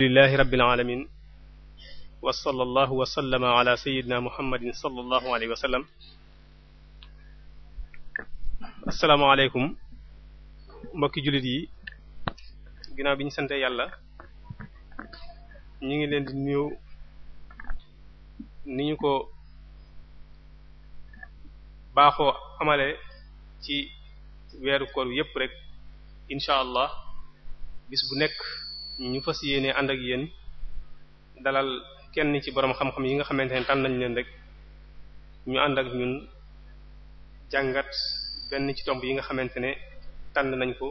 alhamdulillahi rabbil alamin wa sallallahu wa sallama ala sayyidina muhammadin sallallahu alayhi wa sallam assalaamu alaykum mbokki jullit yi ginnaaw bi ñu sante yàlla ñu ngi leen di nuyu ni ñu ko baaxoo amale ci weeru koor yépp rek insha allah bis bu nekk ñu fas yéene ànd ak yéen dalal kenn ci boroom xam-xam yi nga xamante ne tànn nañ leen rek ñu ànd ak ñun jàngat benn ci tomb yi nga xamante ne tànn nañ ko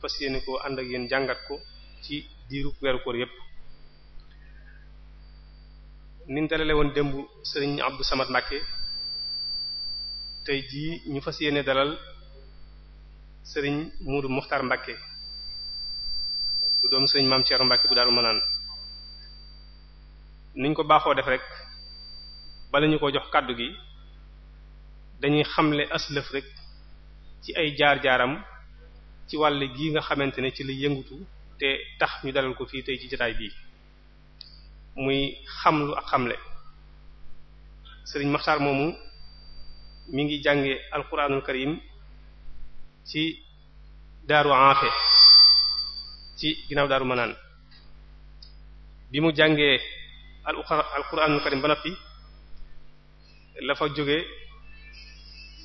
fas yéene ko ànd ak yéen jàngat ko ci diiru weeru koor yépp niñ dalale woon démb sëriñ Abdou Samad Mbacké tey jii ñu fas yéene dalal sëriñ Moudou Mokhtar Mbacké bu doomu sëriñ maam Thierno Mbacke bu Daaru Manaan niñ ko baaxoo def rek bala ñu ko jox kàddu gi dañuy xamle aslëf rek ci ay jaar-jaaram ci wàll gi nga xamante ne ci la yëngutu te tax ñu dalal ko fii tey ci jotaay bii muy xamlu ak xamle sëriñ Maxtaar moomu mu ngi jànge alquranul karim ci daaru Afe ci ginnaaw daaru manaan bi mu jàngee al alquranul karim ba noppi la fa jóge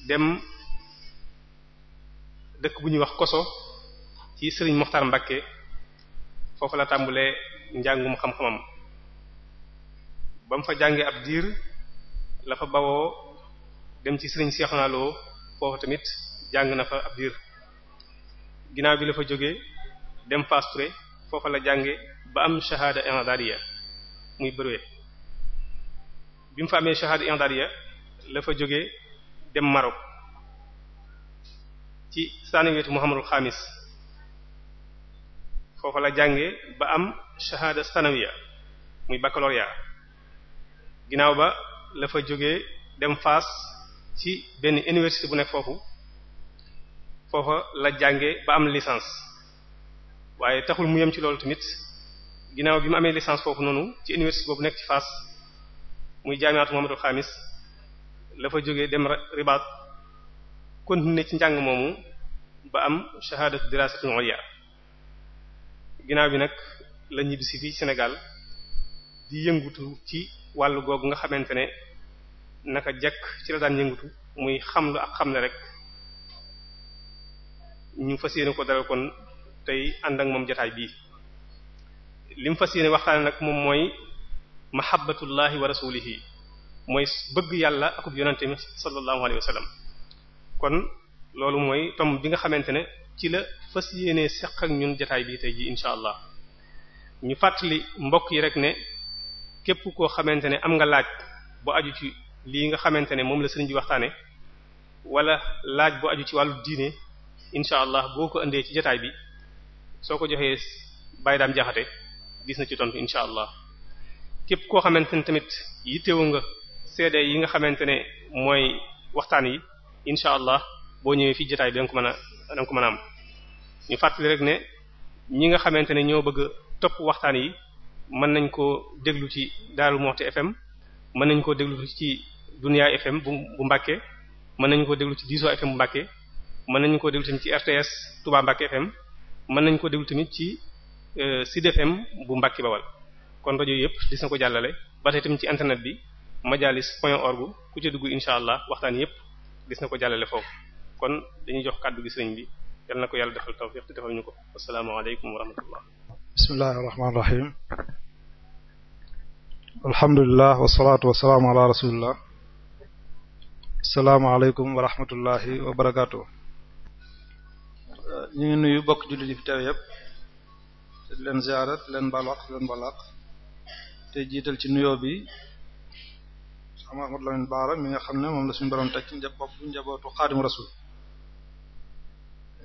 dem dëkk bu ñuy wax koso ci sëriñ Moxtaar Mbàkke foofu la tàmbulee njàngum xam-xamam ba fa jàngee ab diir la fa bawoo dem ci sëriñ Seexuna Lo tamit jàng na fa ab diir ginnaaw bi la fa jóge dem Fass Touré foofa la jànge ba am shahada indariya muy brevet bi mu fa amee shahada indariya la fa jógee dem Maroc ci sanawiyatu Muhammadul Xamis foofa la jànge ba am shahada sanawiya muy baccalauréat ginnaaw ba la fa jógee dem Fass ci benn université bu nekk foofu foofa la jànge ba am licence waaye taxul mu yem ci loolu tamit ginnaaw bi mu amee licence foofu noonu ci université boobu nekk ci Fass muy jaamiatu Muhammadul Xaamis la fa jógee dem ribaat continuer ci njàng moomu ba am shahadatu dirasatul ulya ginnaaw bi nag la ñibbisi fii Sénégal di yëngutu ci wàll googu nga xamante ne naka jekk ci la daan yëngutu muy xamlu ak xamle rek ñu fas yéene ko dalal kon tey ànd ak moom jotaay bii li mu fas yéene waxtaane nag moom mooy mahabbatullahi wa rasulihi mooy bëgg yàlla akub yonente mi sallallahu alayhi wa sallam kon loolu mooy tom bi nga xamante ne ci la fas yéene seq ak ñun jotaay bi tey ji incha allah ñu fàttali mbokk yi rek ne képp koo xamante ne am nga laaj bu aju ci lii nga xamante ne moom la sëriñ bi waxtaane wala laaj bu aju ci wàllu diine incha allah boo ko indee ci jotaay bi soo ko joxee Baye Dame Diakhaté gis na ci ton incha allah képp koo xamante ne tamit yittewu nga CD yi nga xamante ne mooy waxtaan yi incha allah boo ñëwee fii jotaay bi danga ko mën a danga ko mën am ñu fàttali rek ne ñi nga xamante ne ñoo bëgg topp waxtaan yi mën nañ ko déglu ci Darou Moukhty FM mën nañ koo déglu ci Dunia FM bu bu Mbacké mën nañ ko déglu ci Diso FM bu Mbacké mën nañ koo déglu tamit ci RTS Touba Mbacké FM mën nañ ko déglu tamit ci euh, Sud FM bu Mbàkke Bawal kon rajo yëpp dis na ko jàllale ba tey tamit ci internet bi majalis.org ku ci dugg incha allah waxtaan yëpp dis na ko jàllale foofu kon dañuy jox kàddu gi sëriñ bi yal na ko yàlla defal tawfiq te defal ñu ko asalaamaaleykum wa rahmatullah bismillahir rahmanir rahim alhamdulilah wasalaatu wasalaamu ala rasulillah asalaamaaleykum wa rahmatullahi ñu ngi nuyu bokk jullit yi fi teew yëpp leen ziyaara leen balwaq di leen balwaq te jiital ci nuyoo bi am Ahmad Lamine Baara mi nga xam ne moom la suñu boroom teg ci bopp njabootu Xaadimu Rasuul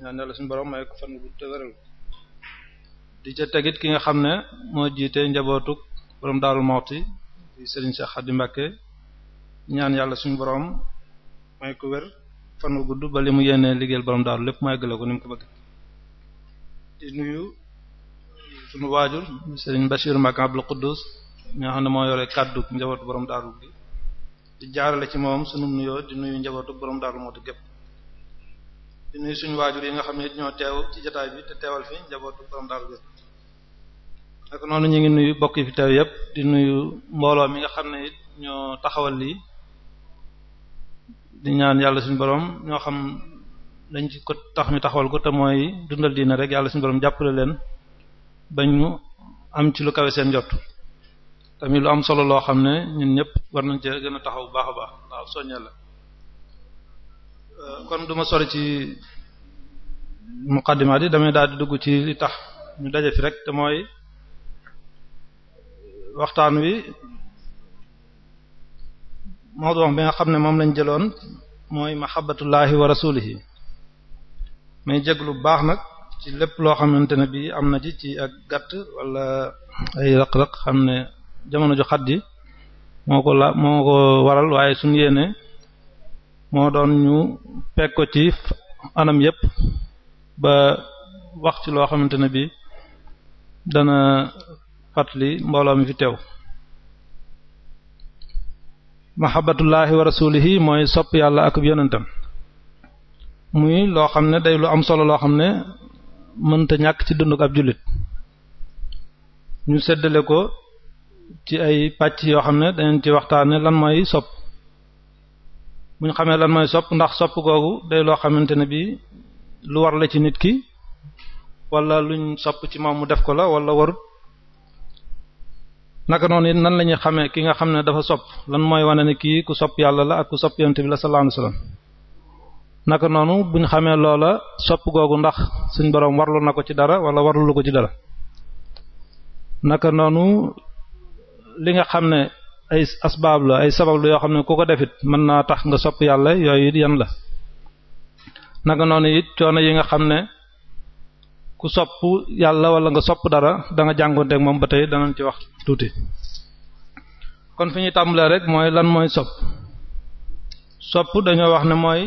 ñaan Yàlla suñu borom may ko fan bu tëgëral di ca tegit ki nga xam ne moo jiite njabootu boroom Daaru Muxti di Serigne Cheikh Xaadim ñaan Yàlla suñu boroom may ko wér fan wu gudd ba li mu yéene liggéeyal borom daal lépp mu eggale ko ni mu ko bëgg di sunu waajur Serigne Bachir Mbacké Abdou Quddus xam ne moo yore kaddu njabootu borom daaru di jaarale ci moom di nuyu njabootu borom daaru moo di suñu waajur yi nga xam ne ñoo teew ci jotaay bi te teewal fi njabootu borom daal bi ak noonu ñu ngi nuyu bokk yi fi teew yëpp di nuyu mbooloo mi nga xam ne ñoo taxawal lii di ñaan yàlla suñu boroom ñoo xam lañ ci ko tax ñu taxawal ko te mooy dundal diina rek yàlla suñu borom jàppale leen ba mu am ci lu kawe seen jot tamit lu am solo loo xam ne ñun ñëpp war nañ cee gën a taxaw bu baax a baax waaw soññee la kon duma sori ci muqaddimaat yi damay daal di dugg ci li tax ñu daje fi rek te mooy waxtaan wi mawdu bi nga xam ne moom lañ jëloon mooy mahabbatullahi wa rasulihi may jéglu baax nag ci lépp loo xamante ne bi am na ci ci ak gàtt wala ay raq-raq xam ne jamono ju xat ji moo ko la moo ko waral waaye suñu yéene moo doon ñu peg ko ci anam yépp ba wax ci loo xamante ne bi dana fàttali mbooloo mi fi teew mahabbatullahi wa rasulihi mooy sopp yàlla ak yonentam muy loo xam ne day lu am solo loo xam ne mënta ñàkk ci dunduk ab jullit ñu seddale ko ci ay pàcc yoo xam ne dañu ci waxtaane lan mooy sopp bu ñu xamee lan mooy sopp ndax sopp googu day loo xamante ne bi lu war la ci nit ki walla luñ sopp ci moom mu def ko la wala warut naka noonu it nan la ñuy xamee ki nga xam ne dafa sopp lan mooy wane ne kii ku sopp yàlla la ak ku sopp yonent bi la sallallahu alayhi wasallam naka noonu bu ñu xamee loola sopp googu ndax suñ boroom warlu na ko ci dara wala warlu ko ci dara naka noonu li nga xam ne ay asbaab la ay sabab la yoo xam ne ku ko defit mën naa tax nga sopp yàlla yooyu it yan la naka noonu it coono yi nga xam ne ku sopp yàlla wala nga sopp dara da nga jàngoonteeg moom ba tey danañ ci wax tuuti kon fi ñu tàmbalee rek mooy lan mooy sopp sopp dañoo wax ne mooy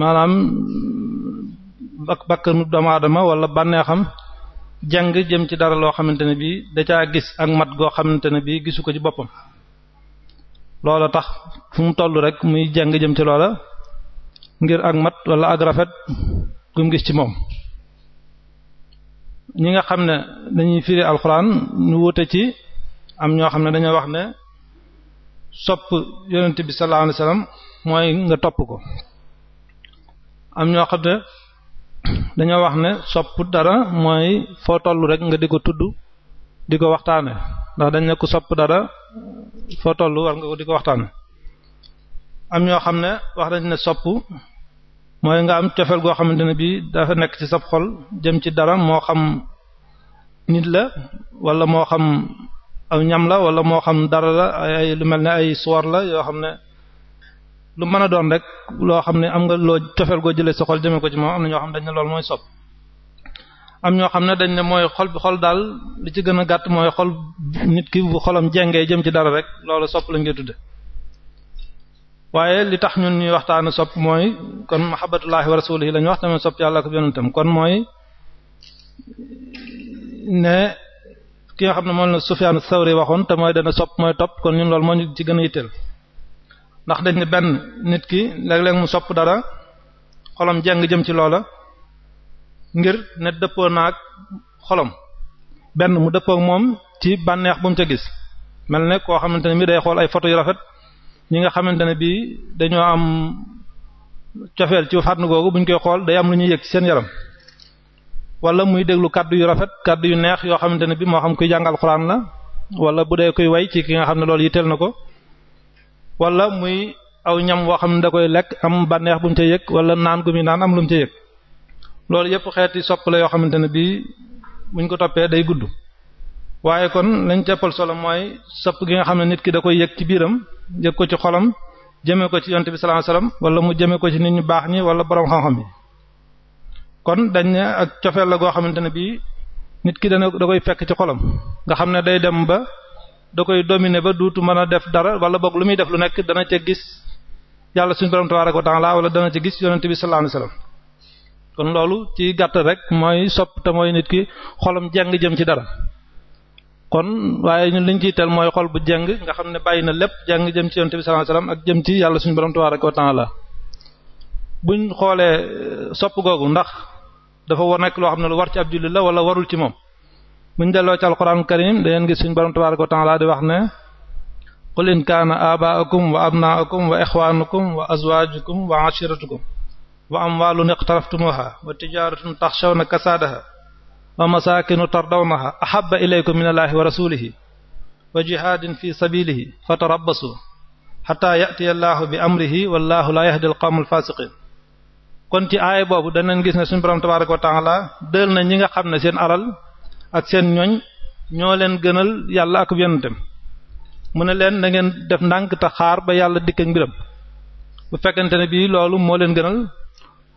maanaam bak bakkanu doomu aadama wala bànneexam jàng jëm ci dara loo xamante ne bii da caa gis ak mat goo xamante ne bii gisu ko ci boppam loola tax fu mu toll rek muy jàng jëm ci loola ngir ak mat wala ak rafet gum gis ci moom ñi nga xam ne dañuy firi alxuraan ñu wute ci am ñoo xam ne dañoo wax ne sopp yonent bi sallallahu alayhi wasallam mooy nga topp ko am ñoo xam ne dañoo wax ne sopp dara mooy foo tollu rek nga di ko tudd di ko waxtaane ndax dañ ne ko sopp dara foo tollu war nga ko di ko waxtaane am ñoo xam ne wax nañ ne sopp mooy nga am cofeel goo xamante ne bii dafa nekk ci sab xol jëm ci dara moo xam nit la wala moo xam aw ñam la wala moo xam dara la ay lu mel ne ay soor la yoo xam ne lu mën a doon rek loo xam ne am nga loo cofeel goo jëlee sa xol jëmee ko ci moom am na ñoo xam ne dañ loolu mooy sob ñoo xam ne dañ ne mooy xol bi xol daal li ci gën a gàtt mooy xol nit ki bu xolam jengee jëm ci dara rek loolu sopp la ngay tudde li tax ñun ñuy waxtaane sopp mooy kon mahabbatullahi wa rasulihi lañu wax tamit sopp yàlla ko tam kon mooy ne ki nga xam ne moom la Sufyaan Sawri waxoon te mooy dana sopp mooy topp kon ñun loolu moo ñu ci gën a yitteel ndax dañ ne benn nit ki léeg-léeg mu sopp dara xolom jàng jëm ci loola ngir ne dëppoo naag xolom benn mu dëppoo moom ci bànneex bu mu ca gis mel ne koo xamante ne bii day xool ay photo yu rafet ñi nga xamante ne bii dañoo am cofeel ci fànn googu buñ koy xool day am lu ñuy yëg ci seen yaram wala muy déglu kàddu yu rafet kàddu yu neex yoo xamante ne bi moo xam kuy jàngal alxuraan la wala bu dee kuy way ci ki nga xam ne lool yi yitteel na ko wala muy aw ñam woo xam ne da koy lekk am bànneex bu mu ca yëg wala naan gu muy naan am lu mu ca yëg loolu yëpp xeeti sopp la yoo xamante ne bi buñ ko toppee day gudd waaye kon lañ jàppal solo mooy sopp gi nga xam ne nit ki da koy yëg ci biiram yëg ko ci xolam jëmee ko ci yonte bi sallallahu wala mu jëmee ko ci nit ñu baax ñi wala borom xam yi kon dañ ne ak cofeel la goo xamante ne bii nit ki dana da koy fekk ci xolam nga xam ne day dem ba da koy domine ba duutu mën a def dara wala boog lu muy def lu nekk dana ca gis yàlla suñu borom tabaaraka wa ta'ala wala dana ca gis yonent bi sallallahu alayhi wasallam kon loolu ci gàtt rek mooy sopp te mooy nit ki xolam jeng jëm ci dara kon waaye ñun liñ ciy mooy xol bu jeng nga xam ne bàyyi na lépp jeng jëm ci yonent bi sallallahu ak jëm ci yàlla suñu borom tabaaraka wa ta'ala buñ xoolee sopp googu ndax dafa war nekk loo xam ne lu war ci ab jullit la wala warul ci moom buñ delloo ci alquran karim dangeen gis suñu borom tabaaraka wa ta'ala di wax ne qul in kaana aaba'ukum wa abnaa'ukum wa ixwaanukum wa azwaajukum wa ashiratukum wa amwaalun iqtaraftumuha wa tijaratun taxshawna kasaadaha wa masaakinu tardawnaha ahabba ilaykum min allahi wa rasulihi wa jihaadin fi sabilihi fatarabbasu hatta ya'tiya allahu bi amrihi wallahu la yahdi alqawma alfaasiqiin kon ci aaya boobu danañ gis ne suñu borom tabaaraka wa taala dël na ñi nga xam ne seen alal ak seen ñoñ ñoo leen gënal yàlla ak yonentam mu ne leen na ngeen def ndànk te xaar ba yàlla dikk ak mbiram bu fekkente ne bii loolu moo leen gënal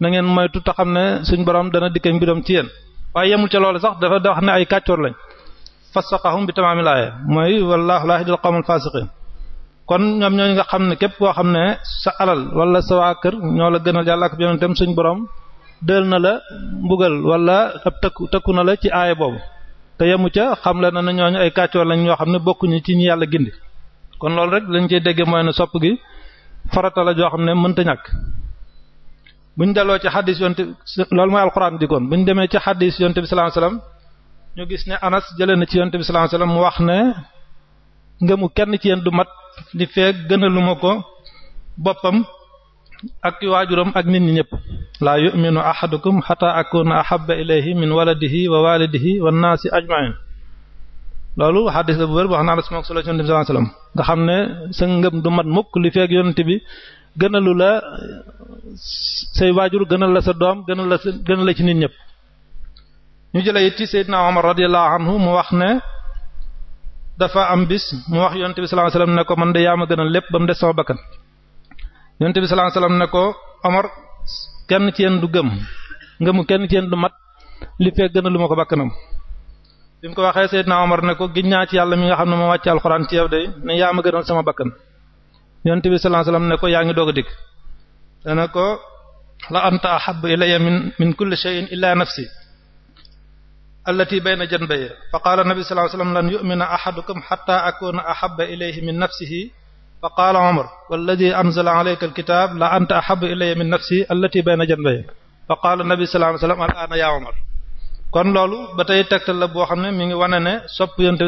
na ngeen moytu te xam ne suñu borom dana dikk ak mbiram ci yen waaye yemul ca loolu sax dafa da wax ne ay kàccoor lañ fasaqahum bi tamaamil aaya mooy wallaahu laa yahdil qawmal faasiqiin kon ñoom ñooñu nga xam ne képp koo xam ne sa alal wala sa waa kër ñoo la gënal yàlla ak yonentam suñ boroom dël na la mbugal wala ab tëkku tëkku na la ci aaya boobu te yemu ca xam le na ne ñooñu ay kàccoor lañ ñoo xam ne bokkuñu ci ñu yàlla gindi kon loolu rek lañ cey déggee mooy na sopp gi farata la joo xam ne mënta ñàkk buñ delloo ci xaddis yonte loolu mooy alxuraan di kon buñ demee ci xaddis yonte bi sallallahu alayhi wasallam ñu gis ne Anas jëlee na ci yonte bi sallallahu alayhi wax ne ngëmu kenn ci yéen du mat li feeg gënaluma ko boppam ak waajuram ak nit ñi ñëpp laa yu'minu ahadukum hatta akuna ahabba ilayhi min waladihi wa walidihi wan naasi ajma'in loolu xaddis bu wax na la mook solo ci nga xam ne sa ngëm du mat mukk li feeg yonent waajur gënal la sa doom gënal la la ci nit ñëpp ñu jëlee it Seydina Omar radiyallahu anhu mu wax ne dafa am bis mu wax yonent bi sallallahu alayhi wasallam ne ko man de yaa ma gënal lépp ba mu des sama bakkan yonent bi sallallahu alayhi wasallam ne ko Omar kenn ci yéen du gëm ngëmu kenn ci yéen du mat li fee gënalu ma ko bakkanam. bi mu ko waxee Seydina Omar ne ko giñ naa ci yàlla mi nga xam ne ma wàcce alxuraan ci yow de ne yaa ma gënal sama bakkan yonent bi sallallahu alayhi wasallam ne ko yaa ngi doog a dikk dana ko la anta ahabbu ilayya min min kulli shay'in illa nafsi allati bayna janbayhi fa qaala nabi la anta ahabba ilayya min nafsihi allati bayna janbayhi fa kon loolu ba tey tegtal la boo xam ne mi ngi wane ne sopp yonent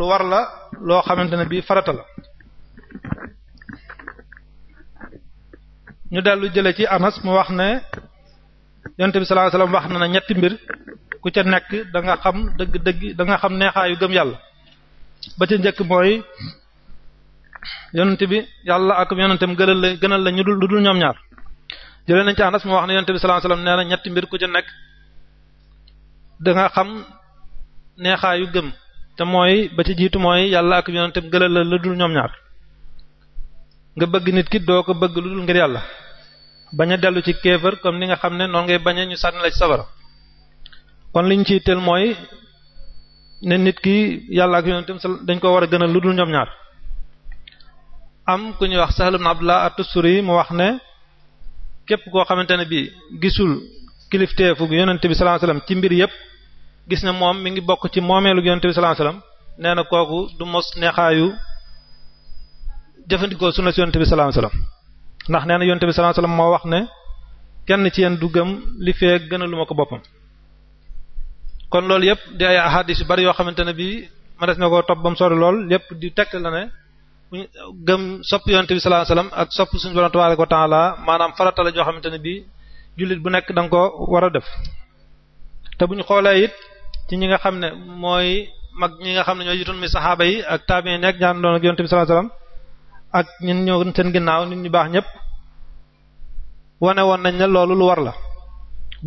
war la loo xamante ne bii farata la ñu dellu jële ci Anas mu wax ne yonent bi sallallahu alayhi wasallam wax na ne ñetti mbir ku ca nekk danga xam dëgg-dëgg da nga xam neexaayu gëm yàlla ba ca njëkk mooy yonent bi yàlla ak yonentam gënal la gënal la ñu lu dul ñoom ñaar nañ ci Anas mu wax ne yonent bi sallallahu ñetti mbir ku ca nekk danga nga xam neexaayu gëm te mooy ba ci jiitu mooy yàlla ak yonentam gënal la lu dul ñoom ñaar nga bëgg nit ki doo ko bëgg lu dul ngir yàlla bañ a dellu ci kéefër comme ni nga xam ne noonu ngay bañ a ñu sànni la ci safara kon liñ ciy teel mooy ne nit ki yàlla ak yonentam dañ ko war a gënal lu dul ñoom ñaar am ku ñuy wax Sahl ibn Abdullah at-Tusturi mu wax ne képp koo xamante ne bi gisul kilifteefu yonent bi sallallahu alayhi ci mbir yépp gis ne moom mi ngi bokk ci moomeelu yonent bi sallallahu alayhi nee na kooku du mos neexaayu jëfandikoo sunna si yonent bi sallallahu alayhi ndax nee na yonent bi sallallahu alayhi wasallam moo wax ne kenn ci yenn du gëm li fee gënalu ma ko boppam kon loolu yëpp di ay ahadis yu bari yoo xamante ne bii ma na ko topp ba mu sori lool lépp di tekk la ne gëm sopp yonent bi sallallahu alayhi ak sopp suñu borom ko wa ta'ala maanaam farata la joo xamante ne bii jullit bu nekk danga ko war a def te bu ñu xoolee it ci ñi nga xam ne mooy mag ñi nga xam ne ñoo jitoon mi saxaaba yi ak taabi'iin nekk ñaan doon ak yonent bi sallallahu alayhi ak ñun ñëwoon seen ginnaaw nit ñu baax ñépp wane woon nañ ne loolu lu war la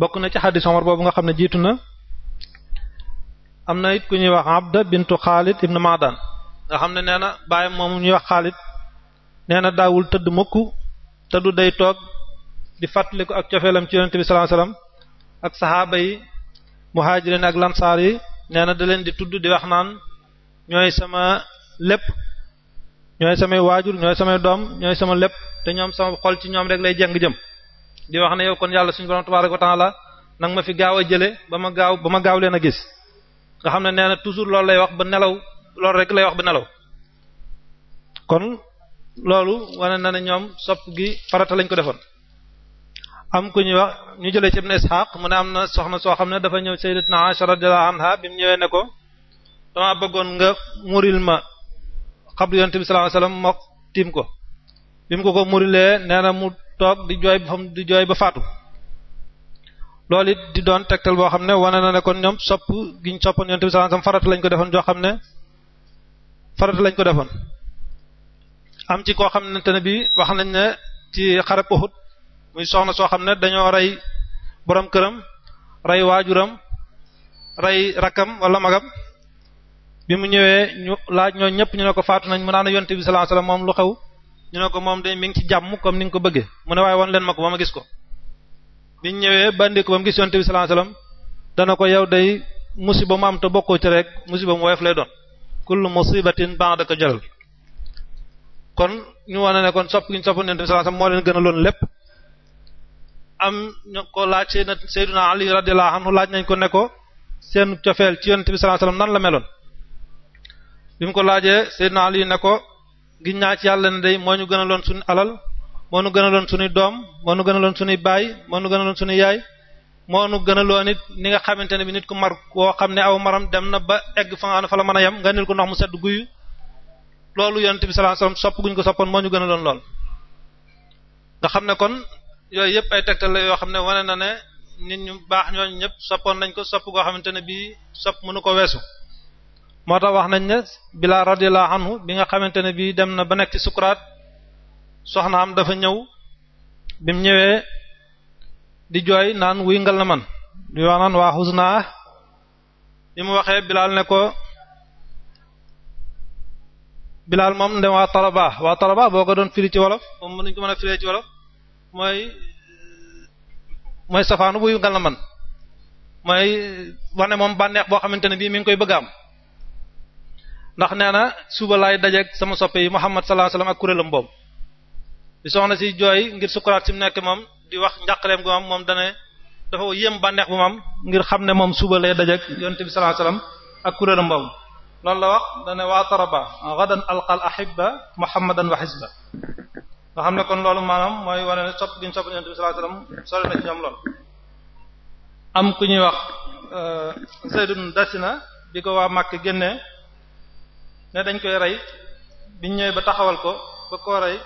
bokk na ci xadis Omar boobu nga xam ne jiitu na am na it ku ñuy wax Abda bintu Xaalid ibn Maadan nga xam ne nee na bàyyam moom ñuy wax Xaalid nee na daawul tëdd mukk tëddu day toog di fàttaliku ak cofeelam ci yonent bi ak saxaaba yi muhaajirin ak lansaar yi nee na da leen di tudd di wax naan ñooy sama lépp ñooy samay waajur ñooy samay doom ñooy sama lépp te ñoom sama xol ci ñoom rek lay jeng jëm di wax ne yow kon yàlla suñu borom tabaaraka wa ta'ala nag ma fi gaaw a jële ba ma gaaw ba ma gaaw leen a gis nga xam ne nee na toujours loolu lay wax ba nelaw loolu rek lay wax ba nelaw kon loolu wane na ne ñoom sopp gi farata lañ ko defoon am ku ñuy wax ñu jëlee ci ibn Ishaq mu ne am na soxna soo xam ne dafa ñëw sayyidatuna Aisha radiyallahu anha bi mu ñëwee ne ko dama bëggoon nga muril ma xabru yonent bi sallallahu alayhi wasallam tiim ko bi mu ko ko murilee nee na mu toog di jooy ba di jooy ba faatu loolu it di doon tegtal boo xam ne wane na ne kon ñoom sopp gi ñu soppoon yonent bi sallallahu alayhi farata lañ ko defoon joo xam ne lañ ko defoon am ci koo xam ne te ne bi wax nañ ne ci xarab Uhud muy soxna soo xam ne dañoo rey boroom këram rey waajuram rey rakkam wala magam bi mu ñëwee laaj ñoo ñëpp ñu ne ko faatu nañ mu naan yonte bi sallallahu alayhi wasallam moom lu xew ñu ne ko moom de mi ngi ci jàmm comme ni nga ko bëggee mu ne waaye wan leen ma ko ba ma gis ko biñ ñëwee bandi ko ba mu gis yonte bi sallallahu alayhi wasallam dana ko yow day musiba mu am te bokkoo ci rek musiba mu woyof lay doon kullu musibatin ba'daka jalal kon ñu wane ne kon sopp gi ñu soppoon yonte bi sallallahu alayhi wasallam moo leen gën a loon lépp am ñu ko laaj Seydina Ali radiyallahu anhu laaj nañ ko ne ko seen cofeel ci yonte bi sallallahu alayhi nan la meloon bi mu ko laajee Seydina Ali ne ko giñ naa ci yàlla ne day moo ñu gën loon suñu alal moo ñu gën loon suñuy doom moo nu gën loon suñuy baay moo ñu gën a loon suñuy yaay moo nu gën a loon it ni nga xamante ne bi nit ku mar koo xam ne aw maram dem na ba egg fa fa la mën a yem nga nil ko ndox mu sedd guyu loolu yonent bi sallallahu alayhi sopp guñ ko soppoon moo ñu gëna loon lool nga xam ne kon yooyu yëpp ay tegtal yoo xam ne wane na ne nit ñu baax ñooñu ñëpp soppoon nañ ko sopp goo xamante ne bii sopp mënu ko weesu moo tax wax nañ ne Bilaal radiyallahu anhu bi nga xamante ne bii dem na ba nekk ci sukuraat soxnaam dafa ñëw bi ñëwee di jooy naan wuy ngal na man di wax naan waa xus naa bi mu waxee Bilaal ne ko Bilaal moom dem waa Taraba waa Taraba boo ko doon firi ci wolof moom mënuñ ko mën a firi mooy mooy safaanu wuy ngal na man mooy wane moom bànneex boo xamante ne bii mi ngi koy bëgg am ndax nee na suba lay dajeeg sama soppe yi Muhammad sallallahu alayhi wasallam ak kuréelam boobu bi soxna si jooy ngir sukkuraat si mu nekk moom di wax njàqaleem gu moom moom dane dafa yéem bànneex bu moom ngir xam ne moom suba lay dajeeg yonte bi sallallahu alayhi wasallam ak kuréelam boobu loolu la wax dane waa taraba gadan alqal ahibba muhammadan wa hizba nga xam ne kon loolu maanaam mooy wane ne sopp gi ñu sopp yonte bi am ku ñuy wax euh, Zayd ibn Dasina bi ko waa Makka génnee ne dañ koy rey biñ ñëwee ba taxawal ko ba koo rey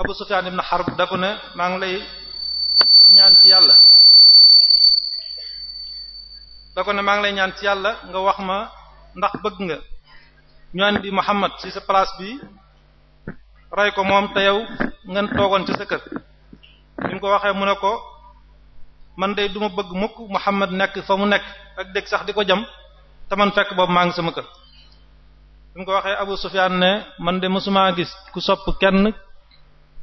Abu Sufyan ibn Harb da ko ne maa ngi lay ñaan ci yàlla da ko ne maa ngi lay ñaan ci yàlla nga wax ma ndax bëgg nga ñu andi Muhammad ci sa place bi rey ko moom te yow ngeen toogoon ci sa kër bi mu ko waxee mu ne ko man de duma bëgg mukk Muhammad nekk fa mu nekk ak dégg sax di ko jam te man fekk boobu maa ngi sama kër bi mu ko waxee Abu Sufyan ne man de mosuma gis ku sopp kenn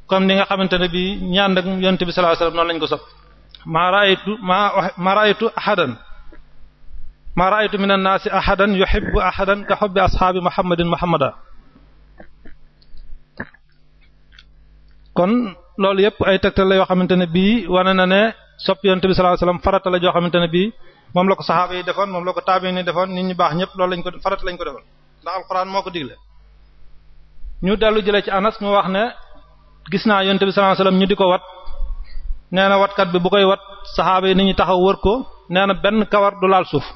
comme ni nga xamante ne bii ñaan ak yonent bi sallallahu alayhi wasallam noonu lañ ko sopp ma ra'aytu ma ra'aytu ahadan ma ra'aytu minan naasi ahadan yuhibbu ahadan ka hubbi ashaabi muhammadin muhammada kon loolu yëpp ay tegtal la yoo xamante ne bii wane na ne sopp yonent bi sallallahu alayhi wasallam joo xamante bii moom la ko saxaaba yi defoon moom la ko taabiin yi defoon nit ñu baax ñëpp loolu lañ ko farata lañ ko defoon ndax alquran moo ko digle ñu dellu jëlee ci anas mu wax ne gis naa yonent bi sallallahu alayhi wasallam ñu di ko wat nee na watkat bi bu koy wat saxaaba yi ni ñu taxaw wër ko nee na benn kawar du laal suuf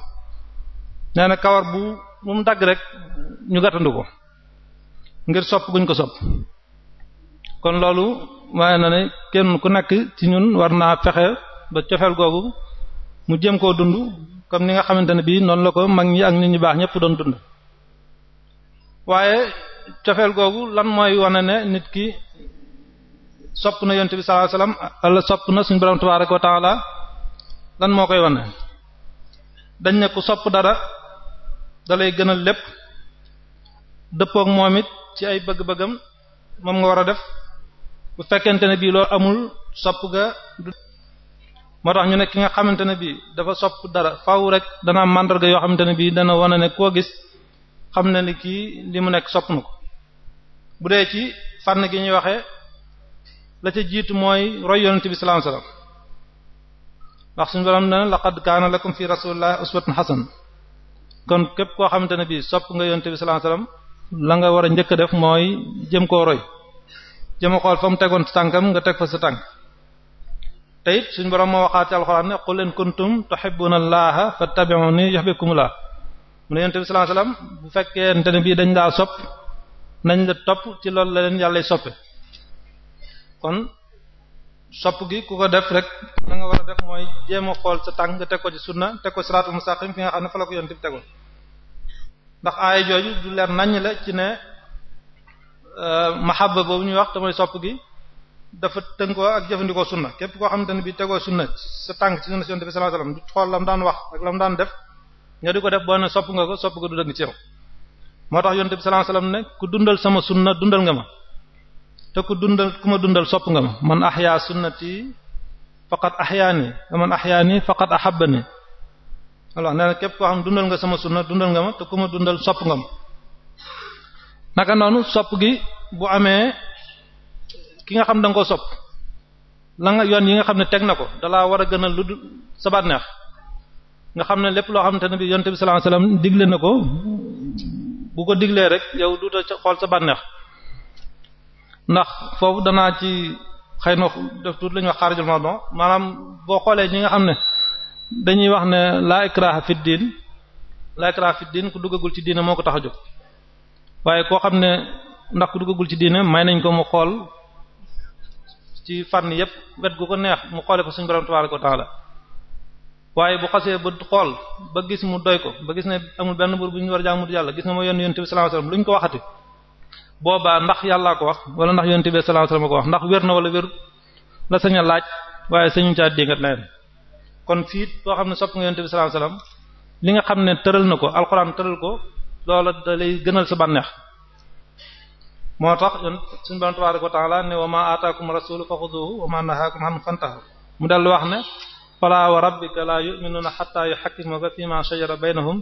nee na kawar bu bu mu dagg rek ñu gàttandu ko ngir sopp guñ ko sopp kon loolu waaye na ne kenn ku nekk ci ñun war naa fexe ba cofeel googu mu jëm koo dund comme ni nga xamante ne bii noonu la ko mag ñi ak nit ñu baax ñëpp doon dund waaye cofeel googu lan mooy wane ne nit ki sopp na yonte bi sallallahu alayhi wasallam sopp na suñ borom tabaaraka wa taala lan moo koy wane dañ ne ku sopp dara dalay gënal lépp dëppook moom it ci ay bëgg-bëggam moom nga war a def bu fekkente ne bii loolu amul sopp ga moo tax ñu ne ki nga xamante ne bii dafa sopp dara faaw rek dana am màndarga yoo xamante ne bii dana wane ne koo gis xam na ni kii li mu nekk sopp na ko bu dee ci fànn gi ñuy waxe la ca jiitu mooy roy yonent bi sallallahu alayhi wasallam ndax suñu borom ne laqad kaana lakum fi rasulillahi uswatun hasan kon képp koo xamante ne bii sopp nga yonent bi sallallahu alayhi wasallam la nga war a njëkk a def mooy jëm koo roy jëm a xool fa mu tegoon sa tànkam nga teg fa sa tànk te suñ suñu borom moo waxaat ci alxuraan ne qul in kuntum tuhibbuna allaha fattabi'uni yuhibbukumullah mu ne yonent bi sallallahu alayhi wasallam bu fekkente ne bii dañ laa sopp nañ la topp ci loolu la leen yàllay soppe kon sopp gi ku ko def rek da nga a def mooy jéem a xool sa tànk nga teg ko ci sunna teg ko siraatul mustaqim fi nga xam ne fa la ko yonent bi tegoon ndax aaya jooju du leer naññ la ci ne euh, mahabba boobu ñuy wax te mooy sopp gi dafa tënkoo ak jëfandikoo sunna képp koo xamante ne bii tegoo sunna sa tànk ci sunna si yonent bi sallallahu alayhi wasallam du xool lam daan wax ak lam daan def nga di ko def boo sopp nga ko sopp nga du dëgg moo tax yonent bi sallallahu alayhi wasallam ne ku dundal sama sunna dundal nga ma te ku dundal ku ma dundal sopp nga ma man ahya sunnati faqad ahyani man ahyani faqad ahabbani alors nee képp koo xam dundal nga sama sunna dundal nga ma te ku ma dundal sopp nga ma naka noonu sopp gi bu amee ki nga xam da ko sopp la nga yoon yi nga xam ne teg na ko dalaa war a gënal lu sabat neex nga xam ne lépp loo xamante ne bi yonent bi sallallahu alayhi wasallam digle na ko bu ko diglee rek yow duuta ca xool sa bànneex ndax foofu danaa ci xëy na def tuuti lañu ñuy wax xaarijul maanaam boo xoolee ñi nga xam ne dañuy wax ne laa ikraha fi diin laa ikraha fi ku duggagul ci diine moo ko tax a jóg waaye koo xam ne ndax ku duggagul ci diine may nañ ko mu xool ci fànn yépp wet gu ko neex mu xoolee ko suñu borom tabaaraka wa taala waaye bu xasee ba xool ba gis mu doy ko ba gis ne amul benn buur bu ñu war a jàmm yàlla gis ne mooy yonent bi sallallahu alayhi wasallam lu ñu ko waxati boobaa ndax yàllaa ko wax wala ndax yonent bi sallallahu alayhi wasallam ko wax ndax wér na wala wér la sañ a laaj waaye sañu caa dingat leneen kon fii boo xam ne sopp nga yonent bi sallallahu alayhi wasallam li nga xam ne tëral na ko alxuraan tëral ko loola da lay gënal sa bànneex moo tax yon suñu Boroom tabaaraka wa ta'aala ne wa maa aataakum mu dal wax ne falaa wa rabbika laa yu'minuuna hattaa yuhakkimuuka fiimaa shajara baynahum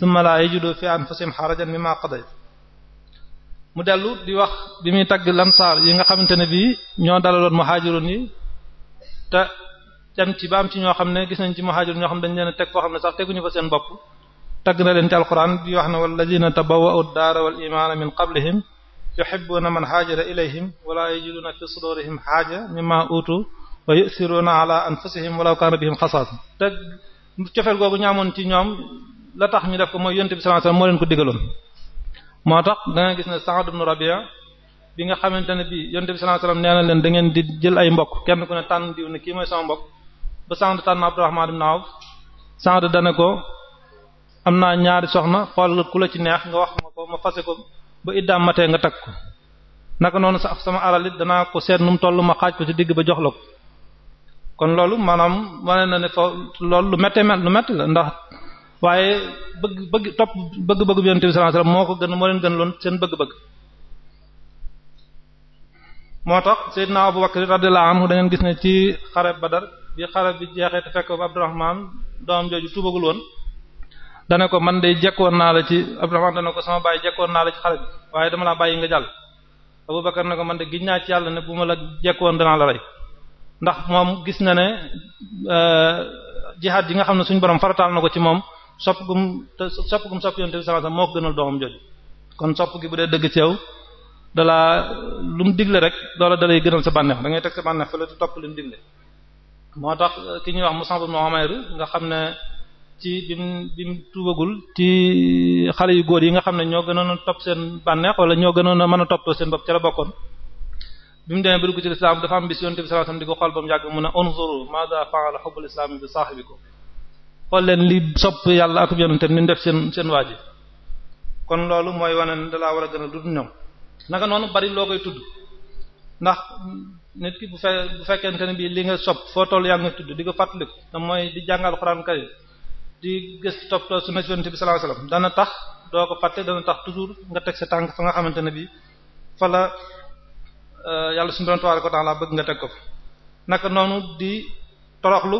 thumma laa yajidu fi anfusihim harajan mimmaa qadayta mu dellu di wax bi muy tagg lamsaar yi nga xamante ne bii ñoo dalaloon muhaajiroon yi te dem ci baam ci ñoo xam ne gis nañ ci muhaajiroon ñoo xam dañ leen teg foo xam ne sax teguñu fa seen bopp na leen ci alquran bi wax ne walladiina tabawwa'u ad-daara wal iimaana min qablihim yuhibbuuna man haajara ilayhim wa laa yajiduuna fi suduurihim haaja mimmaa uutuu wa yu'thiruna ala anfusihim walaw kana bihim xasaasa te cofeel googu ñaamoon ci ñoom la tax ñu def ko mooy yonent bi sallallahu alayhi wasallam moo leen ko digaloon moo tax da gis ne Sa'd ibn Rabi'a bi nga xamante ne bi yonent bi sallallahu alayhi wasallam nee na leen da ngeen di jël ay mbokk kenn ku ne tànn diw ne kii mooy sama mbokk ba Sa'd tànn Abdurrahman ibn Awf Sa'd dana ko am naa ñaari soxna xool ku la ci neex nga wax ma ko ma fase ko ba iddaam matee nga takk ko noonu sax sama alal it danaa ko seet nu mu toll ma xaaj ko ci digg ba jox la kon loolu maanaam wane na ne foofu loolu lu méttee lu mett la ndax waaye bëgg bëgg topp bëgg-bëgg bi yonent bi sallallahu alayhi wasallam moo ko gën moo leen gën loon seen bëgg-bëgg. moo tax Seydina Abu Bakr radiyallahu anhu am ngeen gis ne ci xare Badar bi xare bi jeexee te fekk Abdurrahman doom jooju tuubagul woon. dane ko man de jekkoon naa la ci Abdurrahman dane ko sama jekkoon naa la ci xare bi waaye dama laa bàyyi nga jàll Abu Bakr ne ko man de giñ naa ci yàlla ne bu ma la jekkoon danaa la rey ndax moom gis na ne euh, jihaad yi nga xam ne suñu borom farataal na ko ci moom sopp gum sopp gum sopp yonent bi sallallahu alayhi wasallam moo ko gënal doomam jooju kon sopp gi bu dee dëgg ci yow dalaa lu mu digle rek loola dalay gënal sa bànneex da ngay teg sa bànneex fa la topp lu mu digle moo tax euh, ki ñuy wax Musab ibn Umayr nga xam ne ci bim bim tuubagul ci xale yu góor yi nga xam ne ñoo gënoon a topp seen bànneex wala ñoo gënoon a mën a topp seen bopp ca la bokkoon bi mu demee ba dugg ci lislaam dafa am bis yonent bi sallallahu di ko xool ba mu yàgg mu ne unzuru maada fa'ala hubbul islaam bi saahibikum xool leen li sopp yàlla ak yonentam ni def seen seen waa ji kon loolu mooy wane ne dalaa war a gën a dund ñoom naka noonu bari loo koy tudd ndax nit ki bu fe bu fekkente ne bii li nga sopp foo toll yàgg nga tudd di ko fàttaliku te mooy di jàngal Alxuraan karim di gës topp sunna yonent bi sallallahu tax doo ko fàtte dana tax toujours nga teg sa tànk fa nga xamante ne bii fa la Euh, yàlla suñu borom tabaaraka wa ta'ala bëgg nga teg ko fi naka noonu di toroxlu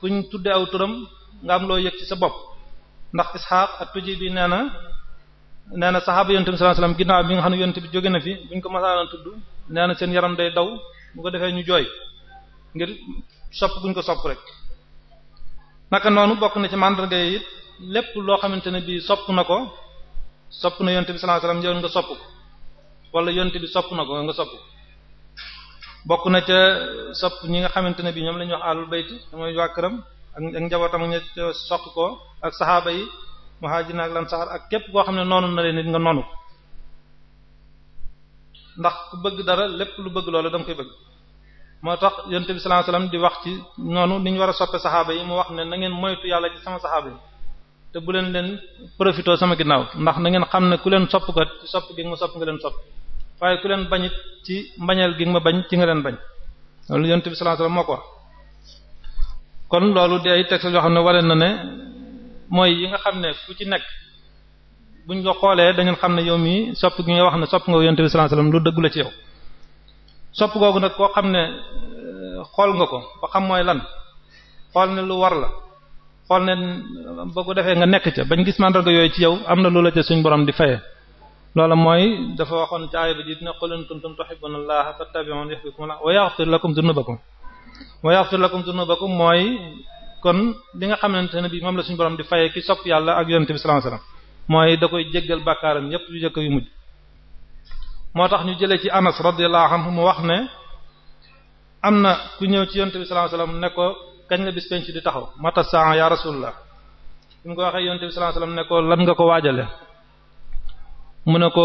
kuñ tuddee aw turam nga am loo yëg ci sa bopp ndax Isxaaq at-Tujibi nee na nee na saxaaba yonent bi sallallahu alayhi wasallam bi nga xam ne yonent bi jóge na fi buñ ko masaana tudd nee na seen yaram day daw bu ko defee ñu jooy ngir sopp ko sopp rek naka noonu bokk na ci mandarga yi lépp loo xamante ne bii sopp na ko sopp na yonent bi sallallahu alayhi wasallam nga sopp ko wala yonent bi sopp na ko nga sopp bokk na ca sopp ñi nga xamante ne bi ñoom la wax alul bayti mooy waa këram ak ak njabootam ak ña soq ko ak saxaaba yi muhaajiriin ak lansaar ak képp koo xam ne noonu na leen nit nga noonu ndax ku bëgg dara lépp lu bëgg loolu da koy bëgg moo tax yonent bi sallallahu alayhi di wax ci noonu ni war a soppe saxaaba yi mu wax ne na ngeen moytu yàlla ci sama saxaaba yi te bu leen leen profité sama ginnaaw ndax na ngeen xam ne ku leen sopp kat sopp gi nga sopp nga leen sopp waaye ku leen bañit ci mbañeel gi ma bañ ci nga leen bañ loolu yonent bi sallallahu alayhi moo ko wax kon loolu day texte yoo xam ne waree na ne mooy yi nga xam ne ku ci nekk buñ ko xoolee dañu xam ne yow mii sopp gi nga wax ne sopp nga yonent bi sallallahu alayhi wasallam lu dëggu la ci nag koo xam ne euh, xool nga ko ba xam mooy lan xool ne lu war la xool ne boo ko defee nga nekk ca bañ gis mandarga yooyu ci yow am na loola ca suñ borom di fayee loola mooy dafa waxoon ci aaya ba jiit ne qul in kuntum tuhibbuna allaha fattabi'uni yuhibbukum wa yaghfir lakum dhunubakum wa yaghfir lakum dhunubakum mooy kon li xamante ne bi moom la suñu borom di fayee ki sopp yàlla ak yonent bi sallallahu alayhi wasallam da koy jéggal bàkkaaram yépp yu jëkk yu mujj moo tax ñu jëlee ci Anas radiyallahu anhu mu wax ne am na ku ñëw ci yonent bi sallallahu alayhi wasallam ne ko kañ la bis di taxaw mata saa ya rasulullah bi mu ko waxee yonent bi sallallahu alayhi ne ko lan nga ko waajale mu ne ko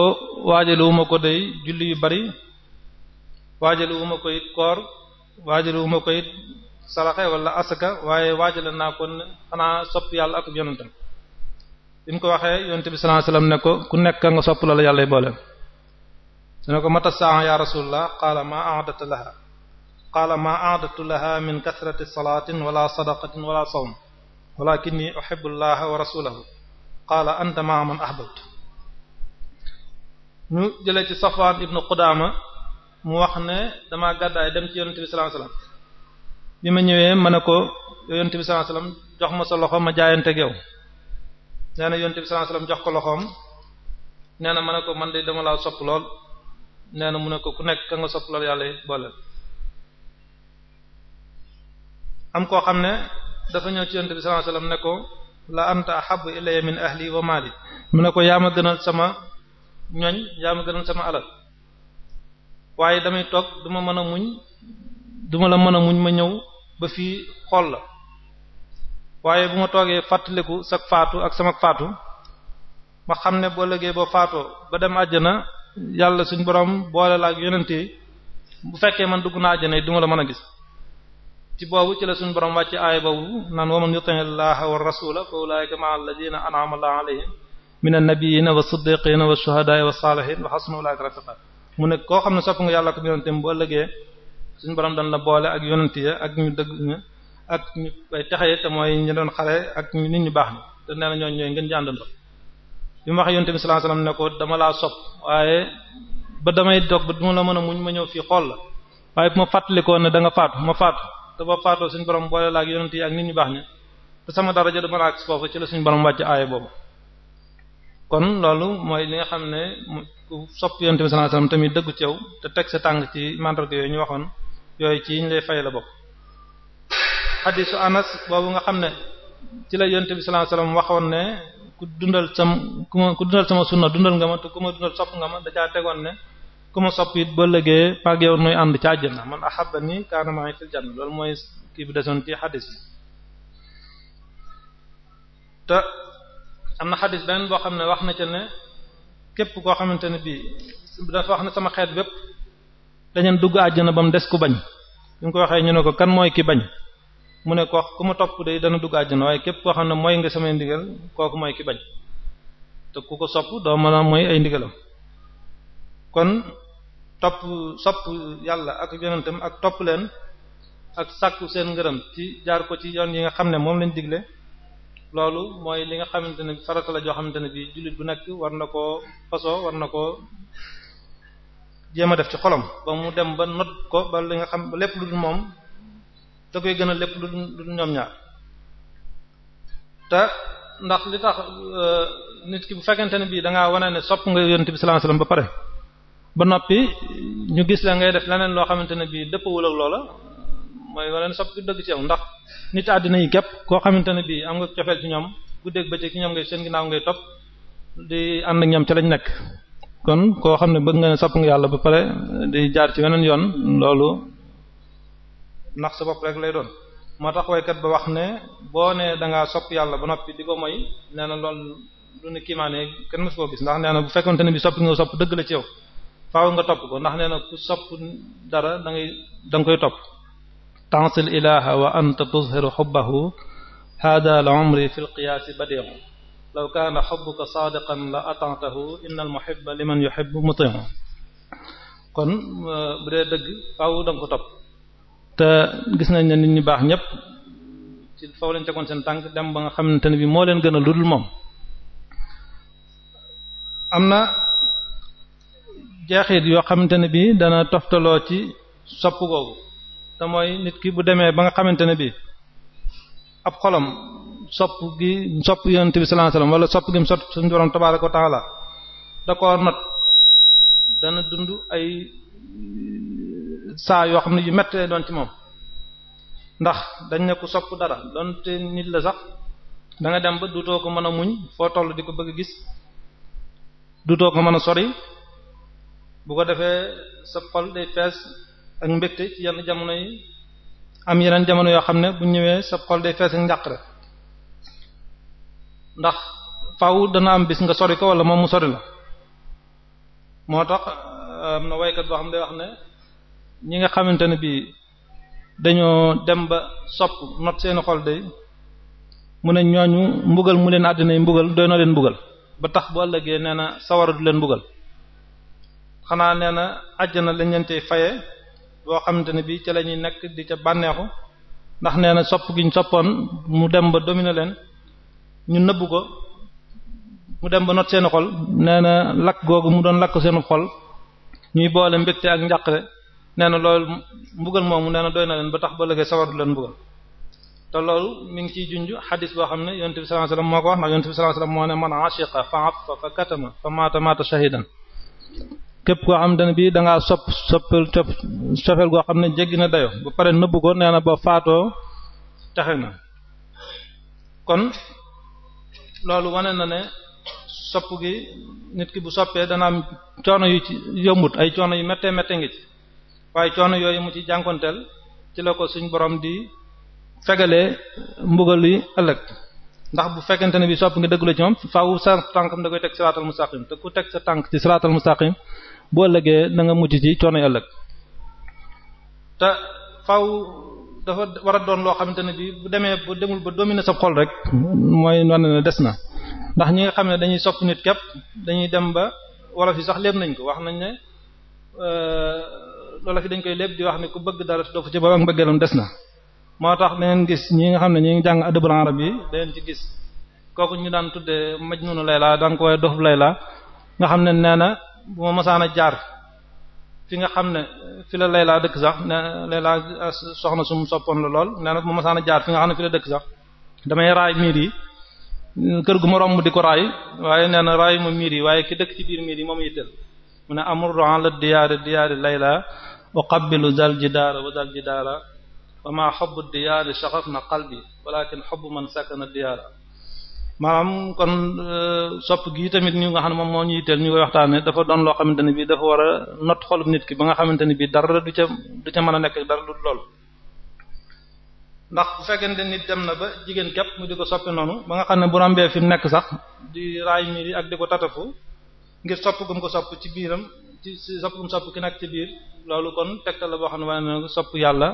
waajale wu ma ko day julli yu bari waajale wu ma ko it koor waajale wu ma ko it saraxe wala asaka waaye waajale naa ko xanaa sopp yàlla ak yonentam bi mu ko waxee yonent bi sallallahu alayhi wasallam ne ko ku nekk nga sopp la la yàlla boole su ne ko mata saa ya rasulullah qaala ma a'datu laha qaala ma a'datu laha min kathrati salatin wala sadaqatin wala sawm walakinni uhibbu allaha wa rasulahu qaala anta ma'a man ahbabta ñu jëlee ci Safwan ibn Qudaama mu wax ne damaa gàddaay dem ci yonent bi sallallahu alayhi wasallam bi ma ñëwee ma ne ko yonent bi sallallahu alayhi wasallam jox ma sa loxo ma jaayanteeg yow nee na yonent bi sallallahu alayhi wasallam jox ko loxoom nee na ma ne ko man de dama laa sopp lool nee na mu ne ko ku nekk ka nga sopp lool yàlla it boole am koo xam ne dafa ñëw ci yonent bi sallallahu alayhi wasallam ne ko la anta ahabbu ilayya min ahli wa mu ne ko yaa ma gënal sama ñooñ yaa ma gënal sama alal waaye damay toog duma mën a muñ duma la mën a muñ ma ñëw ba fii xool la waaye bu ma toogee fàttaliku sa faatu ak sama faatu ma xam ne boo lëgee boo faatoo ba dem na yàlla suñ borom boole laa ak bu fekkee man dugg naa àjjana duma la mën a gis ci boobu ci la suñ borom wàcce aaya boobu naan wa man yuti'i llaha wa rasula fa ulaa'ika ma'a alladhina an'ama min annabiyina wa siddiqina wa shuhada wa salihin wa hasuna ulaika rafiqa mu ne koo xam ne sopp nga yàlla ko yonenteem bu boo suñu borom dañ boole ak yonent ya ak ñu dëgg ña ak ñu bay taxee te doon xare ak ñu ñu baax ñi te nee na ñooñu ñooy ngeen jàndandoo bi mu waxee yonent bi sallallahu alayhi wasallam ne ko dama ba damay dog ba ma la mën a ma ñëw fii xool la waaye ma fàttalikoo ne da nga faatu ma faatu te ba faatoo suñu borom boole la ak yonent yi ak nit ñu baax ña te sama daraja dama la ak foofu ci la suñu borom wàcc aaya boobu kon loolu mooy li nga xam ne ku sopp yonent bi sallallahu alayhi wasallam tamit dëggu ci yow te teg sa tànk ci mandarga yooyu ñu waxoon yooyu ci ñu lay fay la bokk xadisu anas boobu nga xam ne ci la yonent bi sallallahu alayhi wasallam waxoon ne ku dundal sam ku ku dundal sama sunna dundal nga ma te ku ma dundal sopp nga ma dacaa tegoon ne ku ma sopp it ba léegi maag yow nuy ànd ci àjjana man ahabbani kaana ma'i fil janna loolu mooy kii bi desoon ci xadis te am na xadis beneen boo xam ne wax na ca ne képp koo xamante ne bii dafa wax ne sama xeet bépp dañeen dugg na ba mu des ku bañ bi mu ko waxee ñu ne ko kan mooy ki bañ mu ne ko ku ma topp day dana dugg àjjana waaye képp koo xam ne mooy nga samay ndigal kooku mooy ki bañ te ku ko sopp doo mën mooy ay ndigalam kon topp sopp yàlla ak yonentam ak topp leen ak sàkku seen ngërëm ci jaar ko ci yoon yi nga xam ne moom lañ digle loolu mooy li nga xamante ne farata la joo xamante ne bi jullit bu nekk war na koo fasoo war na koo jéem a def ci xolom ba mu dem ba not ko ba li nga xam lépp lu dul moom da koy gën lépp lu ñoom ñaar te ndax li tax euh, nit ki bu fekkante ne bii da ngaa wane ne sopp nga yonent bi sallallahu alayhi ba pare ba noppi ñu gis la ngay def leneen loo xamante ne bii dëppawul ak loola mooy nga leen sopp dëgg ci yow ndax nit àddina yi képp koo xamante ne bii am nga cofeel ci ñoom guddeeg bëccëg ci ñoom ngay seen ginnaaw ngay topp di ànd ñam ñoom ci lañ nekk kon koo xam ne bëgg nga ne yàlla ba pare di jaar ci weneen yoon loolu nax sa rek lay doon moo tax waykat ba wax ne boo nee da ngaa sopp yàlla ba noppi di ko moy nee na loolu lu ne kiimaane kenn mësu koo gis ndax nee na bu fekkonte ne bi sopp nga sopp dëgg la ci yow faaw nga topp ko ndax nee na ku sopp dara dangay ngay koy topp تعصي الإله وأنت تظهر حبه هذا لعمري في القياس بديع لو كان حبك صادقا لأطعته إن المحب لمن يحب مطيع kon euh, bu dee dëgg faaw danga ko topp te gis nañ ne nit ñi baax ñëpp ci faw leen tegoon seen tànk dem ba nga xamante ne bi moo leen gën a ludul moom am na jeexit yoo xamante ne bi dana toftaloo ci sopp googu te mooy nit ki bu demee ba nga xamante ne bii ab xolom sopp gi sopp yonent bi sallallahu alayhi wasallam wala sopp gi mu sopp suñu borom tabaaraka wa taala da koo not dana dund ay saa yoo xam ne yu métti lay doon ci moom ndax dañ ne ku sopp dara doonte nit la sax da dem ba duutoo ko mën a muñ foo toll di ko bëgg a gis duutoo ko mën a sori bu ko defee sa xol day fees ak mbégte ci yenn jamono yi am yeneen jamono yoo xam ne bu ñëwee sa xol day fees ak njàqare ndax faw dana am bis nga sori ko wala moom mu sori la moo tax euh, am na waykat boo xam ne day wax ne ñi nga xamante ne bii dañoo dem ba sopp not seeni xol day mu ne ñooñu mbugal mu leen àddina yi mbugal doy na leen mbugal ba tax bu ëllëgee nee na sawara du leen mbugal xanaa nee na àjjana lañ leen tey faye boo xamante ne bii ca la ñuy nekk di ca bànneexu ndax nee na sopp gi ñu soppoon mu dem ba dominer leen ñu nëbb ko mu dem ba not seen xol nee na lakk googu mu doon lakk seen xol ñuy boole mbégte ak njàqare nee na loolu mbugal moomu nee na doy na leen ba tax ba lëgee sawar leen mbugal te loolu mi ngi ciy junj xadis boo xam ne yonent bi sallallahu alayhi wasallam moo ko wax ndax yonent bi sallallahu alayhi moo ne man ashiqa fa affa fa katama fa mata mata shahidan képp koo xam ne bii da ngaa sopp soppal soppal goo xam ne jéggi na dayo bu pare nëbbu ko nee na boo faatoo taxe na kon loolu wane na ne sopp gi nit ki bu soppee dana am coono yu ci yombut ay coono yu méttee mettee ngi ci waaye coono yooyu mu ci jànkonteel ci la ko suñ borom di fegalee mbugal yi ëllëg ndax bu fekkente ne bi sopp nga dëgg la ci moom faaw sa tànkam da koy teg siraatal mustaqim te ku teg sa tànk ci siraatal mustaqim boo ëllëgee na nga mujj ci coono ëllëg te faw dafa war a doon loo xamante ne bi bu demee bu demul ba dominer sa xol rek mooy wan ne des na ndax ñi nga xam ne dañuy sopp nit képp dañuy dem ba wolof yi sax lépp nañ ko wax nañ ne euh, wolof yi dañ koy lépp di wax ne ku bëgg dara doo ko ci ba ak mbëggeelam des na moo tax dangeen gis ñi nga xam ne ñi ngi jàng adabul arab yi dangeen ci gis kooku ñu daan tuddee Majnun Layla daan laa waaye Dof Layla nga xam bu ma mosaan a jaar fi nga xam ne fi la Layla dëkk sax ne Layla soxna sum soppoon la lool nee na bu ma mosaan a jaar fi nga xam ne fi la dëkk sax damay raay miir yi kër gu ma di ko raay waaye ne na raay ma miir yi waaye ki dëkk ci biir miir yi moom yitteel mu ne amurru ala diyaari diyaari Layla wa qabbilu zal jidaara wa zal jidaara wa ma hubbu diyaari shaghafna qalbi walakin hubbu man sakana diyaara maanaam kon eh, sopp gi tamit ñu nga xam ne moom moo ñu yitteel ñu koy waxtaanee dafa doon loo xamante ne bii dafa war a not xolub nit ki ba nga xamante ne bii dara du ca du ca mën a nekk dara du lool. ndax bu fekkente nit dem na ba jigéen képp mu di ko soppee noonu ba nga xam ne bu ràmbee fi mu nekk sax di raay mi ak di ko tatafu ngir sopp gum ko sopp ci biiram ci sopp gum sopp ki nekk ci biir loolu kon tegtal la boo xam ne waaye na sopp yàlla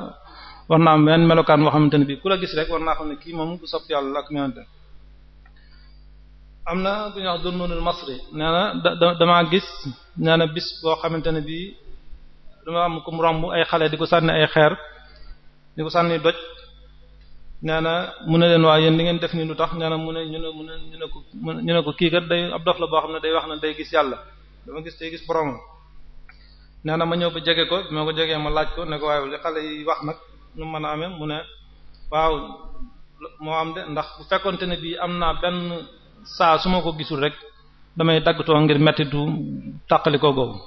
war naa melokaan boo xamante ne bii ku la gis rek naa xam ne kii moom bu sopp yàlla am na ku ñuy wax Durnunul Masri nee na da damaa gis nee na bis boo xamante ne bii dama am ku mu romb ay xale di ko ay xeer di ko sànni doj nee mu ne leen waa yéen di ngeen def ni lu tax nee na mu ne ñu ne boo xam ne day wax na day gis yàlla dama gis gis borom nee na ma ñëw ba jege ko bi ma ko jegee ma laaj ko ne ko waaye xale yi wax nag nu mën a mu ne waaw moo am de ndax bu fekkonte ne bii am naa benn. saa su ma ko gisul rek damay daggatoo ngir mettitu tàqalikoo googu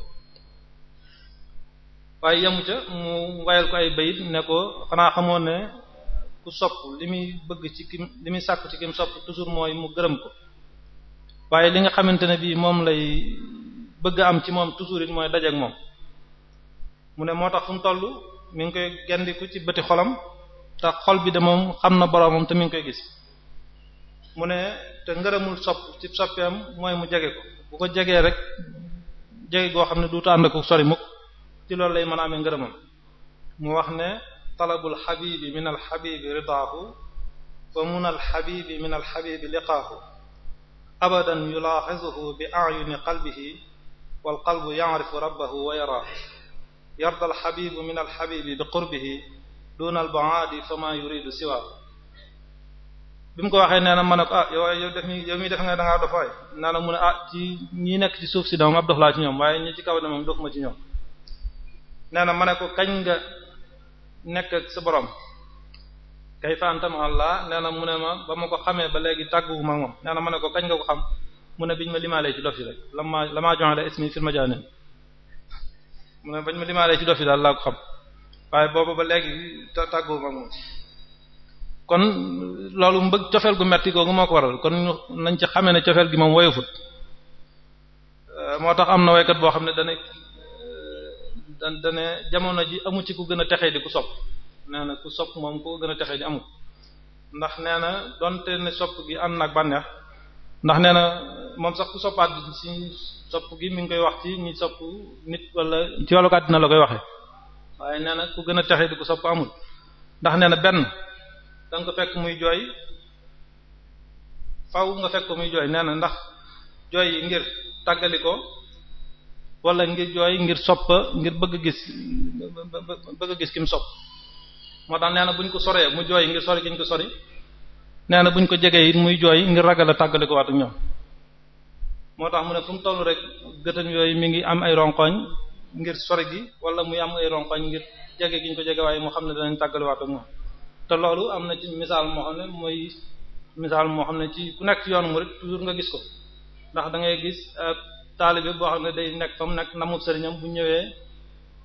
waaye yemu ca mu wayal ko ay bayit ne ko xanaa xamoon ne ku sopp li muy bëgg ci kim li muy sàkk ci kim sopp toujours mooy mu gërëm ko waaye li nga xamante ne bii moom lay bëgg am ci moom toujours mooy dajeek moom mu ne moo tax fu mu toll mi ngi koy gendiku ci bëti xolam te xol bi de moom xam na boroomam te mi ngi koy gis mu ne te ngërëmul sopp ci soppeem mooy mu jege ko bu ko jegee rek jege goo xam ne duutu ànd ak sori mukk ci loolu lay mën a amee mu wax ne talabul xabibi min al xabibi ridaahu wa mun al xabibi min al xabibi liqaahu abadan yulaaxizuhu bi ayuni qalbihi wal qalbu ya'rifu rabbahu duna al bu'aadi fa ma bi mu ko waxee nee na ma ne ko ah yow yow def yow mi def nga da ngaa dof waay naa na mu ne ah ci ñi nekk ci suuf si dama ab dof laa ci ñoom waaye ñi ci kaw ne moom dofuma ci ñoom nee ma ne ko kañ nga sa borom kay fantam Allah nee na mu ne ma ba ma ko xamee ba léegi tàgguwu ma moom ma ne ko kañ nga ko xam mu ne biñ ma limaalee ci dof yi rek lama lama joxale ismi fil majaanin mu ma limaalee ci dof daal laa ko xam waaye boobu ba léegi tàgguwu ma moom kon loolu mbëgg cofeel gu metti googu moo ko waral kon nañ ci xamee ne cofeel gi moom woyofut euh, moo tax am na woykat boo xam ne dana dan euh, dane jamono ji amu ci ku gën a texee di ku sopp nee ku sopp moom ku gën a texee di amu ndax nee na donte ne sopp gi ànd nag bànneex ndax nee na moom sax ku soppaat si sopp gi mu ngi koy wax ci ñi sopp nit walla ci wàllu àddina la koy waxee waaye nee na ku gën a texee di ku sopp amul ndax nee na benn da ko fekk muy jooy faw nga fekk ko muy jooy nee na ndax jooy yi ngir tàggali ko wala ngir jooy ngir sopp ngir bëgg gis bëgg gis ki mu sopp moo tax nee na buñ ko soree mu jooy ngir sori giñ ko sori nee na buñ ko jegee it muy jooy ngir ragal a tàggali ko ak ñoom moo tax mu ne fu mu toll rek gëtëm yooyu mi ngi am ay ronkoñ ngir sori gi wala muy am ay ronkoñ ngir jege giñ ko jege waaye moo xam ne danañ tàggaliwaat ak moom te loolu am na ci misaal moo xam ne mooy misaal moo xam ne ci ku nekk ci yoonu murid toujours nga gis ko ndax dangay ngay gis euh, taalibe boo xam ne day nekk fa mu nekk namub bu ñëwee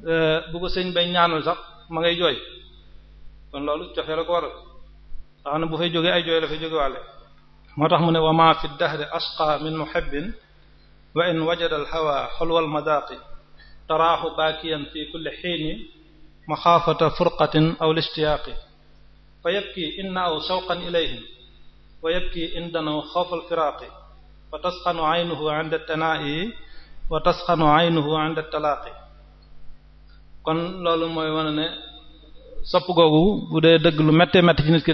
euh, bu ko sëñ bay ñaanal sax ma ngay jooy kon loolu joxe la ko waral nga xam bu fay jógee ay jooy la fay jóge wàlle moo tax mu ne wa ma fi dahri ashqa min muhibbin wa in wajada al hawa hulwa al madaqi taraahu baakiyan fi kulli hiini maxaafata furqatin aw lishtiyaaqi fa yabkii in naaw shawqan ilayhim wa yabkii in danaw xawfa alfiraaqi wa tasxanu aynuhu inda tanaa'i wa tasxanu aynuhu inda talaaqi kon loolu mooy wane ne sopp googu dëgg lu méttee métti ci nit ki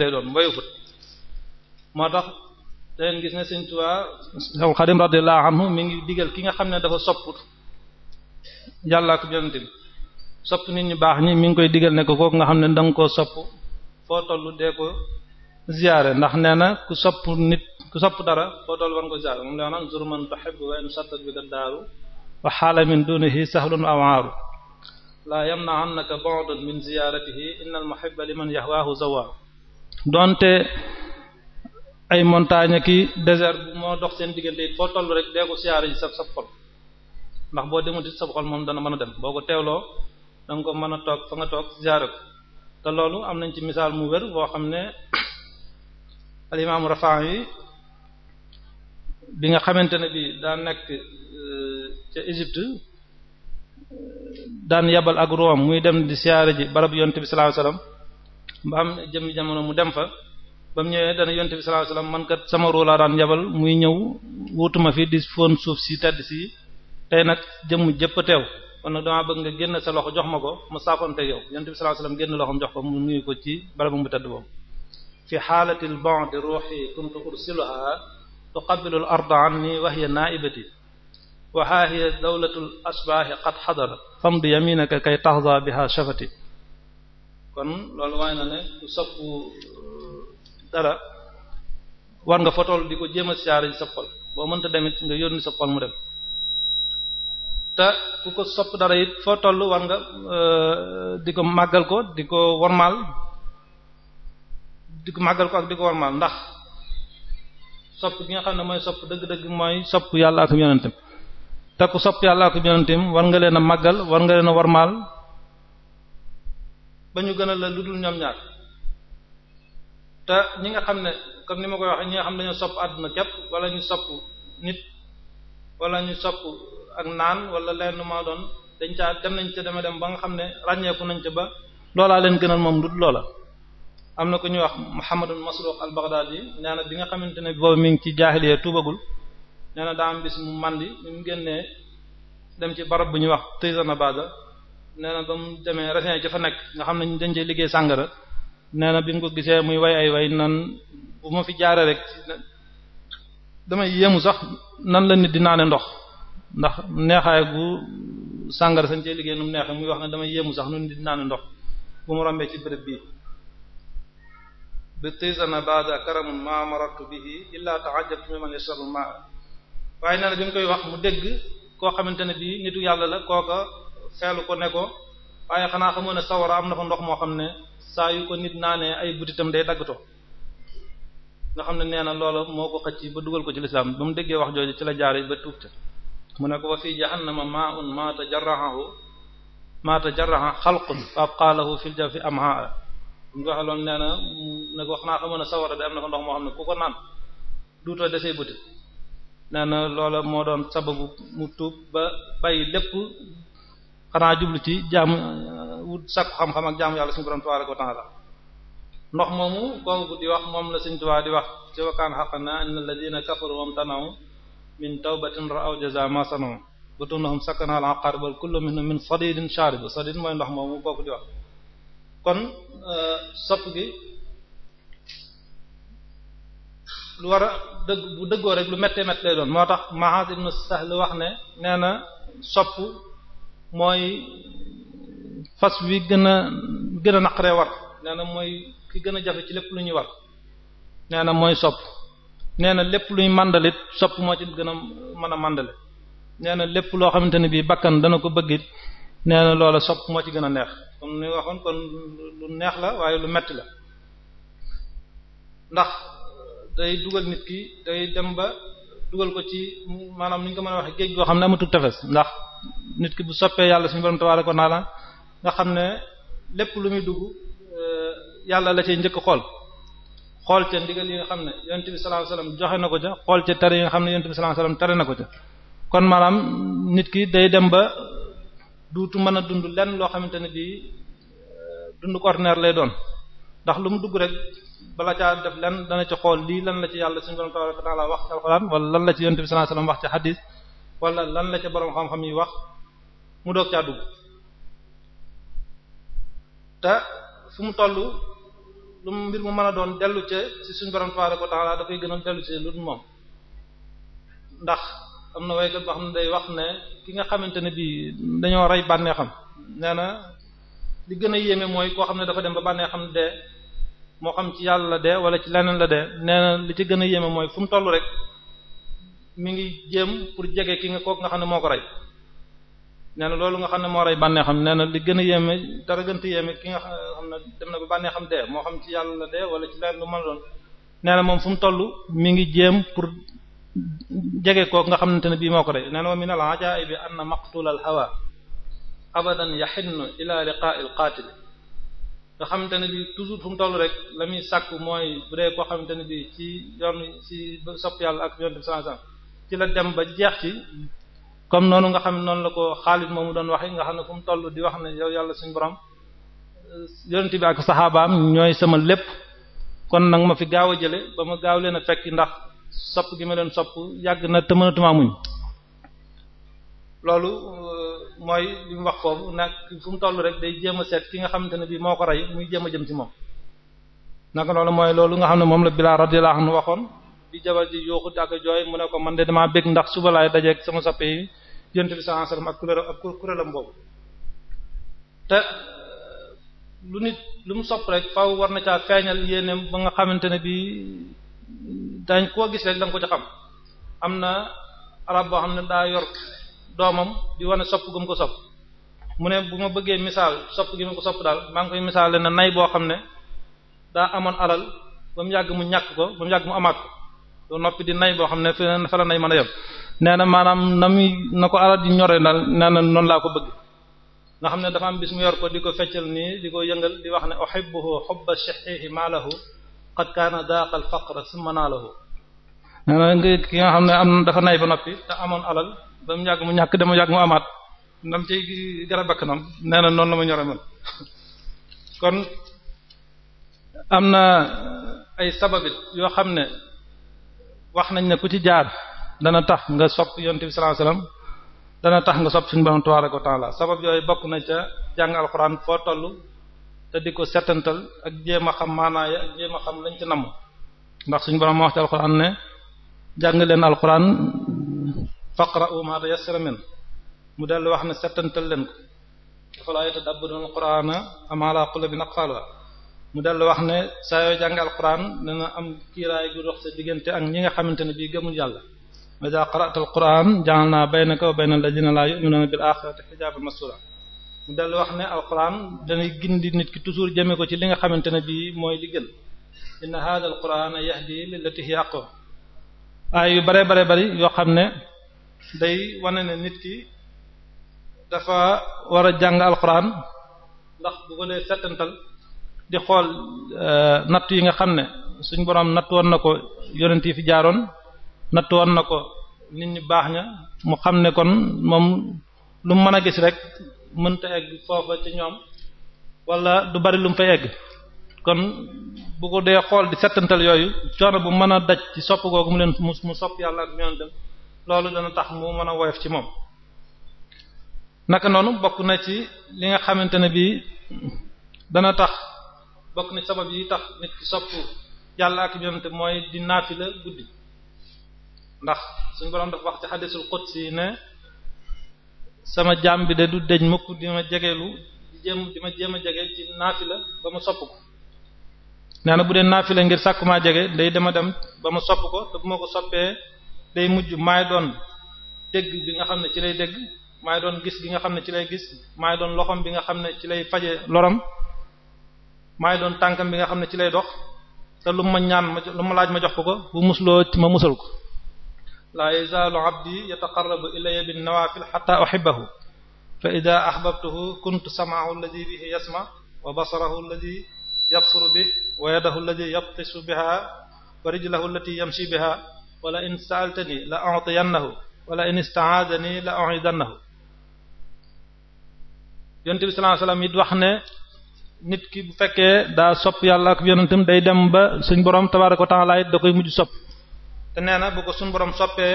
mi ngi digal ki nga xam ne dafa sopp Yàlla ak sopp nit ñu baax ñi mi ngi koy digal ne ko kooku nga xam ne danga koo sopp foo toll dee ko ziyaare ndax nee na ku sopp nit ku sopp dara foo toll war nga ko ziyaare moom la naan zur man tuhibbu wa in shattat bika daaru wa haala min dunihi sahlun aw aaru la yamna'annaka bu'dun min donte ay montagne ki désert bu moo dox seen diggante it foo toll rek dee ko ziyaare ji sa sa xol ndax boo demut it sa xol moom dana mën a dem boo ko teewloo danga ko mën toog fa nga toog ziyaare ko te loolu am nañ ci misaal mu wér boo xam ne al imaamu Rafa'i bi nga xamante ne bi daa nekk euh, ca Égypte euh, daan yabal ak Room muy dem di siyaare ji barab yonte bi sallallahu alayhi wasallam jëm jamono mu dem fa ba mu ñëwee dana yonte bi sallallahu alayhi man kat sama roo laa daan yabal muy ñëw wutuma fi di fóon suuf si tedd si tey nag jëmm jëpp teew kon nag damaa sa loxo jox ma ko mu saafante yow yonent bi sallallahu alayhi wasallam génn loxom jox ko mu nuyu ko ci barabam bu tedd boobu fi xaalati lbandi ruuxi kuntu ursiluha tuqabilu l arda wa hiya naibati wa haa hiya dawlatu l qad xadarat famd yaminaka kay tahza biha shafati kon loolu waaye na ne uh, dara war nga fotool di ko jéem a siyaare ci sa xol boo nga yónni sa xol mu dem te ku ko sopp dara it foo toll war nga euh, di ko màggal ko di ko wormaal di ko màggal ko ak di ko wormaal ndax sopp gi nga xam ne mooy sopp dëgg-dëgg mooy sopp yàlla ak yonentam te ku sopp yàlla ak yonentam war nga leen a màggal war nga leen a wormaal ba ñu gën a la lu dul ñoom ñaar te ñi nga xam ne comme ni ma koy waxee ñi nga xam ne dañoo sopp àdduna képp walla ñu sopp nit wala ñu sopp ak naan wala lenn maa doon dañ caa dem nañ ca deme dem ba nga xam ne ràññeeku nañ ca ba loolaa leen gënal moom du loola. am na ko ñuy wax Muhammadun Masruq al-Baghdadi nee na bi nga xamante ne boobu mi ngi ci jaahiliya tuubagul nee daa am bis mu mandi mu génnee dem ci barab bu ñuy wax Taysanabada nee na ba mu demee resin ca fa nekk nga xam ne dañ cee liggéey sàngara nee na bi mu ko gisee muy way ay way nan bu ma fi jaaree rek damay yéemu sax nan la nit di naane ndox. ndax neexaay gu sàngara sañ cee liggéey nu mu neex muy wax na damay yéemu sax nun di naan ndox bu mu rombee ci bërëb bii bi tisana bada karamun ma marartu bihi illa ta'ajjabtu waaye na bi mu koy wax mu dégg koo xamante ne bii nitu yàlla la kooka xeelu ko ne ko waaye xanaa xamoo ne sawara am na fa ndox moo xam ne saa yu ko nit naa ne ay butitam day daggatoo nga xam ne nee na loola moo ko xëcc ba dugal ko ci lislaam ba mu déggee wax jooju ci la jaare ba tuubte mu ne ko wa fi jahannama ma'un ma tajarrahu ma tajarraha xalqun fa abqalahu fil jawfi amha bu ñu ko waxee na ko wax naa xamoon sawara da am na fa ndox moo xam ne ku ko naan duutoo desee bëti nee na loola moo doon sababu mu tuub ba bàyyi lépp xanaa jublu ci jaamu uh, wut sakku xam-xam ak jaamu yàlla suñu wa ta'ala ndox moomu kooku di wax moom la suñu di wax ci wakaan xaqna innal ladina kafaru wamtanaw min tawbatin ra'aw jazaa ma sanu butunahum sakana al aqar bal kullu minhum min sadidin sharib sadid mooy ndox moomu kooku di wax kon euh, sopp gi lu war a dëgg bu dëggoo rek lu méttee métt doon moo tax Ma'az ibn Sahl wax ne nee na sopp mooy fas bi gën a gën a naqaree war nee na mooy ki gën a jafe ci lépp lu ñuy war nee na mooy sopp nee na lépp luy màndalit sopp moo ci gën a man a màndale nee na lépp loo xamante ne bii bakkan dana ko bëggit nee na loola sopp moo ci gën a neex comme ni waxoon kon lu neex la waaye lu metti la ndax day dugal nit ki day dem ba dugal ko ci maanaam lu ñu ko mën waxee géej goo xam ne amatul tefes ndax nit ki bu soppee yàlla suñu borom tabaaraka wa taala nga xam ne lépp lu muy dugg euh, yàlla la cay njëkk xool xool ca ndigal yi nga xam ne yonent bi sallallahu alayhi joxe na ko ca xool ca tere yi nga xam ne yonent bi sallallahu alayhi wasallam na ko ca kon maanaam nit ki day dem ba duutu mën a dund lenn loo xamante ne bii euh, dund ko ordinaire lay doon ndax lu mu dugg rek bala caa def lenn dana ci xool lii lan la ci yàlla suñu borom tabaraka wax ci alxuraan wala lan la ci yonent bi sallallahu alayhi wasallam wax ci xadiis walla lan la ca borom xam-xam yi wax mu doog caa dugg te fu mu lu mbir mu mën a doon dellu ca ci suñu borom tabaaraka wa ta'ala da koy gënal dellu ci lu moom ndax am na waykat boo xam ne day wax ne ki nga xamante ne bii dañoo rey bànneexam nee na li gën a yéeme mooy koo xam ne dafa dem ba xam de moo xam ci yàlla la de wala ci leneen la dee nee na li ci gën a yéeme mooy fu mu toll rek mu ngi jéem pour jege ki nga kook nga xam ne moo ko rey neena loolu nga xam ne moo rey bànnee xam nee na li gën a yéeme dara gën a yéeme ki nga xam ne dem na ba bànnee xam dee moo xam ci yàlla la dee wala ci leneen lu mën doon nee na moom fu mu toll mi ngi jéem pour jege kook nga xamante ne bii moo ko rey nee na wa min al ajaibi anna maqtul al hawa abadan yahinnu ila nga xamante ne bii toujours fu mu toll rek la muy sàkk mooy bu dee koo xamante ne bii ci yoon ci sopp yàlla ak yoon bi ci la dem ba jeex ci comme noonu nga xam ne noonu la ko Xaalid mu doon waxe nga xam ne fu mu di wax ne yow yàlla suñu borom yonent bi ak saxaabaam ñooy sama lépp kon nag ma fi gaaw a jële ba ma gaaw leen a fekki ndax sopp gi ma leen sopp yàgg na te mënatuma muñ loolu euh, mooy li mu toll rek day jéem a seet ki nga xam ne bii moo ko rey muy jéem a jëm ci moom naka loolu mooy loolu nga xam ne moom la Bilaal radiyallahu anhu waxoon bi jabar ji yuuxu ak jooy mu ne ko man de damaa bëgg ndax suba laay dajeeg sama soppe yonent bi ak kuréelam ak kuréelam boobu te lu nit lu mu sopp rek faaw war na caa feeñal yéeneem ba nga xamante ne bii dañ koo gis rek da ko ci xam am na arab boo xam ne daa yor doomam di ne sopp gu mu ko sopp mu ne bu ma bëggee misaal sopp gi mu ko sopp daal maa ngi koy misaale na nay boo xam ne daa amoon alal ba mu yàgg mu ñàkk ko ba mu yàgg mu amaat ko noppi di nay boo xam ne fa la nay mën a yem nee na maanaam na na ko alal di ñore na nee na noonu laa ko bëgg nga xam ne dafa am bis mu yor di ko feccal nii di ko yëngal di wax ne uhibbuhu hubba shahihi maalahu qad kaana daaqal faqra summa naalahu nee na ki nga xam ne am dafa nay ba noppi te amoon alal ba mu yàgg mu ñàkk dama yàgg mu amaat ndam ci gara bakkanam nee na noonu na ma ñore man kon am na ay sababit yoo xam ne wax nañ ne ku ci jaar dana tax nga sopp yonent bi sallallahu dana tax nga sopp suñu borom tabaaraka wa taala sabab yooyu bokk na ca jàng alxuraan foo toll te di ko setantal ak jéem a xam maanaaya ak jéem a xam lañ ci namm ndax suñu borom ma wax ci alxuraan ne jàng leen alxuraan faqra'u ma tayassara min mu dellu wax ne setantal leen ko afala yatadabbaruna alxuraana am ala qulubin aqfalha mu dellu wax ne saa yoo jàng alxuraan dana am kiiraay gu dox sa diggante ak ñi nga xamante ne bii gëmul yàlla wa idha qara'ta al-Qur'an ja'alna baynaka wa bayna alladhina la yu'minuna bil akhirati hijaban mastura mu dellu wax ne alquran danay gindi nit ki toujours jëmee ko ci li nga xamante ne bii mooy li gën inna hadha alquran yahdi lillati hiya aqwam aay yu bare bare bari yoo xam ne day wane ne nit ki dafa war a jàng alquran ndax bu ko settantal di xool eh, natt yi nga xam ne suñ boroom natt woon na ko yonent yi fi jaaroon natt woon na ko nit ñi baax ña mu xam ne kon moom lu mu mën a gis rek mënta egg foofa ci ñoom wala du bari lu mu fay egg kon bu ko dee xool di settantal yooyu coono bu mën a daj ci sopp googu mu leen mu sopp yàlla ak ñoom loolu dana tax mu mën a woyof ci moom naka noonu bokk na ci li nga xamante ne bii dana tax bokk na sabab yi tax nit ki sopp yàlla ak yonent mooy di naafila guddi ndax suñu borom dafa wax ci xadisul si ne sama jaam bi de du dej mukk di ma jegeelu di jéem di ma jéem a jege ci la ba ma sopp ko nee na bu dee naafila ngir maa jege day dama dem ba ma sopp ko te bu ma ko soppee day mujj maay doon dégg bi nga xam ne ci lay dégg maay doon gis bi nga xam ne ci lay gis maay doon loxom bi nga xam ne ci lay faje loram maay doon tànkam bi nga xam ne ci lay dox te lu ma ñaan ma lu ma laaj ma jox ko ko bu musloo ma musal ko laa yazaalu abdi yataqarrabu ilayya bin nawaafil xataa uhibbahu fa idaa ahbabtuhu kuntu sam'ahu alladii bihi yasma wa basarahu alladii yabsuru bihi wa yadahu alladii yabtisu bihaa wa rijlahu allatii yamshi bihaa wa la in sa'altanii la u'tiyannahu wa la in ista'aadanii la u'iidannahu yonent bi sallallahu alayhi wasallam it wax ne nit ki bu fekkee daa sopp yàlla ak yonentam day dem ba suñ borom tabaaraka wa ta'aala it da koy mujj sopp te nee na bu ko suñ borom soppee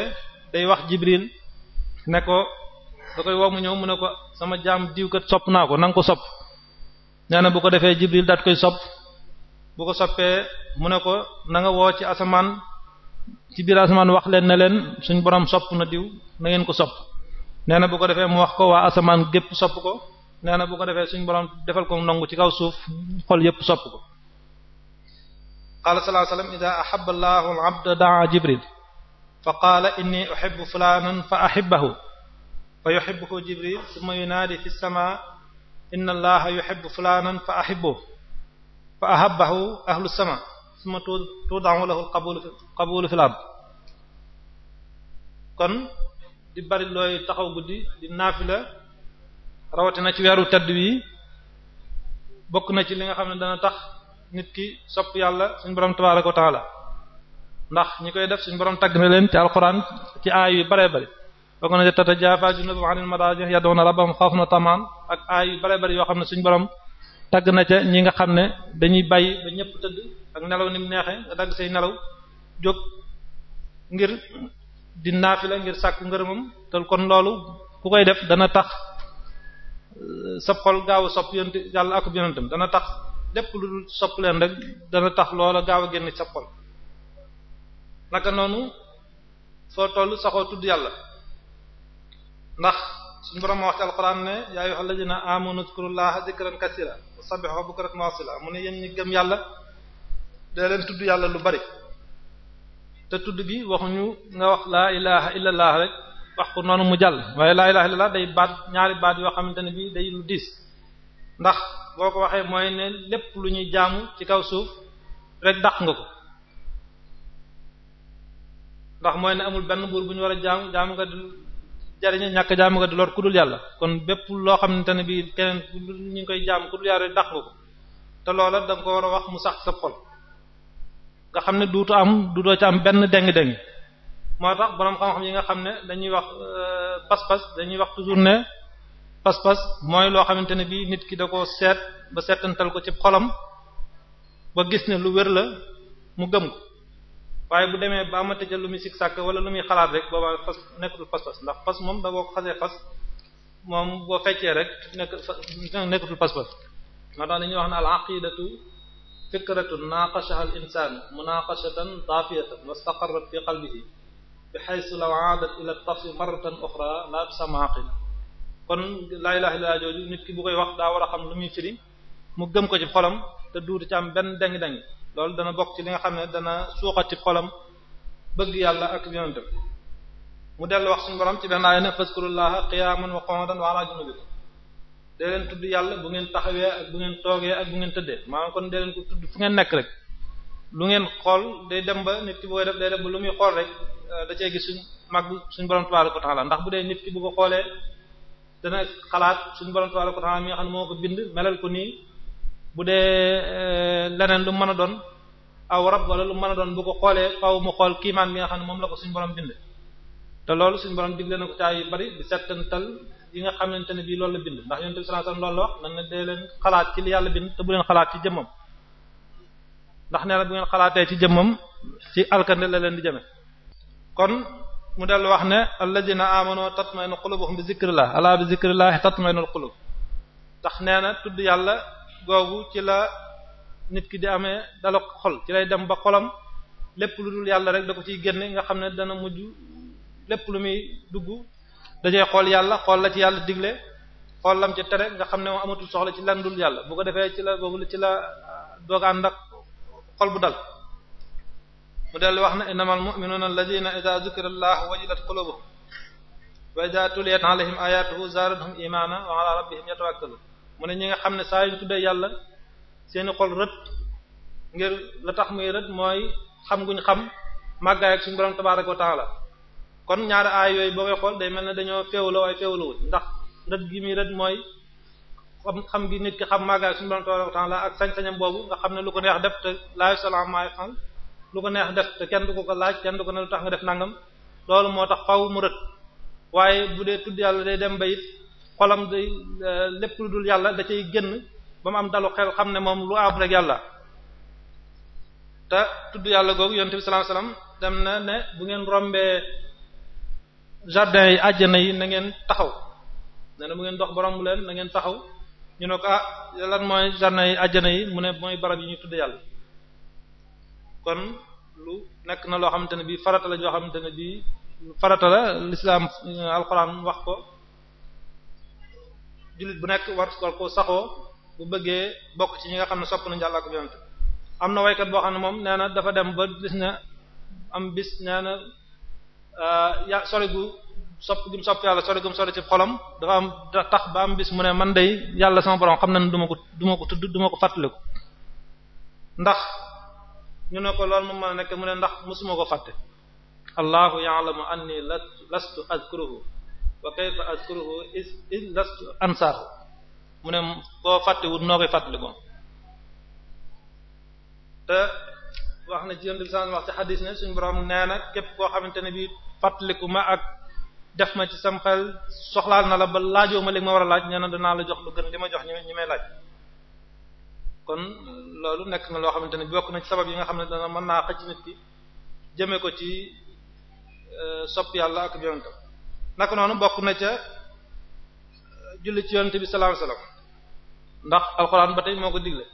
day wax Jibril ne ko da koy woo mu ñëw mu ne ko sama jaam diw kat sopp naa ko nanga ko sopp nee na bu ko defee Jibril daat koy sopp bu ko soppee mu ne ko na nga woo ci asamaan ci biir asamaan wax leen ne leen suñ borom sopp na diw na ngeen ko sopp nee na bu ko defee mu wax ko waa asamaan gépp sopp ko nee na bu ko defee suñ borom defal ko nangu ci kaw suuf xol yépp sopp ko qaala sallallahu alayhi wasallam ida ahabba allahu al-abda daa jibril fa qaala inni uhibbu fulanan fa ahibbahu fa yuhibbuhu jibril thumma yunaadi fi as-samaa inna allaha yuhibbu fulanan fa ahibbuhu fa ahabbahu ahlu as-samaa thumma tud'u lahu al-qabulu qabulu fil ard kon di bari looy taxaw guddi di naafila rawatina ci weeru tedd wi bokk na ci li nga xam ne dana tax nit ki sopp yàlla suñu borom tabaaraka wa ndax ñi koy def suñu borom tagg na leen ci alquran ci aay yu bare bare bokk na tatajaafaa junubuhum anil madaaji' yad'uuna rabbahum xawfan wa tamaan ak aay yu bare yoo xam ne suñu borom tagg na ca ñi nga xam ne dañuy bàyyi ba ñëpp tëdd ak nelaw ni mu neexee nga dagg say nelaw jóg ngir di naafila ngir sàkku ngërëmam te kon loolu ku koy def dana tax sa xol gaaw a soppi yàlla ak yonentam dana tax lépp lu dul sopp leen rek dana tax loola gaaw a génn sa xol naka noonu foo toll saxoo tudd yàlla ndax suñu borom ma wax ci alxuraan ne yaa ayyuhal ladina amanu zkurullaha zikran kasira wa sabbihu bukratan wa asila mu ne yéen gëm yàlla dee leen tudd yàlla lu bari te tudd gi waxuñu nga wax laa ilaha illallah rek wax ko noonu mu jàll waaye laa ilaha illallah day baat ñaari baat yoo xamante ne bi day lu diis ndax boo ko waxee mooy ne lépp lu ñuy jaamu ci kaw suuf rek dàq nga ko ndax mooy ne amul benn buur bu ñu war a jaamu jàmm nga di jariñu ñàkk jaamu nga di lor ku dul yàlla kon bépp loo xamante ne bii keneen ñu ngi koy jaamu ku dul yàlla rek dàq nga ko te loola da ko war a wax mu sax sa xol nga xam ne duutu am duutoo ci am benn déng-déng moo tax boroom xam-xam yi nga xam ne dañuy wax euh, pas-pas dañuy wax toujours ne pas-pas mooy loo xamante ne bii nit ki da ko seet ba seetantal ko ci xolam ba gis ne lu wér la mu gëm ko waaye bu demee ba amate ca lu muy sikk sàkk wala lu muy xalaat rek boobaa fas nekkatul pas-pas pas moom da boo ko moom bo feccee rek nekk nekkatul pas-pas moo tax dañuy wax ne al aqidatu fikratu naaqashaha al insaan munaqashatan daafiyatan wastaqarrat fi qalbihi bi haythu law aadat ila at-tafsil marratan ukhra la sama aqida kon laa ilaaha illallaa jooju nit ki bu koy wax daa war a xam lu muy firi mu gëm ko ci xolam te duutu ci am benn deng-deng loolu dana bokk ci li nga xam ne dana suuxati xolam bëgg yàlla ak yonentam mu dellu wax suñu borom ci benn aaya ne fazkurullaha qiyaman wa qu'udan wa ala junubikum dee leen tudd yàlla bu ngeen taxawee ak bu ngeen toogee ak bu ngeen tëddee maa kon dee leen ko tudd fu ngeen nekk rek lu ngeen xool day dem ba nit ki bu koy def day ba lu muy xool rek da cee gis suñ mag suñ borom tabaaraka wa ndax bu dee nit bu ko xoolee dana xalaat suñu borom tabaaraka wa ta'ala mi nga xam moo ko bind melal ko nii bu dee eh, leneen lu mën a doon aw rab wala lu mën a doon bu ko xoolee faaw mu xool kiimaan bi nga xam ne moom la ko suñu borom bind. te loolu suñu borom digle na ko caa yu bari te di settantal yi nga xamante ne bii loolu la bind ndax yonent bi sallallahu alayhi wasallam loolu la wax nan dee leen xalaat ci yàlla bind te bu leen xalaat ci jëmmam ndax nee na bu ngeen xalaatee ci jëmmam ci alkande la leen di jëme mu dellu wax ne alladina amanu tatmainu qulubuhum bi zikrillah ala bi zikrillah tatmainul qulub tax nee na tudd yàlla googu ci la nit ki di amee dala xol ci lay dem ba xolam lépp lu dul yàlla rek da ko ciy génne nga xam ne dana mujj lépp lu muy dugg dajee xool yàlla xool la ci yàlla digle xool lam ci tere nga xam ne moom amatul soxla ci lan dul yàlla boo ko defee ci la boobu ci la doog ànd ak xol bu dal mu dellu wax ne innamal mu'minuuna alladhiina idhaa dhukira allahu wajilat qulubuhum wa idhaa tuliyat alayhim ayaatuhu zaadathum imaana wa ala rabbihim yatawakkaluun mu ne ñi nga xam ne saa yu tuddee yàlla seeni xol rët ngir la tax muy rët mooy xam guñ xam màggaay ak suñu borom tabaaraka wa taala kon ñaari aay yooyu boo koy day mel ne dañoo féewloo waaye féewloo ndax rët gi muy rët mooy xam xam gi nit ki xam màggaay ak suñu borom tabaaraka wa ak sañ-sañam boobu nga xam ne lu ko neex def te laay salaam maay lu ko neex def te kenn du ko ko laaj kenn du ko ne lu tax nga def nangam loolu moo tax faw mu rët waaye bu dee tudd yàlla day dem ba it xolam day euh, lépp lu dul yàlla da cay génn ba mu am dalu xel xam ne moom lu aab rek yàlla te tudd yàlla googu yonent bi sallallahu alayhi wasallam dem na ne bu ngeen rombee jardin yi àjjana yi na ngeen taxaw nee na bu ngeen dox borom romb leen na ngeen taxaw ñu ne ko ah lan mooy jardin yi àjjana yi mu ne mooy barab yi ñuy tudd yàlla kon lu nekk na loo xamante ne bii farata joo xamante ne bii farata la lislaam euh, alxuraan wax ko jullit bu nekk war ko saxoo bu bëggee bokk ci ñi nga xam ne sopp nañu Yàlla ko am na waykat boo xam ne moom nee na dafa dem ba gis ne am bis nee na euh, ya sori gu sopp gu mu sopp yàlla sori gu mu dafa am tax ba bis mu ne man dey yàlla sama borom xam na ne du ko duma ko tudd duma ko fàttaliku ndax ñu ne ko loolu mu mën a nekk mu ne ndax mosuma ko fàtte allahu ya'lamu anni lastu azkuruhu wa kayfa azkuruhu is lastu ansaahu mu ne mu fàttewut noo koy fàttali ko te wax na ci yonent bi sallallahu alayhi wasallam wax ci xadis ne suñu borom nee na képp koo xamante ne bii fàttaliku ma ak def ma ci sam xel soxlaal na la ba laajoo ma léegi ma war a laaj nee na danaa la jox lu gën li ma jox ñi may laaj kon loolu nekk na loo xamante ne bokk na ci sabab yi nga xam ne dana mën naa xëcc nit ki jëme ko ci euh, sopp yàlla ak yonentam naka noonu bokk na ca euh, julli ci yonent bi sallallahu alayhi ndax alxuraan ba tey moo ko digle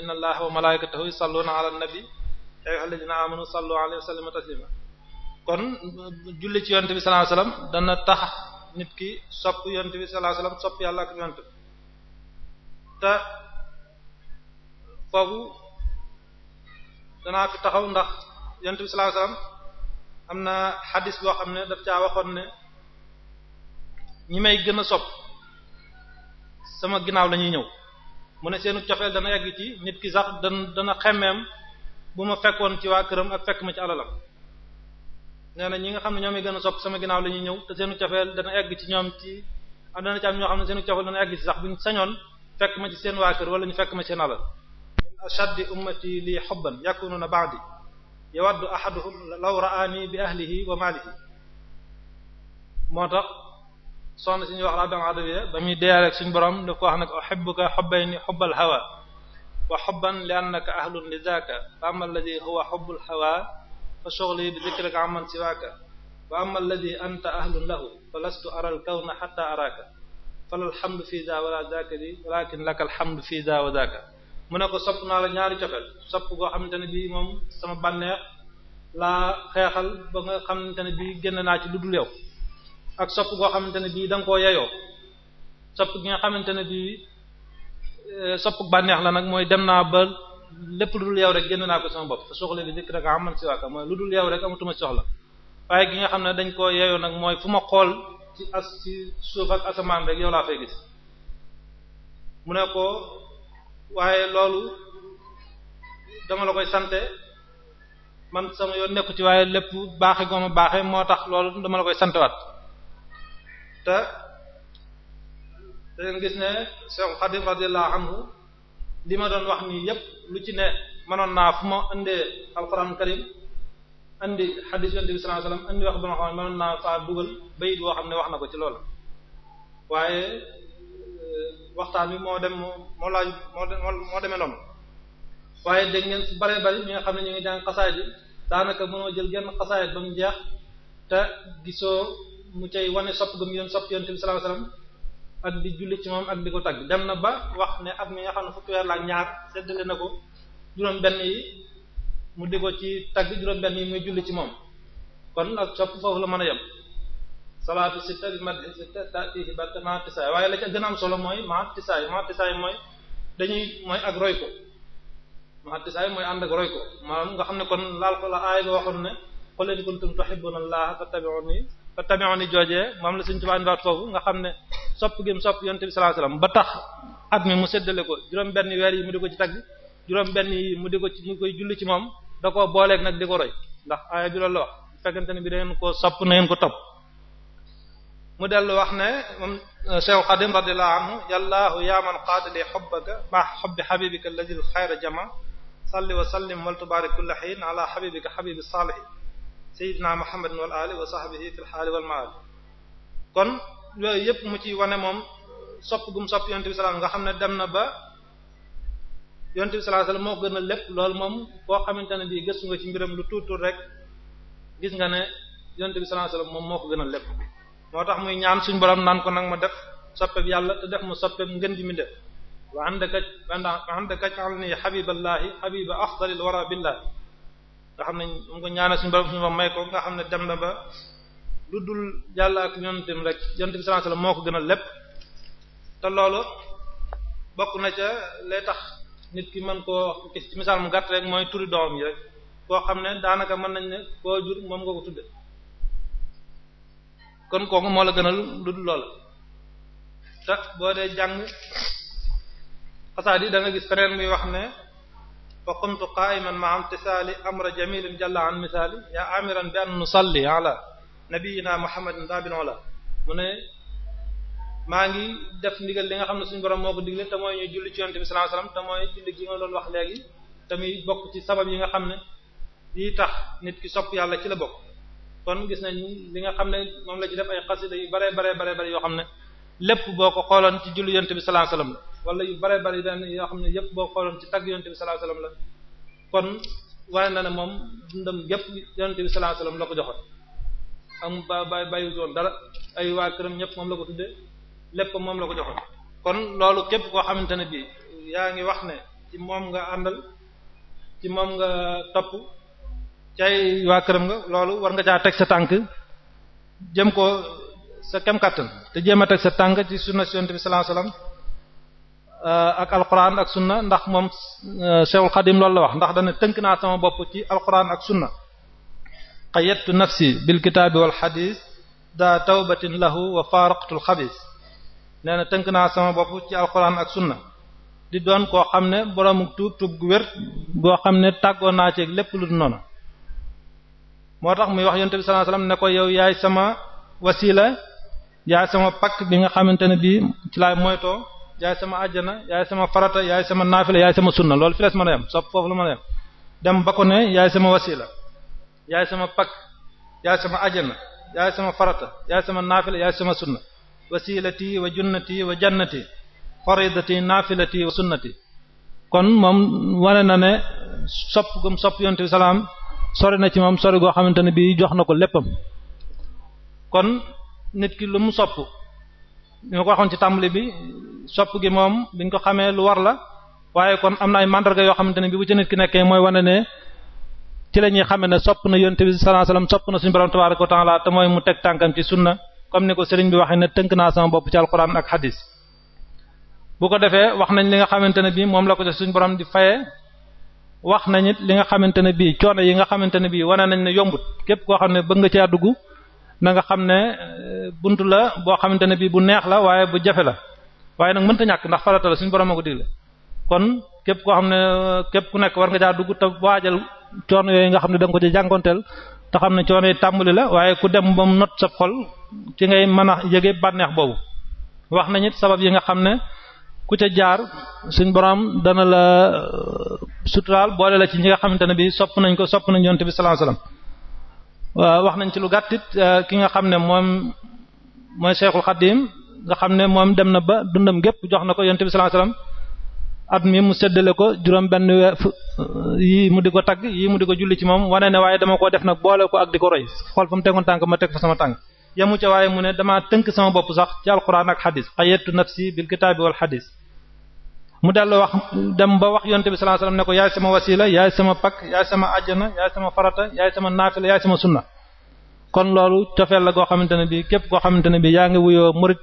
inna allaha wa malaikatahu yusalluna ala nabi ya ayyuhalladhina amanu sallu alayhi wa sallimu kon euh, julli ci yonent bi sallallahu alayhi dana tax nit ki sopp yonent bi sallallahu alayhi wasallam sopp yàlla ak yonentam te kooku danaa fi taxaw ndax yonent bi sallallahu am na xadis boo xam ne daf caa waxoon ne ñi may gën a sopp sama ginnaaw la ñuy ñëw mu ne seenu cofeel dana yegg ci nit ki sax dan dana xemmeem bu ma fekkoon ci waa këram ak fekk ma ci alalam na ñi nga xam ne ñoom yi sopp sama ginnaaw la ñëw te seenu cofeel dana egg ci ñoom ci am dana ci am ñoo xam ne seenu cofeel dana egg ci sax bu ñu señoon fekk ma ci seen waa kër wala ñu fekk ma ci seen alal ashaddi ummati li hubban yakununa ba'di yawaddu ahaduhum law ra'ani bi ahlihi wa malihi moo tax soxna si ñuy wax Rabi'a Adawiya ba muy deeyaale ak suñu borom daf ko wax nag uhibbuka hubbayni hubbal hawa wa hubban li annaka ahlun li zaaka fa amma alladhi huwa hubbul hawa fa shughli bi dhikrika amman siwaaka wa amma alladhi anta ahlun lahu fa lastu aral kawna hatta araka falal hamdu fi dha wala dhaka li walakin lakal hamdu fi dha wa dhaka mu ne ko sopp naa la ñaari cofeel sopp goo xamante ne bii moom sama bànneex laa xeexal ba nga xamante ne bii génn naa ci lu dul yow ak sopp goo xamante ne bii da koo yeyoo sopp gi nga xamante ne bii eh, sopp bànneex la nag mooy dem naa ba lépp lu dul yow rek génn naa ko bopp soxla li dikk rek aman si waaka mooy lu dul yow rek amatuma soxla waaye gi nga xam ne dañ koo yeyoo nag mooy fu ma xool ci as ci suuf ak asamaan rek yow laa fay gis mu ne ko waaye loolu dama la koy sante man sama yoon nekku ci waaye lépp baaxe gooma baaxe moo tax loolu dama la koy santewaat te da ngeen gis ne Cheikh Khadim radiyallahu anhu li ma doon wax nii yépp lu ci ne manoon naa fu ma indee alquran karim indi xadiis yonent bi sallallahu alayhi wasallam indi wax ba nga manoon naa faa dugal bayit boo xam ne wax na ko ci loolu waaye waxtaan bi moo dem moo moo laaj moo moo demee noonu waaye dégg ngeen su bare bari ñi xam ne ñu ngi jàng xasaayit bi daanaka mënoo jël genn xasaayit ba mu jeex te gisoo mu cay wane sopp gum yéen sopp yonent bi sallallahu alayhi ak di julli ci moom ak di ko tagg dem na ba wax ne ak mi nga xam ne fukki weer la ñaar seddale na ko juróom benn yi mu di ko ci tagg juróom benn yi muy julli ci moom kon ak sopp foofu la mën a yem salaatu sitta bi madhi sitta tatihi batta ma tisaay waaye la ca gën a am solo mooy ma tisaay ma tisaay mooy dañuy mooy ak roy ko ma tisaay mooy ànd ak roy maanaam nga xam ne kon laal ko la aay ba waxoon ne qul in kuntum tuhibbuna allaha fattabi'uni fattabi'uni joojee moom la Sëriñ Tuubaa indiwaat foofu nga xam ne sopp gi mu sopp yonent bi sallallahu ba tax at mi mu séddale ko juróom benn weer yi mu di ko ci tagg juróom benn mu di ci mu koy julli ci moom da koo booleeg nag di ko roy ndax aaya la wax ne bi da ngeen koo sopp na ngeen ko topp mu dellu wax ne moom euh, Cheikh Xadim radiyallahu anhu yallaahu yaa man qaadali hubbaka ma hubbi habibika alladhi al-khayra jama salli wa sallim wal tubarik kulla hin ala habibika habibi salihin sayyidina muhammadin wal ali wa sahbihi fil hali wal maali kon yooyu yëpp mu ci wane moom sopp gum sopp yonte bi sallallahu alayhi wasallam nga xam ne dem na ba yonte bi sallallahu alayhi wasallam moo gën a lépp loolu moom boo xamante ne bii gëstu nga ci mbiram lu tuutul rek gis nga ne yonte bi sallallahu alayhi wasallam moom moo ko gën a lépp moo tax muy ñaan suñ borom naan ko nag ma def soppeeb yàlla te def ma soppeeb ngën di mi def wa andaka wa andaka ja'alni habiballahi habiba afdalil wara billahi nga xam ne mu ko ñaanal suñu borom suñu borom may ko nga xam ne dem na ba lu dul yàlla ak yonentam rek yonent bi sallallahu alayhi wasallam moo ko gënal lépp te loolu bokk na ca lay tax nit ki mën koo gis misaal mu gàtt rek mooy turi doom yi rek koo xam ne daanaka mën nañ ne koo jur moom nga ko tudde kon kooku moo la gënal lu dul loola tax boo dee jàng xasaat yi da nga gis feneen muy wax ne fa qumtu qa'iman ma'a imtisali amra jamilin jalla an misali ya amiran bi an nusalli ala nabiyina muhammadin dabil ala mu ne maa ngi def ndigal li nga xam ne suñu borom moo ko digle te mooy ñu julli ci yonent bi sallallahu te mooy julli gi nga doon wax léegi te muy bokk ci sabab yi nga xam ne yi tax nit ki sopp yàlla ci la bokk kon gis nañ li nga xam ne moom la ci def ay xasida yu bare bare bare bare yoo xam ne lépp boo ko xooloon ci julli yonent bi sallallahu alayhi wasallam la wala yu bare bare yoo xam ne yépp boo ko xooloon ci tagg yonent bi la kon wane na ne moom dundam yépp yonent bi sallallahu alayhi wasallam la ko joxoon am ba ba bàyyiwut woon dara ay waa këram ñépp moom la ko tuddee lépp moom la ko joxoon kon loolu képp koo xamante ne bii yaa ngi wax ne ci moom nga àndal ci moom nga topp cay waa këram nga loolu war nga caa teg sa tànk jëm ko sa kem kàttan te jéem a teg sa tànk ci sunna si yonent bi sallallahu alayhi wasallam euh, ak alquran ak sunna ndax moom Cheikhul euh, Khadim loolu la wax ndax dana tënk naa sama bopp ci alquran ak sunna qayyadtu nafsi bil kitaabi wal hadith daa tawbatin lahu wa faraqtu al khabith nee na tënk naa sama bopp ci alquran ak sunna di doon koo xam ne boroomu tuub tuub gu wér goo xam ne tàggoo naa ci lépp lu dul noonu moo tax muy wax yonent bi sallallahu alayhi ne ko yow yaay sama wasila yaay sama pakk bi nga xamante ne bii ci laay moytoo yaay sama ajjana yaay sama farata yaay sama naafila yaay sama sunna loolu fi lees mën a yem sopp foofu la mën a yem dem ba ko ne yaay sama wasila yaay sama pakk yaay sama ajjana yaay sama farata yaay sama naafila yaay sama sunna wasilati wa junnati wa jannati faridati naafilati wa sunnati kon moom wane na ne sopp gum sopp yonent bi salaam sori na ci moom sori goo xamante ne bii jox na ko léppam kon nit ki lu mu sopp li ma ko waxoon ci tàmbali bi sopp gi moom biñ ko xamee lu war la waaye kon am na ay mandarga yoo xamante ne bii bu ci nit ki nekkee mooy wane ne ci la ñuy xamee ne sopp na yonent bi sallallahu alayhi wasallam sopp na suñ borom tabaaraka wa ta'ala te mooy mu teg tànkam ci sunna comme ni ko sëriñ bi waxee ne tënk naa sama bopp ci alquran ak hadis bu ko defee wax nañ li nga xamante ne bii moom la ko suñu borom di fayee wax nañ it li nga xamante ne bii coono yi nga xamante ne bii wane nañ ne yombut képp koo xam ne bëgg nga caa dugg na nga xam ne euh, bunt la boo xamante ne bii bu neex la waaye bu jafe la waaye nag mënta ñàkk ndax farata la suñu borom ko digle kon képp koo xam ne euh, képp ku nekk war nga caa dugg te waajal coono yooyu nga xam ne da nga ko ca jànkonteel te xam ne coono yi tàmbali la waaye ku dem ba mu not sa xol ci ngay mën a yëge bànneex boobu wax nañ it ku ca jaar suñ borom dana la euh, suturaal boole la ci ñi nga xamante ne bi sopp nañ ko sopp nañ yonte bi sallallahu alayhi wasallam wax nañ ci lu gàttit euh, ki nga xam ne moom mooy Cheikhul Khadim nga xam ne moom dem na ba dundam gépp jox na ko yonte bi sallallahu alayhi wasallam at mi mu seddale ko juróom benn euh, yi mu di ko tagg yi mu di ko julli ci moom wane ne waaye dama ko def nag boole ko ak di ko roy xool fa mu tegoon tànk ma teg fa sama tànk yamu ca waaye mu ne damaa tënk sama bopp sax ci alquran ak xadis qayyadtu nafsi bil kitaabi wal xadis mu dal wax dem ba wax yonte bi sallallahu alayhi wasallam ne ko yaay sama wasila yaay sama pakk yaay sama ajjana yaay sama farata yaay sama naafila yaay sama sunna kon loolu cofeel la goo xamante ne bi képp koo xamante ne bi yaa ngi wuyoo murid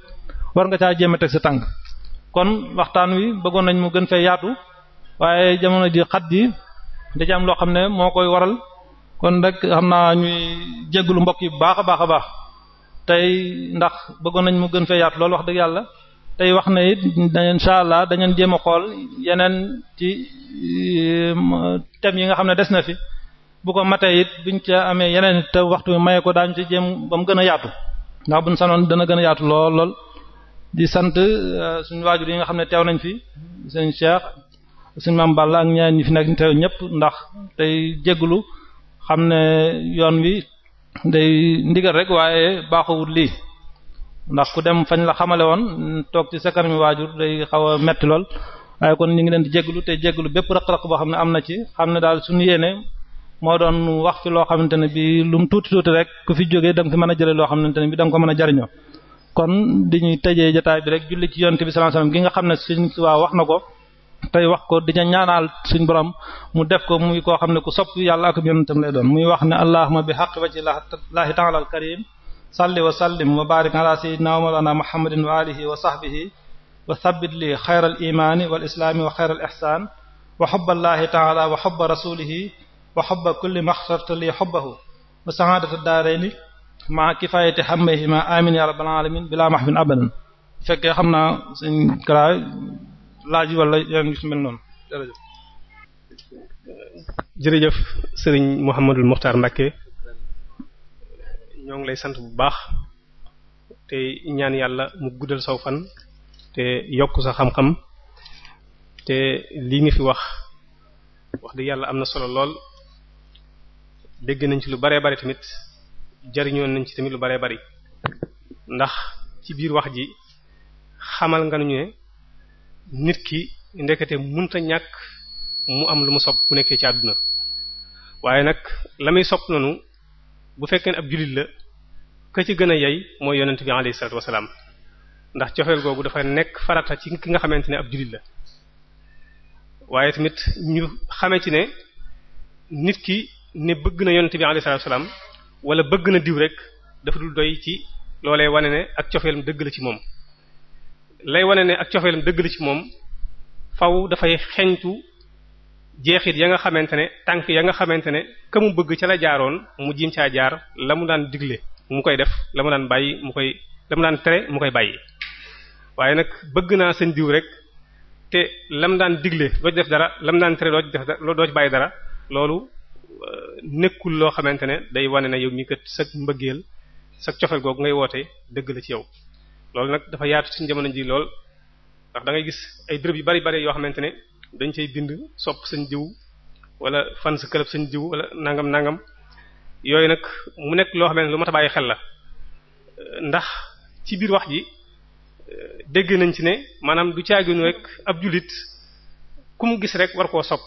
war nga caa jéema a teg sa tànk kon waxtaan wi bëggoon nañ mu gën fee yaatu waaye jamono ji xat ji da am loo xam ne moo koy waral kon rek xam naa ñuy jégalu mbokk yi bu baax a baax a baax tey ndax bëggoon nañ mu gën fee yaatu loolu wax dëgg yàlla tey wax na it incha allah dañu jéem a xool yeneen ci tem yi nga xam ne des na fi bu ko matee it buñ ca amee yeneen te waxtu maye ko daañu ci jéem ba mu gën a yaatu ndax buñ sanoon dana gën a yaatu lool lool di sant euh, suñu waajur yi nga xam ne teew nañ fi seen Cheikh suñu maam Balla ak ñaar ñi fi nekk teew ñëpp ndax tey jégglu xam ne yoon wi day ndigal rek waaye baaxawut lii ndax ku dem fañ la xamale woon toog ci sa kanami waajur day xaw a metti lool waaye kon ñu ngi leen di jéglu te lu bépp raq-raq boo xam ne am na ci xam ne daal suñu yéene moo doon wax fi loo xamante ne bi lu mu tuuti tuuti rek ku fi jógee da nga fi mën a jële loo xamante ne bi da nga ko mën a jariñoo kon di ñuy tëjee jotaay bi rek julli ci yonte bi sallallahu alayhi gi nga xam ne si Tuubaa wax na ko tey wax ko di ñaanal suñ borom mu def ko muy koo xam ne ku sopp yàlla ak yonentam lay doon muy wax ne allahumma bi haqqi wajhi llahi ta'ala al karim salli wa sallim wa barik ala sayyidina wa mawlana muhammadin wa alihi wa sahbihi wa thabbit li khayra al imani wal islami wa khayra al ihsan wa hubba allahi ta'ala wa hubba rasulihi wa hubba kulli maxtarta li hubbahu wa sa'adata daarayni ma kifayati hammayhima amin ya rabbal alamin bila mahbin abadan fekkee xam naa suñ karaay laaj wala yeneen fi mel noonu jërëjëf jërëjëf sëriñ Mouhamadul Mokhtar Mbacké ñoo ngi lay sant bu baax te ñaan yàlla mu guddal saw fan te yokk sa xam-xam te lii nga fi wax wax dëgg yàlla am na solo lool dégg nañ ci lu baree bari tamit jariñoon nañ ci tamit lu baree bari ndax ci biir wax ji xamal nga ñu ne nit ki ndekete mënta ñàkk mu am lu mu sopp bu nekkee ci àdduna waaye nag la muy sopp noonu bu fekkee ne ab jullit la ka ci gën a yey mooy yonent bi alayhi salaatu ndax cofeel googu dafa nekk farata ci ki nga xamante ne ab jullit la waaye tamit ñu xamee ne nit ki ne bëgg na yonent bi alayhi salaatu wasalaam wala bëgg na diw rek dafa dul doy ci loolee wane ne ak cofeelam dëgg la ci moom lay wane ne ak cofeelam dëgg la ci moom faw dafay xeñtu jeexit ya nga xamante ne tànk ya nga xamante ne ka mu bëgg ca la jaaroon mu jiim caa jaar la mu daan digle mu koy def la mu daan bàyyi mu koy la mu daan tere mu koy bàyyi waaye nag bëgg naa seen diw rek te lam daan digle doo def dara lam daan tere doo ci def doo ci bàyyi dara loolu euh, nekkul loo xamante ne day wane na yow mi kat sa mbëggeel sa cofeel googu ngay woote dëgg la ci yow loolu nag dafa yaatu suñ jamono ji lool ndax da gis ay béréb yu bari bari yoo xamante ne dañ cay dind sopp sañ jiw wala fan sa club sañ jiw wala nangam nangam yooyu nag mu nekk loo xam ne lu mat bàyyi xel la ndax ci biir wax ji eh, dégg nañ ci ne maanaam du caaginu rek ab jullit ku mu gis rek war koo sopp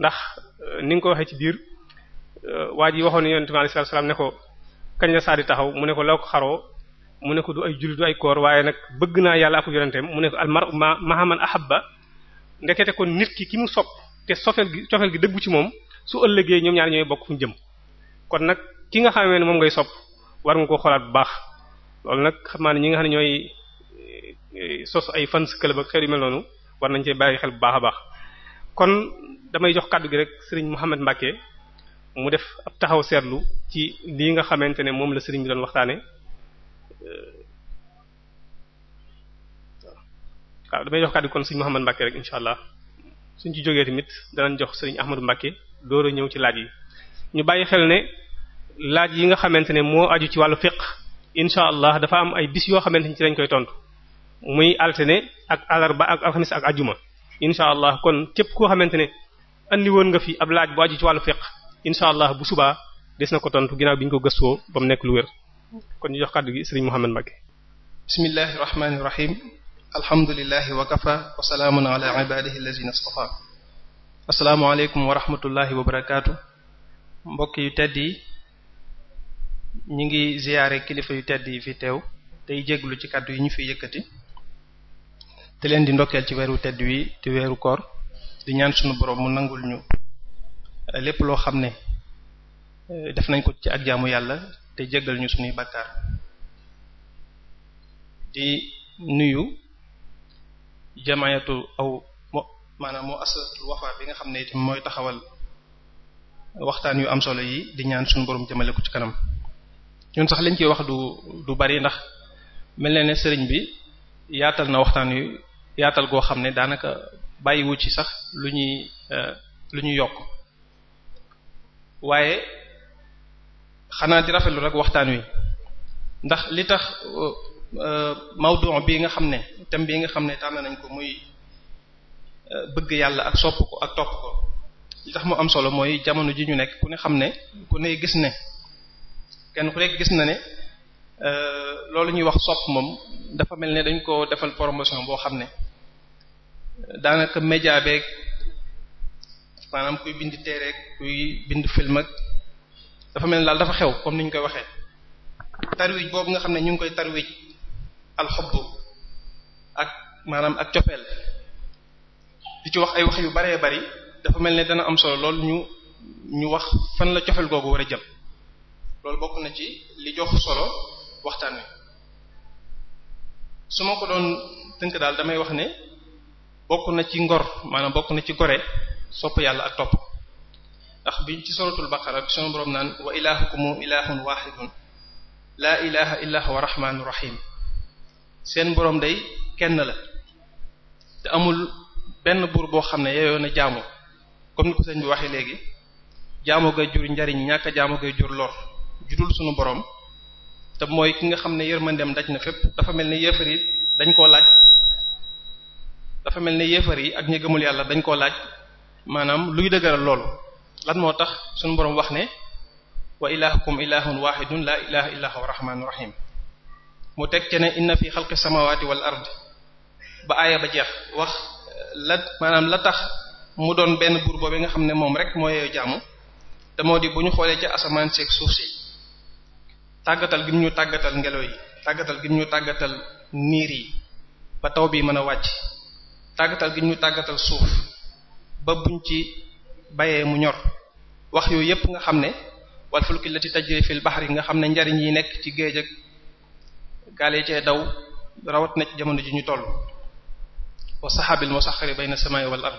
ndax eh, ni nga ko waxee ci biir eh, waa ji waxoon yonent bi sallallahu alayhi wasallam ne ko kañ la saa taxaw mu ne ko loo ko xaroo mu ne ko du ay julli ay koor waaye nag bëgg naa yàlla ak yonenteem mu ne ko al mar'u ma'a man ahabba ndekete kon nit ki ki mu sopp te sofeel gi cofeel gi dëggu ci moom su ëllëgee ñoom ñaar ñooy bokk fu jëm kon nag ki nga xamee ne moom ngay sopp war nga ko xoolaat bu baax loolu nag xam naa ne ñi nga xam ne ñooy eh, sos ay fan club ak xeer yu mel war nañ cee bàyyi xel bu baax a baax kon damay jox kàddu gi rek sëriñ Mouhamed Mbacke mu def ab taxaw seetlu ci lii nga xamante ne moom la sëriñ doon waxtaane Euh, waaw damay jox kàddu kon sëñ Mouhamed Mbacke rek incha allah suñ ci jógee tamit danañ jox sëñ Ahmadou Mbacke door a ñëw ci laaj yi ñu bàyyi xel ne laaj yi nga xamante ne moo aju ci wàllu fiqh incha allah dafa am ay bis yoo xamante ni ci lañ koy tontu muy alterné ak ba ak alxamis ak ajuma incha allah kon képp koo xamante ne andi woon nga fi ab laaj bu aju ci wàllu fiqh incha allah bu subaa des na ko tontu ginnaaw bi ñu ko gëstoo ba mu nekk lu kon ñu jox kàddu gi Serigne Mouhamed Mbacké bismillahir rahmanir rahim alhamdulillahi wa kafa wa salaamun ala ibadihi allazina istafa assalaamu mbokk yu tedd yi ñu ngi ziyaare kilifa yu tedd yi fi teew tey jéglu ci kàddu yi ñu fi yëkkati te leen di ndokkeel ci weeru tedd wi te weeru koor di ñaan sunu borom mu nangul ñu eh, lépp loo xam ne eh, def nañ ko ci ak jaamu yàlla te jéggal ñu suñuy bakkaar di nuyu jamaayatu aw mo maanaam mu asasatul wafa bi nga xam ne itam mooy taxawal waxtaan yu am solo yi di ñaan suñu borom jëmale ko ci kanam ñun sax lañ ciy wax du du bari ndax mel na ne sëriñ bi yaatal na waxtaan yu yaatal goo xam ne daanaka bàyyiwu ci sax lu ñuy euh, lu ñuy yokk waaye xanaa di rafetlu rek waxtaan wi ndax li tax euh, euh, mawdu bii nga xam ne thème bii nga xam ne tànn nañ ko muy euh, bëgg yàlla ak sopp ko ak topp ko li tax mu am solo mooy jamono ji ñu nekk ku ne xam ne ku ne gis ne kenn ku nekk gis na ne loolu ñuy wax sopp moom dafa mel ne dañ ko defal promotion boo xam ne daanaka média beeg maanaam kuy bind téere kuy bind film ak dafa mel ni daal dafa xew comme ni ñu koy waxee tarwij boobu nga xam ne ñu ngi koy tarwij alxubbu ak maanaam ak cofeel di ci wax ay wax yu baree bari dafa mel ne dana am solo lool ñu ñu wax fan la cofeel googu war a jëm loolu bokk na ci li jox solo waxtaan wi su ma ko doon tënk daal damay wax ne bokk na ci ngor maanaam bokk na ci gore sopp yàlla ak topp ndax bi ci suratul baqara sunu boroom naan wa ilahukum ilahun wahidun laa ilaha illa huwa rahmanur rahim seen boroom day kenn la te amul benn buur boo xam ne yeyoon a jaamu comme ni ko sëñ bi waxee léegi jaamu gay jur njariñ ñàkk a jaamu gay jur lor judul sunu boroom te mooy ki nga xam ne yërmandeem daj na fépp dafa mel ne yéefar yi dañ koo laaj dafa mel ne yéefar yi ak ñi gëmul yàlla dañ koo laaj maanaam luy dëgëral loolu lan moo tax suñu boroom wax ne wa ilahukum ilahun wahidun la ilaha illa huwa rahmanur rahim mu teg ce ne inna fi xalqi samawati wal ard ba aaya ba jeex wax eh, la maanaam la tax mu doon benn buur bi nga xam ne moom rek moo yeyoo jaamu te moo di bu ñu xoolee ci asamaan seeg suuf si tàggatal gi mu ñu tàggatal ngelaw yi tàggatal gi mu ñu tàggatal niir yi ba taw bii mën a wàcc tàggatal gi mu ñu tàggatal suuf ba buñ ci bayee mu ñor wax yooyu yépp nga xam ne wal fulki lati tajri fil yi nga xam ne njariñ yi nekk ci géej ak gaale cee daw rawat na ci jamono ji ñu toll wa sahabil musakhkhari bayna samaa'i wal ard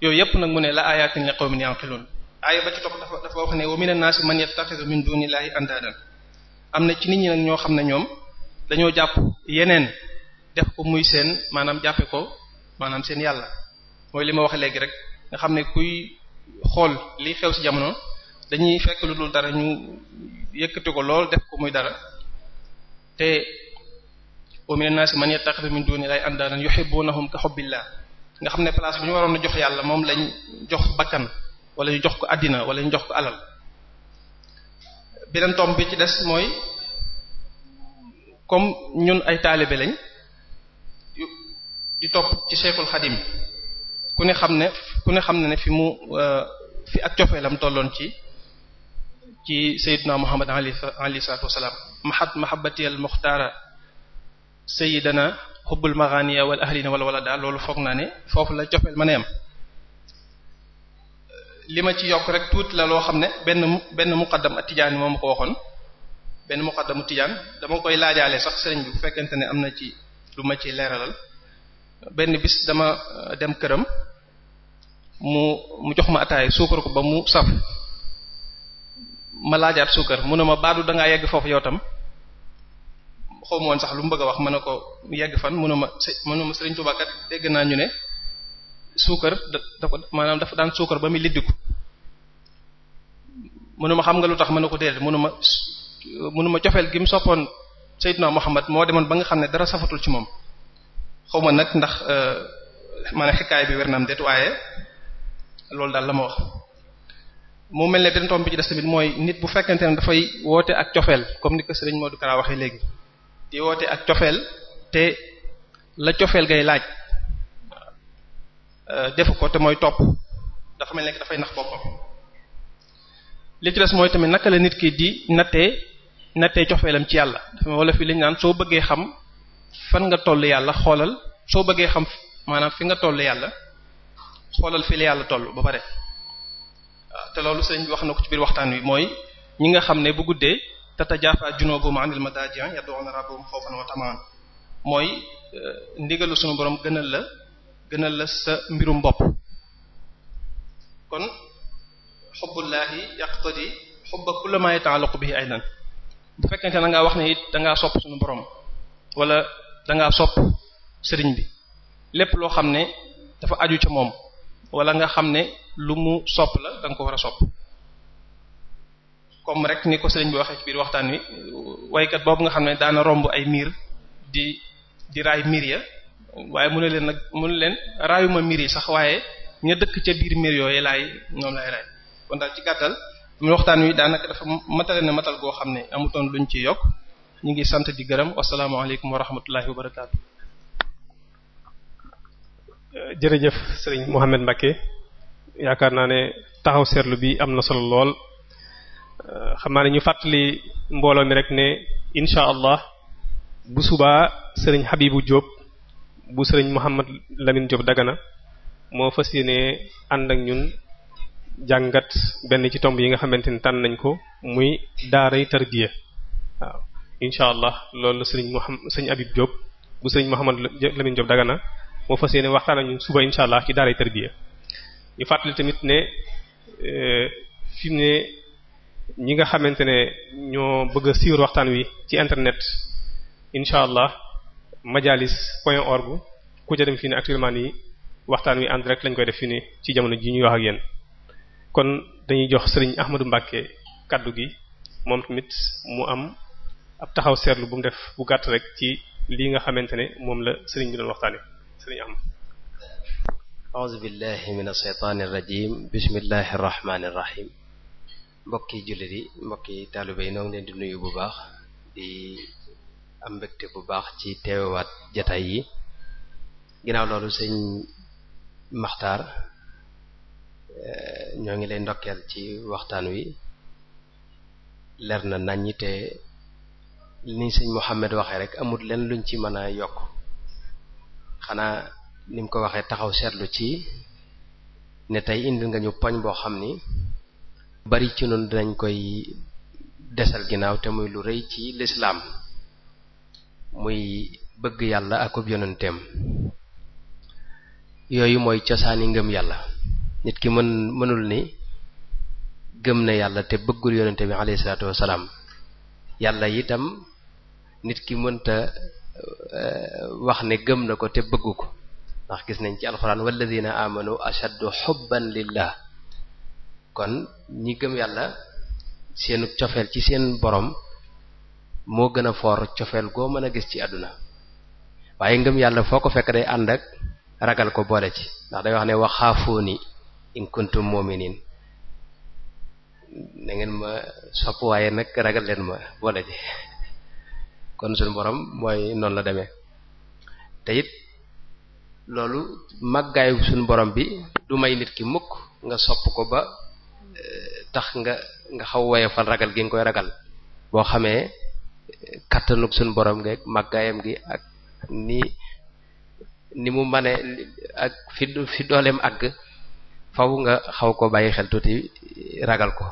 yooyu yépp nag mu ne la ayatin li qawmin yaqilun aaya ba ci topp dafa dafa wax ne wa minan naasi man yattaxidu min dunillahi andaadan am na ci nit ñoo xam ne ñoom dañoo jàpp yeneen def ko muy seen maanaam jàppe ko maanaam seen yàlla mooy li ma wax léegi rek nga xam ne kuy xool li xew ci jamono dañuy fekk lu dul dara ñu yëkkati ko lool def ko muy dara te wa mina naasi man yattaxidu min dunillahi andaadan yuhibbunahum ka hubbillah nga xam ne place bu ñu waroon a jox yàlla moom lañ jox bakkan wala ñu jox ko àddina wala ñu jox ko alal beneen tomb bi ci des mooy comme ñun ay taalibe lañ di topp ci Cheikhul Xadim ku ne xam ne ku ne xam ne ne fi mu euh, fi ak cofeelam tolloon ci ci Seydina Muhammad alayhi salaatu wassalaam mahat mahabbati al muxtaara Seydina xubbul maghaniya wal ahlina wala wala daal loolu foog naa ne foofu la cofeel ma a yem li ma ci yokk rek tuuti la loo xam ne benn benn muqaddam atijaani moo ma ko waxoon benn muqaddamu tijaan dama koy laajaale sax sëriñ bi bu fekkente ne am na ci lu ma ci leeralal benn bis dama euh, dem këram mu mu jox ma ataay suukar ko ba mu saf ma laajaat suukar mu ne ma baadu dangaa yegg foofu yow tam xaw ma sax lu mu bëgg a wax mën ne ko yegg fan mu ne ma mu ne ma Serigne Touba kat dégg naa ñu ne suukar da da ko maanaam dafa daan suukar ba muy liddiku mu ne ma xam nga lu tax ma ne ko déedéet mu ne ma mu ne ma cofeel gi mu soppoon Seydina Muhammad moo demoon ba nga xam ne dara safatul ci moom xaw ma nag ndax euh, ma ne xikaay bi wér na am loolu daal la ma wax. mu mel ne benn tomb bi ci des tamit mooy nit bu fekkente ne dafay woote ak cofeel comme ni ko sëriñ Modou Kara waxee léegi di woote ak cofeel te la cofeel gay laaj euh, defu ko te mooy topp dafa mel ne dafay nax boppam. li ci des mooy tamit naka la nit ki di nattee nattee cofeelam ci yàlla dafa wala fi li ñu naan soo bëggee xam. fan nga toll yàlla xoolal soo bëggee xam maanaam fi nga toll yàlla xoolal fi la yàlla toll ba pare te loolu sëñ wax na ko ci biir waxtaan wi mooy ñi nga xam ne bu guddee tatajaafaa junubuhum anil madaaji' yad'uuna rabbahum xawfan wa tama'an mooy euh, ndigalu sunu borom gënal la gënal la sa mbirum bopp kon xubbullaahi yaqtadi xubba kulli ma yata'allaqu bihi aydan bu fekkente da ngaa wax ne dangaa da ngaa sopp sunu borom wala danga sopp sëriñ bi lépp loo xam ne dafa aju ca moom wala nga xam ne lu mu sopp la da ko war a sopp comme rek ni ko sëriñ bi waxee ci biir waxtaan wi waykat boobu nga xam ne daana romb ay miir di di raay miir ya waaye mu ne leen nag mu ne leen raayuma miir yi sax waaye ña dëkk ca biir miir yooyu laay ñoom laay raay kon daal ci gàttal mu waxtaan wi daanaka dafa matale na matal goo xam ne amutoon luñ ci yokk ñu ngi sant di gërëm wasalaamaaleykum wa rahmatullahi wa barakaatu. jërëjëf sëriñ Mouhamed Mbacke yaakaar naa ne taxaw seetlu bi am na solo lool euh, xam naa ne ñu fàttali mbooloo mi rek ne incha allah bu subaa sëriñ Habibou Diop bu sëriñ Mouhamed Lamine Diop Dagana moo fas yéenee ànd ak ñun. jàngat benn ci tomb yi nga xamante ni tànn nañ ko muy daaray tarbiya waaw incha allah loolu la sëriñ Mouhamed sëriñ Habib Diop bu sëriñ Mouhamed Lamine Diop Dagana moo fas yéene waxtaan ak ñun suba incha allah ci daaray tarbiya ñu fàttali tamit ne euh, fi ne ñi nga xamante ne ñoo bëgg a waxtaan wi ci internet incha allah majalis point org ku ca dem fii ne actuellement nii waxtaan wi en direct lañ koy def fii nii ci jamono ji ñuy wax ak kon dañuy jox sëriñ Ahmadou Mbacke kaddu gi moom tamit mu am. ab taxaw seetlu bu mu def bu gàtt rek ci lii nga xamante ne moom la sëriñ bi doon waxtaane sëriñ Ahmad a'uuzu billahi minash shaytaanir rajiim bismillahir rahmaanir rahiim mbokki jullit yi mbokki taalibe yi noo ngi leen di nuyu bu baax di am mbégte bu baax ci teewaat jataay yi ginnaaw loolu sëñ Maxtaar eh, ñoo ngi lay ndokkeel ci waxtaan wi leer na naññi te ni sëñ Mouhamed waxee rek amul lenn luñ ci mën a yokk xanaa ni ko waxee taxaw seetlu ci ne tey indi nga ñu poñ boo xam ni bari ci noonu dinañ koy desal ginnaaw te muy lu rëy ci lislaam muy bëgg yàlla ak ub yonenteem yooyu mooy cosaani ngëm yàlla nit ki mën mënul ni gëm na yàlla te bëggul yonente bi alayhi salaatu wasalaam yàlla itam nit ki mënta euh, wax ne gëm na ko te bëgg ko ndax gis nañ ci alxuraan walladina amanu ashaddu xubban lillah kon ñi gëm yàlla seenu cofeel ci seen boroom moo gën a foor cofeel goo mën a gis ci àdduna waaye ngëm yàlla foo ko fekk day ànd ak ragal ko boole ci ndax day wax ne waxaafuuni in kuntum mu'minin na ngeen ma sopp waaye nag ragal leen ma boole ci kon suñu boroom mooy noonu la deme te it loolu màggaayu suñ borom bi du may nit ki mukk nga sopp ko ba eh, tax nga nga xaw woyofal ragal gi nga koy ragal boo xamee eh, kattanug suñu borom ngeeg màggaayam gi ak ni ni mu mane ak fi fi dooleem àgg faw nga xaw ko bàyyi xel tuuti ragal ko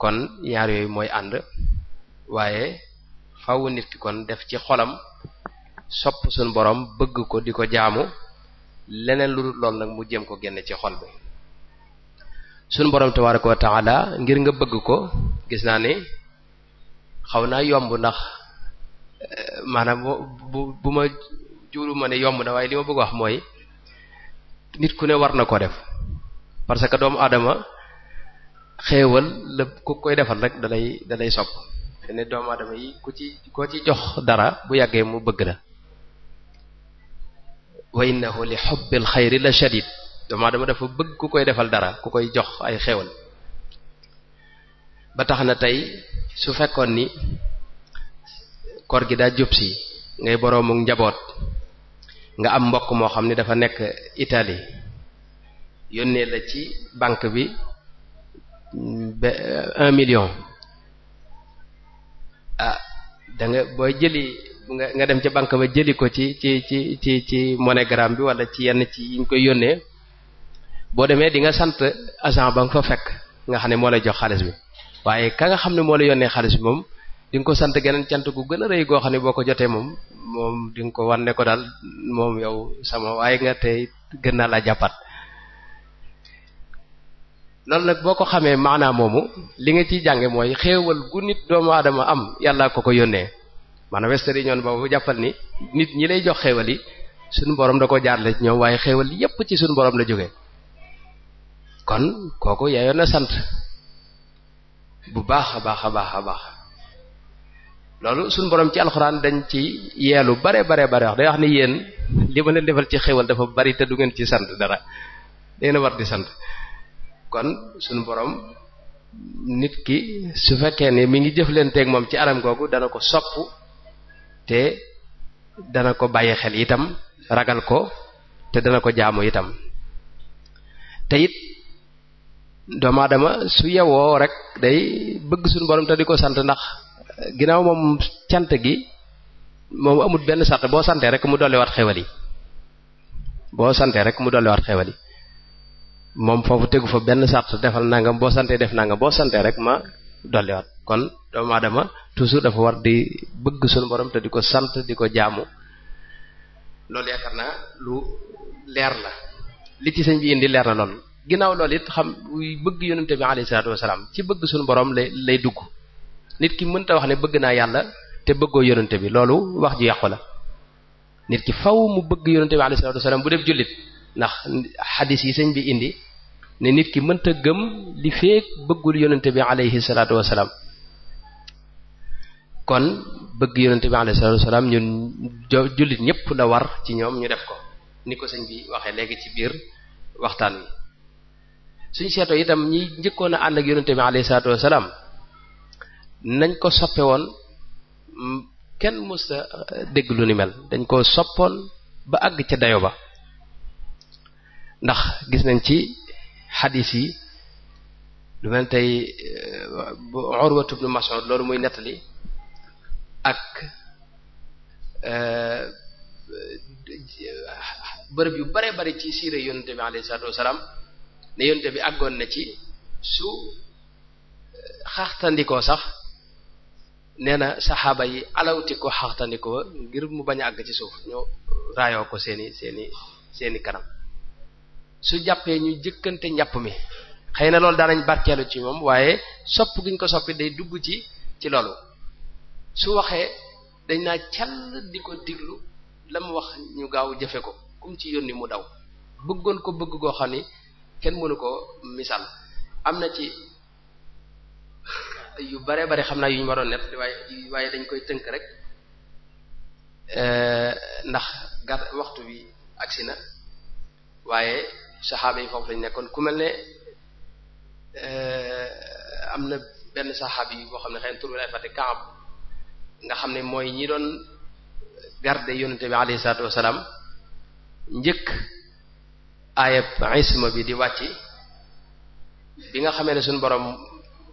kon ñaar yooyu mooy ànd waaye faw nit ki kon def ci xolam sopp suñu borom bëgg ko di ko jaamu leneen lu dul lool nag mu jëm ko génn ci xol bi suñu borom tabaraka wa taala ngir nga bëgg ko gis naa ni xaw naa yomb ndax eh, maanaam bu bu ma juulu ma ne yomb na waaye li ma bëgg wax mooy nit ku ne war na ko def parce que doomu aadama xéewal la ku koy defal rek dalay dalay sopp te ne doomu aadama yi ku ci koo ci jox dara bu yàggee mu bëgg la wa innahu li xubbil xayri la shadid doomu aadama dafa bëgg ku koy defal dara ku koy jox ay xewal ba tax na tey su fekkoon ni koor gi daal jub si ngay boroomu njaboot nga am mbokk moo xam ne dafa nekk itali yónnee la ci banque bi mm, un million ah da nga booy jëli nga dem ca banque ba jëli ko ci ci ci ci ci MoneyGram bi wala ci yenn ci yi ñu koy yónnee boo demee di nga sant agent ba nga fa fekk nga xam ne moo lay jox xaalis bi waaye ka nga xam ne moo la yónnee xaalis bi moom di nga ko sant geneen cant gu gën a rëy goo xam ne boo ko jotee moom moom dinga ko wan ko daal moom yow sama waaye nga tey gën naa laa jàppaat loolu nag boo ko xamee maanaa moomu li nga ciy jànge mooy xéewal gu nit doomu aadama am yàllaa ko ko yónnee maanaam westari ñoon boobu jàppal ni nit ñi lay jox xéewal yi suñu borom da ko jaar ci ñoom waaye xéewal yépp ci suñu borom la jógee kon kooku yaayoon sant bu baax a baax a baax a baax loolu suñu borom ci alxuraan dañ ci yeelu bare bare bare wax day wax ni yéen li ma leen defal ci xéewal dafa bari te du ngeen ci sant dara dangeen war di sant kon sunu borom nit ki su fekkee ni mi ngi jëflanteeg moom ci anam googu dana ko sopp te dana ko bàyyi xel itam ragal ko te dana ko jaamu itam te it doomu aadama su yewoo rek day bëgg suñ borom te di ko sant ndax ginnaaw moom cant gi moom amul benn sart boo santee rek mu dolliwaat xewal yi boo santee rek mu dolliwaat xewal yi moom foofu tegu fa benn sart defal nangam boo sante def nangam boo santee rek ma dolliwaat kon doomu aadama toujours dafa war di bëgg suñu borom te di ko sant di ko jaamu loolu yaakaar naa lu leer la li ci sëñ bi indi leer na loolu ginnaaw loolu it xam bëgg yonente bi alayhi salaatu wasalaam ci bëgg suñu borom lay lay dugg nit ki mënta wax ne bëgg naa yàlla te bëggoo yonente bi loolu wax ji yàqu la nit ki faw mu bëgg yonente bi alayhi salaatu wasalaam bu def jullit ndax xadis yi sëñ bi indi ne nit ki mënta gëm li feek bëggul yonente bi alayhi salaatu wasalaam kon bëgg yonente bi alayhi salaatu wasalaam ñun jullit ñëpp la war ci ñoom ñu def ko ni ko sëñ bi waxee léegi ci biir waxtaan wi suñ seetoo itam ñi njëkkoon a ànd ak yonente bi alayhi salaatu wasalaam nañ ko soppe woon kenn mësta euh, dégg lu ni mel dañ ko soppoon ba àgg ca dayo ba ndax gis nañ ci xadiis yi lu mel tey Urwatu ibn loolu muy nettali ak e, bërëb yu bare bari ci siire yonente bi alayhi salaatu wasalaam ne yonente bi àggoon na ci su xaxtandikoo sax nee na saxaaba yi alawti ko xaxtandikoo ngir mu bañ a àgg ci suuf ñoo raayoo ko seeni seeni seeni kanam su jàppee ñu jëkkante njàpp mi xëy na loolu daanañ barkeelu ci moom waaye sopp gi ñu ko soppi day dugg ci ci loolu su waxee dañ naa cal di ko diglu la mu wax ñu gaaw jëfe ko kum ci yoon yónni mu daw bëggoon ko bëgg goo xam ni kenn mënu ko misaal am na ci yu bare bare xam naa yu ñu waroon net waaye waaye dañ koy tënk rek ndax gàtt waxtu wi agsi na waaye saxaaba yi foofu lañ nekkoon ku mel ne eh, am na benn saxaaba yi boo xam ne xëy na tur bi lay fàtte Kaab nga xam ne mooy ñi doon garde yonente bi alayhi salaatu wasalaam njëkk ayab isma bi di wàcc bi nga xamee ne suñu borom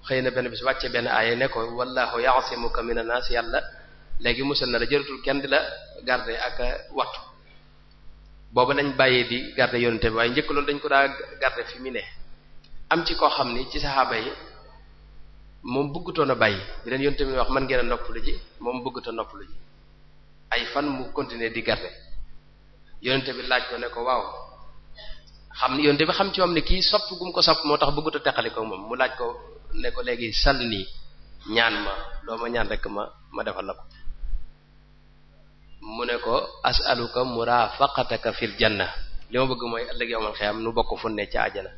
xëy na benn bis wàccee benn aaya ne ko wallahu ya'simuka minan nas yàlla léegi musal na la jëratul kenn di la garde ak wattu booba nañ bàyyee di garder yonente bi waaye njëkk loolu dañ ko daa garder fi mu ne am ci koo xam ni ci saxaaba yi moom bëggutoon a bàyyi bi leen yonente bi wax man ngeen a noppalu moom bëggut a noppalu fan mu continuer di garder yonente bi laaj ko ne ko waaw xam ni yonente bi xam ci moom ne kii sopp gu ko sopp moo tax bëggut a ko moom mu laaj ko ne ko léegi sal nii ñaan ma loo ma ñaan rek ma ma defal la ko mu ne ko asaluka murafaqataka fil janna li ma bëgg mooy ëllëg yowmal xiyam nu bokk fu ne ca ajana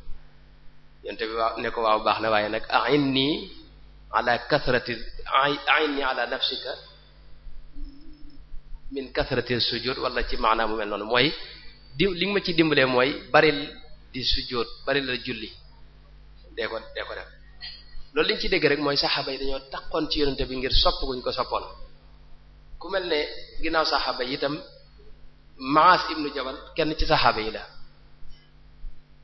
yonte bi waaw ne ko waaw baax na waaye nag a'inni ala kathrati a'inni ala nafsika min kathrati sujud wala ci maanaa bu mel noonu mooy di li ma ci dimbalee mooy bari di sujud bari la julli dee ko def loolu liñ ci dégg rek mooy saxaaba yi dañoo takkoon ci yonente bi ngir sopp guñ ko soppoon ku mel ne ginnaaw saxaaba yi itam maas ibnu jabal kenn ci saxaaba yi la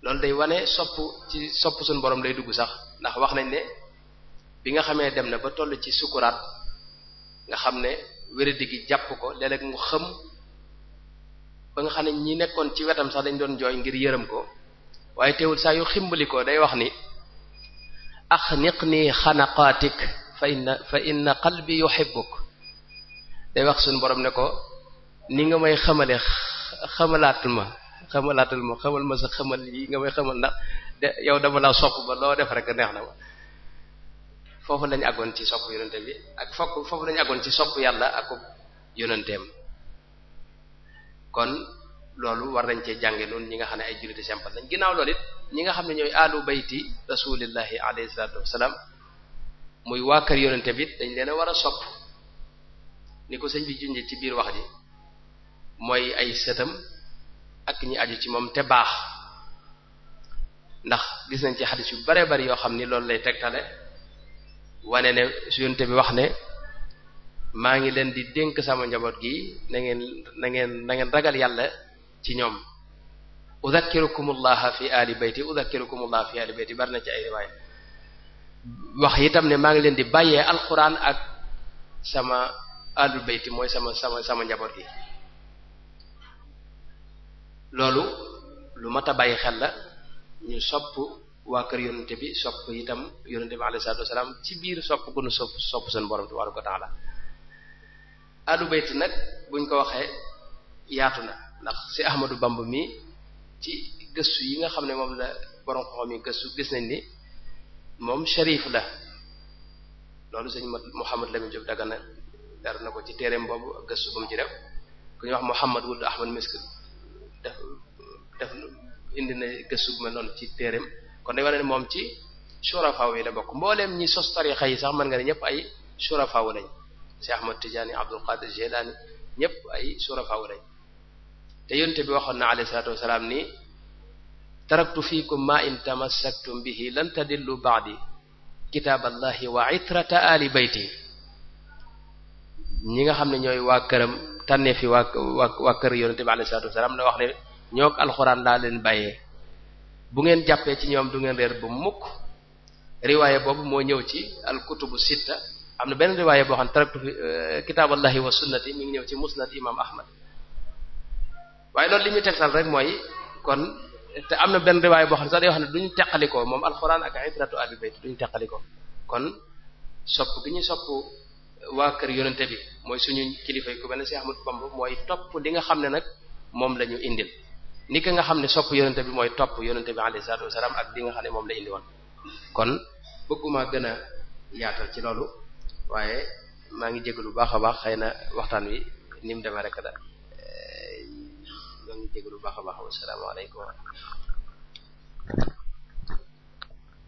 loolu day wane sopp ci sopp suñu boroom lay dugg sax ndax wax nañ ne bi nga xamee dem na ba toll ci sukuraat nga xam ne wéradi gi jàpp ko léeg-léeg mu xëm ba nga xam ne ñi nekkoon ci wetam sax dañ doon jooy ngir yërëm ko waaye teewul saa yu ximbali ko day wax ni axniq nii xanaqaatik fa inna fa inna qalbi yuhibbuk day wax suñu boroom ne ko ni nga may xamale xamalaatul ma xamalaatul ma xamal ma sa xamal yi nga may xamal na de yow dama laa sopp ba loo def rek neex na ma foofu lañu agoon ci sopp yonente bi ak fokk foofu lañu àggoon ci sopp yàlla ak yonenteem kon loolu war nañ cee jànge loolu ñi nga xam ne ay julliti simple dañ ginnaaw lool it ñi nga xam ne ñooy alu bayti rasulillahi alayhi salatu wassalam muy waa kër yonente bi dañ leen a war a sopp ni ko sëñ bi junje ci biir wax ji mooy ay sëtam ak ñi aju ci moom te baax ndax gis nañ ci xadis yu bare bari yoo xam ni loolu lay tegtale wane ne suyonte bi wax ne maa ngi leen di dénk sama njaboot gi na ngeen na ngeen na ngeen ragal yàlla ci ñoom udhakkirukumullaha fi ali bayti udhakkirukumullaha fi ali bayti bari na ci ay riwaay wax itam ne maa ngi leen di bàyyee alquran ak sama ahlul bayti mooy sama sama sama njaboot gi loolu lu mat a bàyyi xel la ñu sopp waa kër yonente bi sopp itam yonente bi alayhi salaatu wasalaam ci biir sopp gunu sopp sopp seen borom tabaaraka wa taala ahlul bayti nag buñ ko waxee yaatu na ndax si Ahmadou Bamba mi ci gëstu yi nga xam ne moom la borom xoxom yi gëstu gis nañ ni moom sharif la loolu sëñ Mouhamad Lamine Diop Dagana leer na ko ci téereem boobu ak gëstu bu mu ci def ku ñuy wax Muhammad wuld Ahmad Misk def def indi na gëstu bu mel noonu ci téereem kon day wane ne moom ci shurafaw yi la bokk mbooleem ñi sos tarixa yi sax mën nga ne ñëpp ay shurafaw lañ si Ahmad Tijaani Abdul Qadir Jilani ñëpp ay shurafaw lañ te yonte bi waxoon na alayhi salaatu wasalaam ni taraktu fiikum ma in tamassaktum bihi lan tadillu ba'di kitaaballahi wa itrata ali bayti ñi nga xam ne ñooy waa këram tànnee fi waa waa waa kër yonente bi alayhi salaatu wasalaam na wax ne ñoo ak alxuraan laa leen bàyyee bu ngeen jàppee ci ñoom du ngeen reer ba mukk riwaaye boobu moo ñëw ci al kutubu sitta am na benn riwaaye boo xam ne taraktu fi euh, kitaaballahi wa sunnati mi ngi ñëw ci musnad imam ahmad waaye loolu li muy tegtal rek mooy kon te am na benn riwaaye boo xam ne sax day wax ne duñu teqalikoo moom alxuraan ak ibratu ahli bayt duñu teqalikoo kon sopp gi ñu sopp waa kër yonente bi mooy suñu kilifa yi ku mel ne Cheikh Ahmadou Bamba mooy topp li nga xam ne nag moom lañu indil ni ki nga xam ne sopp yonente bi mooy topp yonente bi alayhi salaatu wasalaam ak li nga xam ne moom la indi woon kon bëgguma gën a yaatal ci loolu waaye maa ngi jégalu bu baax a baax xëy na waxtaan wi ni mu demee rek da maa ngi jégalu bu baax a baax wasalaamaaleykum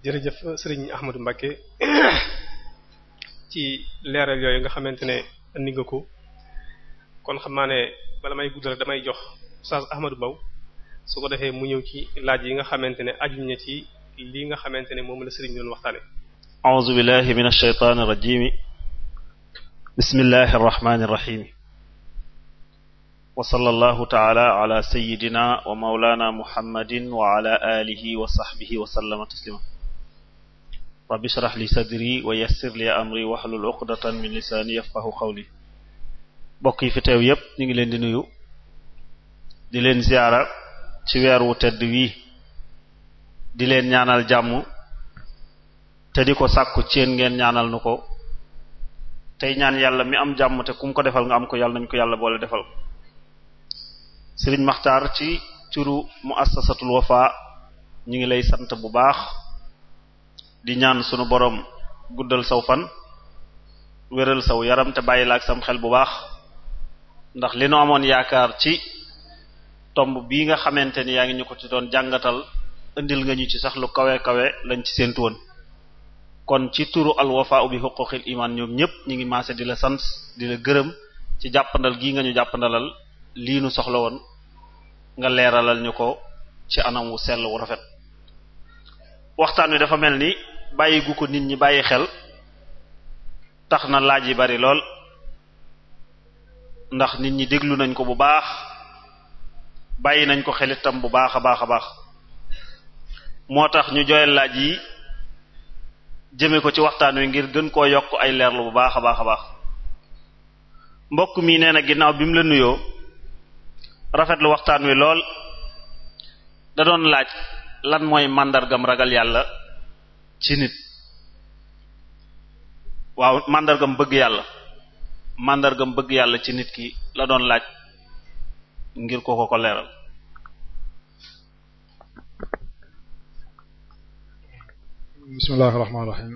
jërëjëf sëriñ Ahmadou Mbacké ci leeral yooyu nga xamante ne andi ko kon xam naa ne bala may guddal damay jox Oustaz Ahmadou Mbow su ko defee mu ñëw ci laaj yi nga xamante ne aju na ci lii nga xamante ne moom la sëriñ bi doon waxtaane a'uuzu billahi minash shaytaanir rajiim bismillahir rahmaanir rahiim wa sallallahu taala ala sayyidina wa mawlaana muhammadin wa ala alihi wa sahbihi wa sallama taslima rabbi shrah li sadri wa yassir li amri wahlul uqdatan min lisaani yafqahu qawli bokk yi fi teew yépp ñu ngi leen di nuyu di leen ziyaara ci weer wu tedd wii di leen ñaanal jàmm te di ko sàkku ceen ngeen ñaanal nu ko tey ñaan yàlla mi am jàmm te kum ko defal nga am ko yàlla nañ ko yàlla boole defal ko Sëriñ Maxtaar ci turu muassasatul Wafa ñu ngi lay sant bu baax di ñaan sunu boroom guddal saw fan wéral saw yaram te bàyyi la ak sam xel bu baax ndax li nu amoon yaakaar ci tomb bi nga xamante ni yaa ngi ñu ko ci doon jàngatal indil nga ñu ci sax lu kawe kawe lañ ci séentu kon ci turu al wafa bi huquqil iman ñoom ñëpp ñu ngi maase di la sant di la gërëm ci jàppandal gii nga ñu jàppandalal lii nu soxla woon nga leeralal ñu ko ci anam wu sell rafet waxtaan wi dafa mel ni bàyyi gu ko nit ñi bàyyi xel tax na laaj yi bari lool ndax nit ñi déglu nañ ko bu baax bàyyi nañ ko xel bu baax a baax a baax moo tax ñu joyal laaj yi jëme ko ci waxtaan wi ngir gën koo yokk ay leerlu bu baax a baax a baax mbokk mi nee na ginnaaw bi mu la nuyoo rafetlu waxtaan wi lool da doon laaj lan mooy màndargam ragal yàlla ci nit waaw màndargam bëgg yàlla màndargam bëgg yàlla ci nit ki la doon laaj ngir ko ko ko leeral bismillahir rahmanir rahim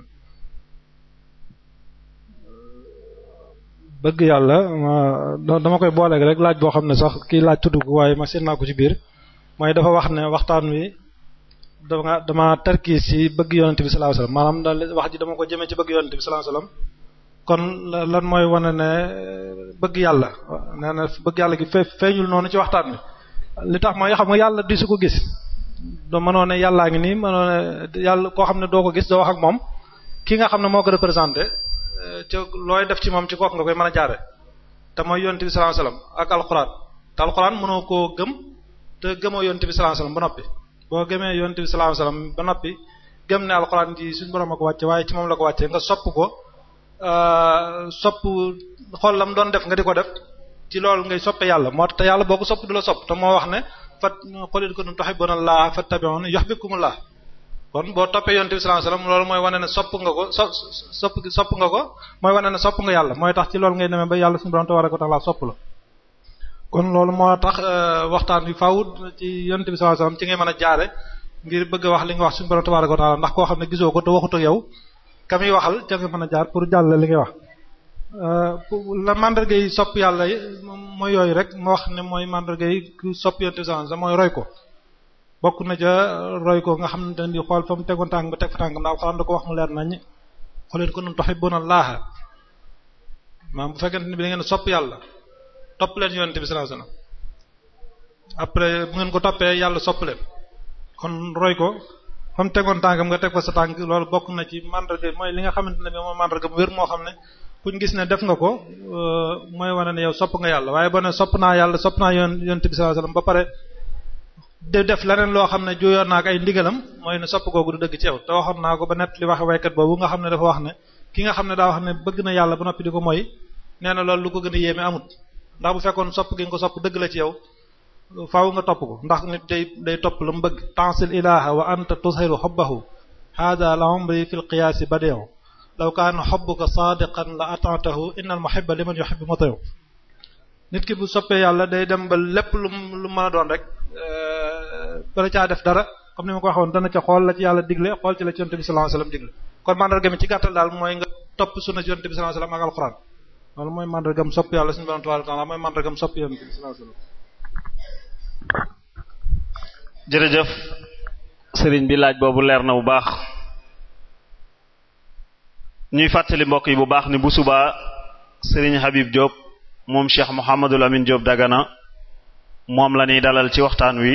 bëgg yàlla ma dama koy booleeg rek laaj boo xam ne sax kii laaj tudd ko waaye ma naa ko ci biir mooy dafa wax ne waxtaan wi dama dama tarki si bëgg yonent bi sallallahu alayhi wasallam maanaam daal wax ji dama ko jëmee ci bëgg yonent bi sallallahu alayhi wasallam kon lan mooy wane ne euh, bëgg yàlla nee na bëgg yàlla gi fee feeñul noonu ci waxtaan li tax mooy xam nga yàlla di su ko gis doo mënoo ne yàllaa ngi nii mënoo yàlla koo xam ne doo ko gis doo ak moom ki nga xam ne moo ko représenté euh, ca looy def ci moom ci kooku nga koy mën a jaare te mooy yonent bi sallallahu alayhi ak alxuraan te mënoo koo gëm te gëmoo yonent bi sallallahu alayhi wasallam ba noppi boo gëmee yonent bi sallallahu alayhi wasallam ba noppi gëm ne alxuraan ji suñu borom a ko wàccee waaye ci moom la ko wàcce nga sopp ko euh, sopp xool la mu doon def nga di ko def ci loolu ngay soppe yàlla moo te yàlla boo ko la sopp te moo wax ne fat qul in kuntum tuhibbuna allaha fattabi'uni yuhibbukumullah kon boo toppee yonent bi sallallahu alayhi wasallam loolu mooy wane ne sopp nga ko so sopp sopp nga ko mooy wane ne sopp nga yàlla mooy tax ci lool ngay demee ba yàlla suñu a tabaaraka wa ta'ala sopp la kon loolu moo tax euh, waxtaan wi faaw ci yonent bi sallallahu alayhi ci ngay mën a jaare ngir bëgg wax li nga wax suñu borom tabaaraka wa taala ndax koo xam ne gisoo ko te waxut ak yow ka muy waxal ca nga mën a jaar pour jàll li ngay wax. Euh, la mandarga yi sopp yàlla yi mooy yooyu rek ma ne mooy mandarga yi ku sopp yonent mooy roy ko. bokk na ca roy ko nga xam ne di xool fa mu tegoon tànk nga teg fa tànk ndax xanaa da ko wax mu leer nañ xooleen ko nu tuhibbuna Allah maanaam bu fekkente ni bi da ngeen sopp yàlla. topp leen yonent bi sallallahu alayhi wasallam après bu ngeen ko toppee yàlla sopp leen kon roy ko fa mu tegoon tànkam nga teg ko sa tànk loolu bokk na ci mandarga mooy li nga xamante ne bi mooy mandarga bu wér moo xam ne kuñ gis ne def nga ko euh, mooy wane ne yow sopp nga yàlla waaye boo sopp naa yàlla sopp naa yoon yonent bi sallallahu de def leneen loo xam ne juyoon naa ak ay ndigalam mooy ne sopp googu du dëgg ci yow te waxoon naa ko ba nett li waxe waykat boobu nga xam ne dafa wax ne ki nga xam ne daa wax ne bëgg na yàlla ba noppi di ko moy nee na loolu ko gën a yéeme amut ndax bu fekkoon sopp gi nga ko sopp dëgg la ci yow faaw nga topp ko ndax nit day day topp la mu bëgg tansil ilaha wa anta tuzhiru hubbahu hada la umri fi lqiyaasi badi'u law kaana hubbuka saadiqan la ata'tahu inna al muhibba liman yuhibbu muti'u nit ki bu soppee yàlla day dem ba lépp lu lu mën a doon rek euh, bala caa def dara comme ni ma ko waxoon xool la ci yàlla digle xool ci la ci yonent bi sallallahu alayhi wasallam digle kon mandarga mi ci gàttal daal mooy nga topp sunna ci yonent bi ak alxuraan loolu mooy màndargam sopp yàlla suñu borom tabaaraka taala mooy màndargam sopp yàlla jërëjëf sëriñ bi laaj boobu leer na bu baax ñuy fàttali mbokk yi bu baax ni bu subaa sëriñ Habib Diop moom Cheikh Mouhamadul Amin Diop Dagana moom la ñuy dalal ci waxtaan wi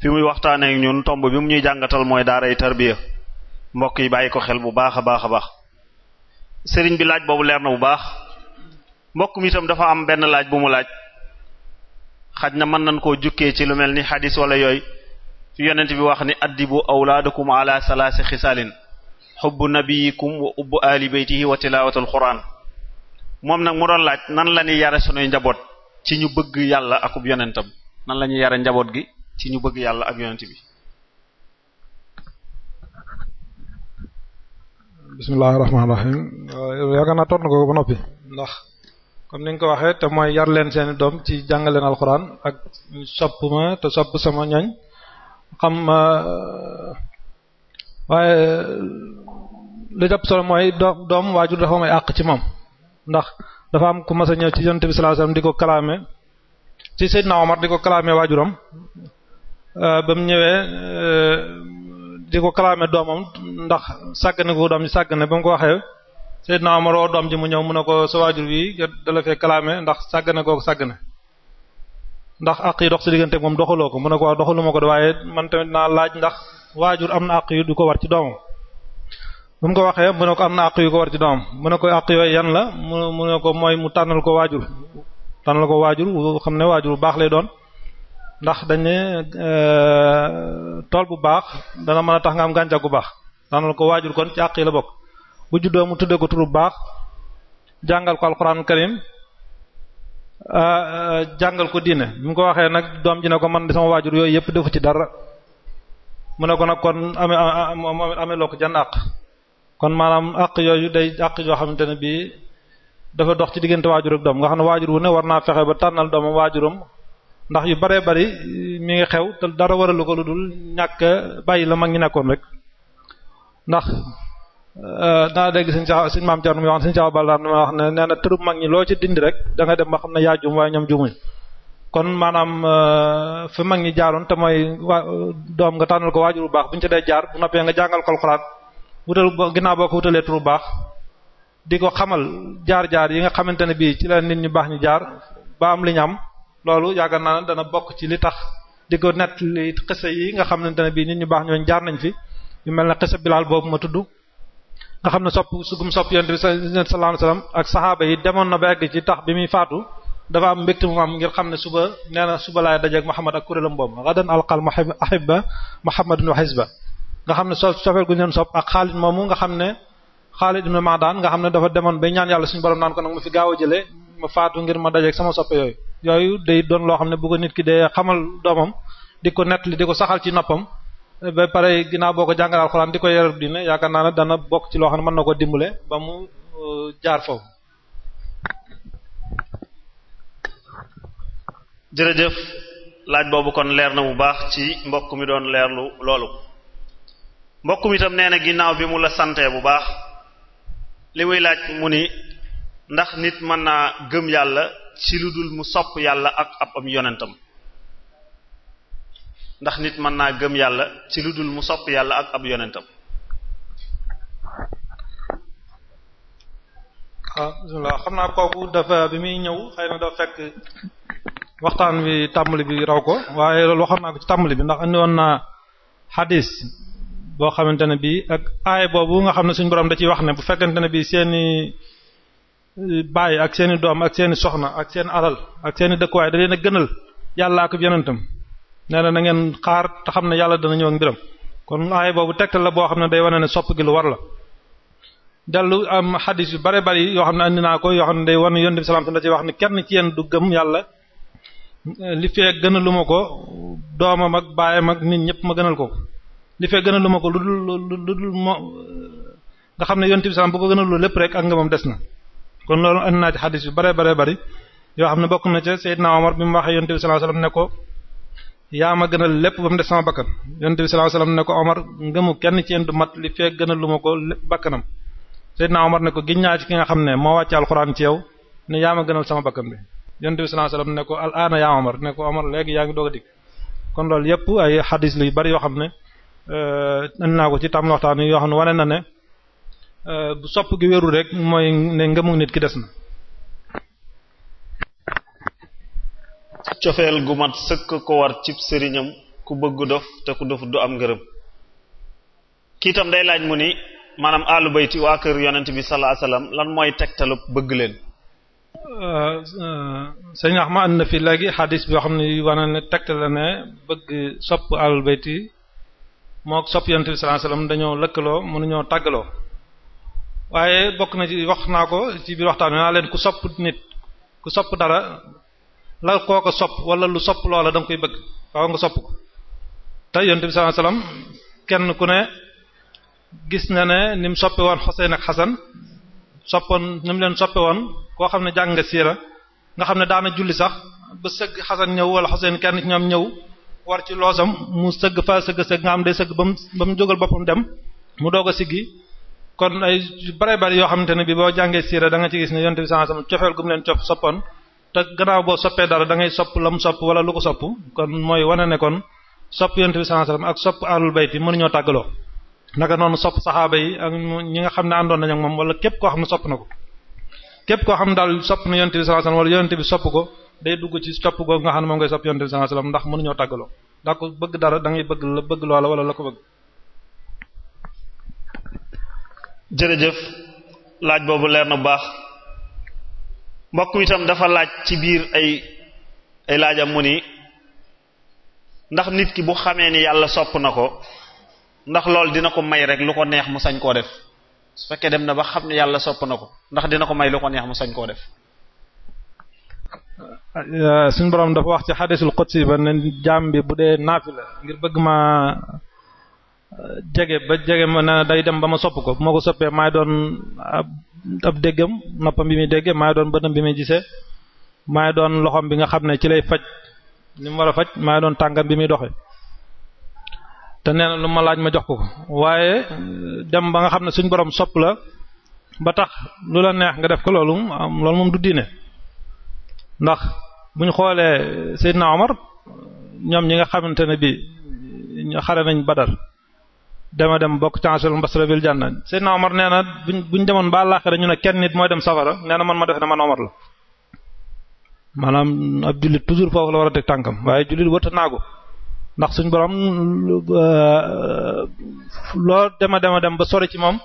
fi muy waxtaanee ak ñun tomb bi mu ñuy jàngatal mooy daaray tarbiya mbokk yi bàyyi ko xel bu baax a baax a baax sëriñ bi laaj boobu leer na bu baax mbokk mi dafa am benn laaj bu mu laaj xaj na mën nañ koo jukkee ci lu mel ni xadis wala yooyu fi yonent bi wax ni addibu awlaadakum ala salaasi xisaalin xubbu nabiyikum wa ubbu aali baytihi wa tilaawatul quraan moom nag mu doon laaj nan la ñuy yare sunuy njaboot ci ñu bëgg yàlla akub yonentam nan la ñuy yare njaboot gi ci ñu bëgg yàlla ak yonent bi bismillahi rahmaani rahim yaakaar naa tontu ko ba noppi comme ni nga ko waxee te mooy yar leen seeni doom ci jàngaleen alxuraan ak sopp ma te sopp sama ñoñ xam euh, waaye euh, lu jàpp solo mooy doom waajur dafa may àq ci moom ndax dafa am ku masa a ñëw ci yonent bi sallallahu alayhi di ko kalaame ci Seydina Omar di ko kalaame waajuram euh, ba mu ñëwee di ko kalaame doomam ndax sàgg sàggane ko doom ci sàggane ba mu ko waxee Seydina Omar woo doom ji mu ñëw mu ne ko sa waajur wi dala fee kalaame ndax sàggane googu sàggane ndax àq yi dox sa diggante moom doxaloo ko mu ne ko waaw doxalu ma ko waaye man tamit naa laaj ndax waajur am na àq yu du ko war ci doomam bu mu ko waxee mu ne ko am na àq yu ko war ci doomam mu ne yooyu yan la mu mu ne ko mooy mu tànnal ko waajur tànnal ko waajur xam ne waajur bu baax lay doon ndax dañ ne euh, tool bu baax dana mën a tax nga am gàncax gu baax tànnal ko waajur kon ci àq yi la bokk bu juddoo mu tuddee ko turu baax jàngal ko alxuraanul karim ah, ah, jàngal ko diine bi mu ko waxee nag doom ji ne ko man di sama waajur yooyu yëpp defu ci dara mu ne ko nag kon amee amee loo ko jan àq kon maanaam àq yooyu day àq yoo xamante ne bii dafa dox ci diggante waajur ak doom nga xam ne waajur wu ne war naa fexe ba tànnal doomam waajuram ndax yu baree bari mu ngi xew te dara waralu ko lu dul ñàkk bàyyi la mag ñi nekkoon rek ndax Euh, naa dégg suñ sa suñ maam Thierno mi wax suñ Saaw Balla wax ne nee na tërub mag ñi loo ci dindi rek da dem ba xam ne yaa juum waaye ñoom juumuñ kon maanaam euh, fi mag ñi jaaroon te mooy wa doom nga tànnal ko waajur bu baax bu ñu ci dee jaar bu noppee nga jàngal ko Alxuraan wutal ginnaaw boo ko wutalee turu baax di ko xamal jaar-jaar yi nga xamante ne bii ci nit ñu baax ñu jaar ba am ñu am loolu yaakaar naa ne dana bokk ci li tax di ko nett li xisa yi nga xamante ne bii nit ñu baax ñooñu jaar nañ fi yu mel ne xisa Bilaal boobu ma tudd nga xam ne sopp sugum sopp yonent bi sallallahu alayhi wasallam ak saxaaba tax bi muy faatu dafa am mbégte mu am ngir xam ne suba nee na suba laay dajeeg Muhammad ak kuréelam boobu gadan alqal ahibba Muhammadun wa hizba nga xam ne so sofeel guñ leen sopp ak Xaalid moomu xam ne Xaalid ibn Ma'dan nga xam ne dafa demoon ba ñaan yàlla suñu borom naan ko nag ma fi gaaw a jëlee ma faatu ngir ma sama soppe yooyu yooyu day doon loo xam ne bu ko nit ki dee xamal doomam di ko nettali di ko saxal ci noppam ba pare ginnaaw boo ko jàngal alxuraan di ko yaral dina yaakaar naa ne dana bokk ci loo xam ne mën na ko dimbale ba mu euh, jaar foofu. jërëjëf laaj boobu kon leer na bu baax ci mbokk mi doon leer leerlu loolu mbokk mi itam nee na ginnaaw bi mu la santee bu baax li muy laaj mu ni ndax nit mën naa gëm yàlla ci lu dul mu sopp yàlla ak ab am yonentam ndax nit mën naa gëm yàlla ci lu dul mu sopp yàlla ak ab yonentam waaw ah, xam naa kooku dafa bi muy ñëw xëy na dafa fekk waxtaan bi tàmbali bi raw ko waaye loolu waxoon naa ko ci tàmbali bi ndax andi woon naa xadis boo xamante ne bii ak aay boobu nga xam ne suñu borom da ciy wax ne bu fekkente ne bii seeni eh, baay ak seeni doom ak seeni soxna ak seen alal ak seeni dëkkuwaay da leen a gënal yàlla ak yonentam nee na na ngeen xaar te xam ne yàlla dana ñëw ak mbiram kon aaya boobu tegtal la boo xam ne day wane ne sopp gi lu war la dellu am xadis yu bare bari yoo xam ne andi naa ko yoo xam ne day wane yonent bi sallallahu alayhi wasallam da ci wax ne kenn ci yéen du gëm yàlla li fee lu ma ko doomam ak baayam ak nit ñëpp ma gënal ko li fee lu ma ko lu dul lu dul moo nga xam ne yonent bi sallallahu alayhi wasallam bu ko gënal lu moom des na kon loolu andi naa ci xadis yu bare bare bari yoo xam ne bokk na ca Seydina Omar bi mu waxee yonent bi sallallahu alayhi ne ko yaa ma gënal lépp ba mu def sama bakkan yonent bi sallallahu alayhi wasallam ne ko Omar ngëmu kenn ci yéen du mat li fekk gënal lu ma ko bakkanam Seydina Omar ne ko ginnaaw ci ki nga xam ne moo wàcce alxuraan ci yow ne yaa ma gënal sama bakkan bi yonent bi sallallahu alayhi wasallam ne ko al yaa Omar ne ko Omar léegi yaa ngi doog a kon loolu yëpp ay xadis lu bari yoo xam ne eh, indi naa ko ci tam waxtaan yoo xam ne wane na ne eh, bu sopp gi wéru rek mooy ne ngëmu nit ki des na. cofeel gu mat sëkk ko war cib sëriñam ku bëgg dof te ku dof du am ngërëm kii itam day laaj mu ni maanaam àllu bayti waa kër yonent bi sallallahu lan mooy tegtalub bëgg leen euh, euh, sëñ ax ma ànd na fi léegi xadis yoo xam ne yu wane ne tegtal la ne bëgg sopp àllu bayti moo sopp yonent bi sallallahu alayhi wasallam dañoo lëkkaloo mënuñoo tàggaloo waaye bokk na ci wax naa ko ci biir waxtaan naa leen ku sopp nit ku sopp dara la koo ko sopp wala lu sopp loola da koy bëgg waaw nga sopp ko te yonent bi sallallahu kenn ku ne gis na ne ni mu soppe woon Xuseyn ak Xasan soppoon ni leen soppe woon koo xam ne jàng nga siira nga xam ne daana julli sax ba sëgg Xasan ñëw wala Xuseyn kenn ci ñoom ñëw war ci loosam mu sëgg fa sëgg sëgg nga xam day sëgg ba mu ba mu jógal boppam dem mu doog a siggi kon ay bare bare yoo xamante ne bi boo jàngee siira da nga ci gis ne yonent bi sallallahu alayhi cofeel gu mu leen cof soppoon te gannaaw boo soppee dara da ngay sopp la mu sopp wala lu ko sopp kon mooy wane ne kon sopp yonent bi sallallahu alayhi wasallam ak sopp ahlul bayt yi mënuñoo tàggaloo naka noonu sopp saxaaba yi ak ñi nga xam ne àndoon nañ ak moom wala képp koo xam ne sopp na ko képp koo xam ne daal sopp na yonent bi sallallahu alayhi wasallam wala yonent bi sopp ko day dugg ci sopp googu nga xam ne moom ngay sopp yonent bi sallallahu alayhi wasallam ndax mënuñoo tàggaloo ndax ko bëgg dara da ngay bëgg la bëgg loola wala la ko bëgg jërëjëf laaj boobu leer na bu baax mbokk mi itam dafa laaj ci biir ay ay laajam mu ni ndax nit ki bu xamee ni yàlla sopp na ko ndax loolu dina ko may rek lu ko neex mu sañ koo def su fekkee dem na ba xam ne yàlla sopp ko ndax dina ko may lu ko neex mu sañ koo def euh, suñu borom dafa wax ci xadisul qudsi ba ne jaam bi bu dee la ngir bëgg ma euh, jege ba jege ma ne day dem ba ma sopp ko bu ma ko soppee maay doon ab déggam noppam bi muy déggee maa doon bëtam bi muy gisee maa doon loxom bi nga xam ne ci lay faj li mu war a faj maa doon tàngam bi muy doxe te nee na lu ma laaj ma jox ko ko waaye dem ba nga xam ne suñ borom sopp la ba tax lu la neex nga def ko loolu loolu moom du diine ndax bu ñu xoolee Seydina Omar ñoom ñi nga xamante ne bi xare nañ Badar dama dem bokk ci ashal mbasra bil janna Seydina Omar nee na buñ demoon ba àllaaxira ñu ne kenn nit mooy dem safara nee na ma def ne man Omar maanaam ab jullit toujours foofu la war a teg tànkam waaye jullit wërta naagu ndax suñ borom euh, loo dema dema dem ba sori ci moom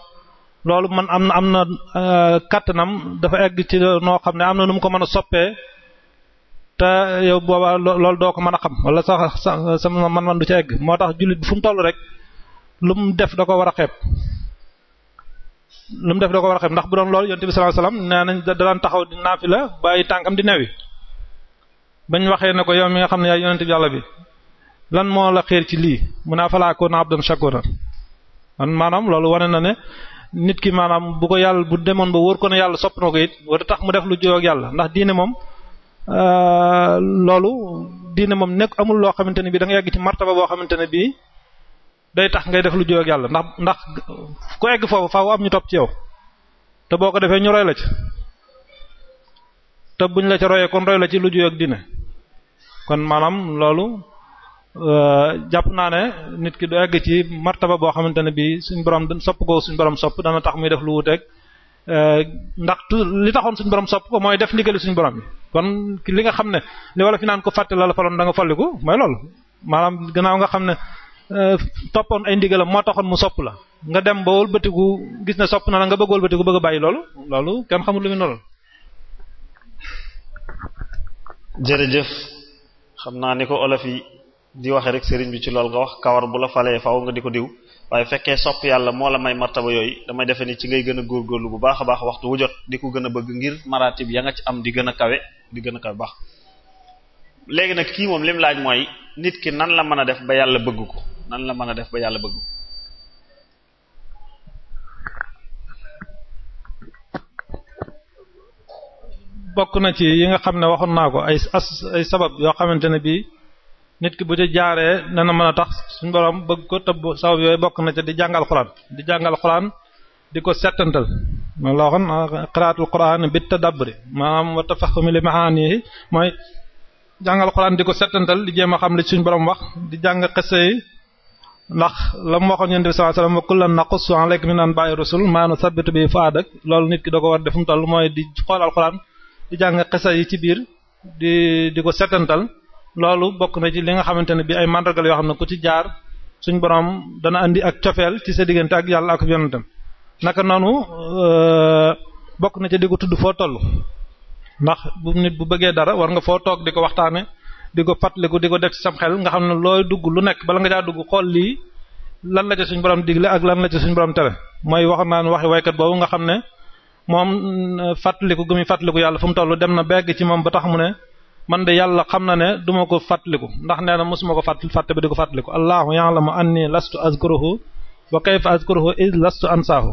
loolu man am na am na euh, kattanam dafa egg ci noo xam ne am na nu mu ko mën a soppee te yow booba loolu doo ko mën a xam wala sax sa man man du ci egg moo tax jullit bi fu mu toll rek. lu mu def da ko war a xeeb lu mu def da ko war a xeeb ndax bu doon loolu yonent bi sallallahu alayhi nee nañ da daan taxaw di la bàyyi tànkam di newi bañ waxee ne ko yow mi nga xam ne yaay yonent bi yàlla bi lan moo la xeer ci lii mun naa falaa ko naab doon shakura man maanaam loolu wane na ne nit ki maanaam bu ko yàlla bu demoon ba wóor ko ne yàlla sopp na ko it wala tax mu def lu jóg yàlla ndax diine moom euh, loolu diine moom nekk amul loo xamante ne bii da nga yegg ci martaba boo xamante ne bii day tax ngay def lu jóg ak yàlla ndax ndax ku egg foofu faaw am ñu topp ci yow te boo ko defee ñu roy la ci te buñ la ca royee kon roy la ci lu jóg ak dina kon maanaam loolu euh, jàpp naa ne nit ki du egg ci martaba boo xamante ne bii suñ borom sopp ko suñ borom sopp dana tax muy def lu wuteeg euh, ndax li taxoon suñ borom sopp ko mooy def ndigali suñ borom yi kon li nga xam ne li wala fi naan ko fàtte la la faloon da nga mooy loolu maanaam gannaaw Euh, toppoon ay ndigalam moo taxoon mu sopp la nga dem ba wëlbatiku gis ne sopp na la nga bëgg wëlbatiku bëgg a bàyyi loolu loolu kenn xamul lu mu noonu. jërëjëf xam naa ni ko olof yi di waxe rek sëriñ bi ci loolu nga wax kawar bu la falee faaw nga di ko diw waaye fekkee sopp yàlla moo la may martaba yooyu damay defe ni ci ngay gën a góorgóorlu bu baax a baax waxtu wu jot di ko gën a bëgg ngir maratib ya nga ci am di gën a kawe di gën a kawe baax léegi nag kii moom laaj mooy nit ki nan la mën a def ba yàlla bëgg ko nan la mën a def ba yàlla bëgg bokk na ci yi nga xam ne waxoon naa ko ay sabab yoo xamante ne bii nit ki bu ci jaaree dana mën a tax suñu borom bëgg ko te sabab yooyu bokk na ci di jàngal xuraan di jàngal xuraan di ko settantal loolu la waxoon ah, qiraatul quraan bi tadabburi maanaam wa tafahumi li maanihi mooy jàngal xuraan di ko settantal di jéem a xam li suñu borom wax di jàng xese yi ndax la mu waxoon yonent bi sallallahu alayhi wasallam wa kullan naqussu alayka min anba'i rusul ma nusabbitu bi fa'adak loolu nit ki da ko war def mu toll mooy di xool alxuraan di jàng xisa yi ci biir di di ko setantal loolu bokk na ci li nga xamante ne bi ay mandargal yoo xam ne ku ci jaar suñ borom dana indi ak cofeel ci sa diggante ak yàlla ak yonentam naka noonu euh, bokk na ci di ko tudd foo toll ndax bu nit bu bëggee dara war nga foo toog di ko waxtaane di ko fàttaliku di ko def ci sam xel nga xam ne looy dugg lu nekk bala nga caa dugg xool lii lan la ca suñ borom digle ak lan la ca suñu borom tere mooy wax naan waxi waykat boobu nga xam ne moom euh, fàttaliku gu muy fàttaliku yàlla fu mu toll dem na begg ci moom ba tax mu ne man de yàlla xam na ne duma ko fàttaliku ndax nee na mësuma ko fàtt fàtte ba di ko fàttaliku allahu ya'lamu anni lastu azkuruhu wa kayfa azkuruhu iz lastu ansaahu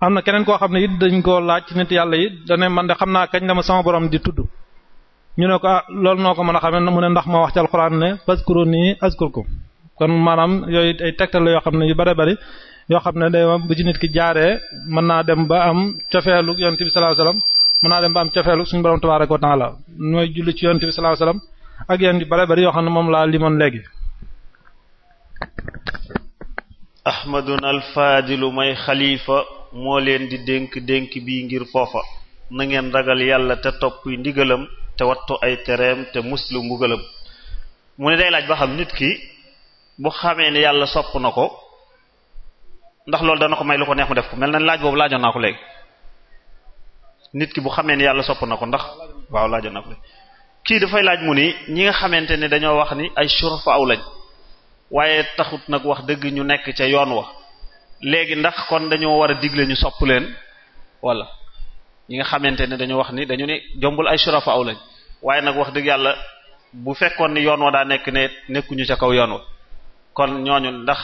am na keneen koo xam ne it dañ koo laaj ci nit yàlla yi dane man de xam naa kañ la ma sama borom di tudd ñu ne ko ah loolu noo ko mën a xamee mu ne ndax moo wax ci alxuraan ne fazkuruni azkurkum kon maanaam yooyu ay tegtal yoo xam ne yu bare bari yoo xam ne day bu ci nit ki jaaree mën naa dem ba am cofeelu yonent bi sallallahu alayhi mën naa dem ba am cofeelu suñu borom tabaaraka wa taala mooy julli ci yonent bi sallallahu alayhi ak yéen yu bare yoo xam ne moom laa limoon léegi. ahmadun alfaadilu may xalifa moo leen di dénk dénk bi ngir foofa na ngeen ragal yàlla te topp ndigalam te wattu ay tereem te muslu mbugalam mu ne day laaj ba xam nit ki bu xamee ne yàlla sopp na ko ndax loolu dana ko may lu ko neex mu def ko mel na laaj boobu laajoon naa ko léegi nit ki bu xamee ne yàlla sopp na ko ndax waaw laajoon ko kii dafay laaj mu ni ñi nga xamante ne dañoo wax ni ay surfa aw lañ waaye taxut nag wax dëgg ñu nekk ca yoon wa léegi ndax kon dañoo war a digle ñu sopp leen wala ñi nga xamante ne dañu wax ni dañu ne jombul ay surafa aw lañ waaye nag wax dëgg yàlla bu fekkoon ni yoon wa daa nekk ne nekkuñu ca kaw yoon wa kon ñooñu ndax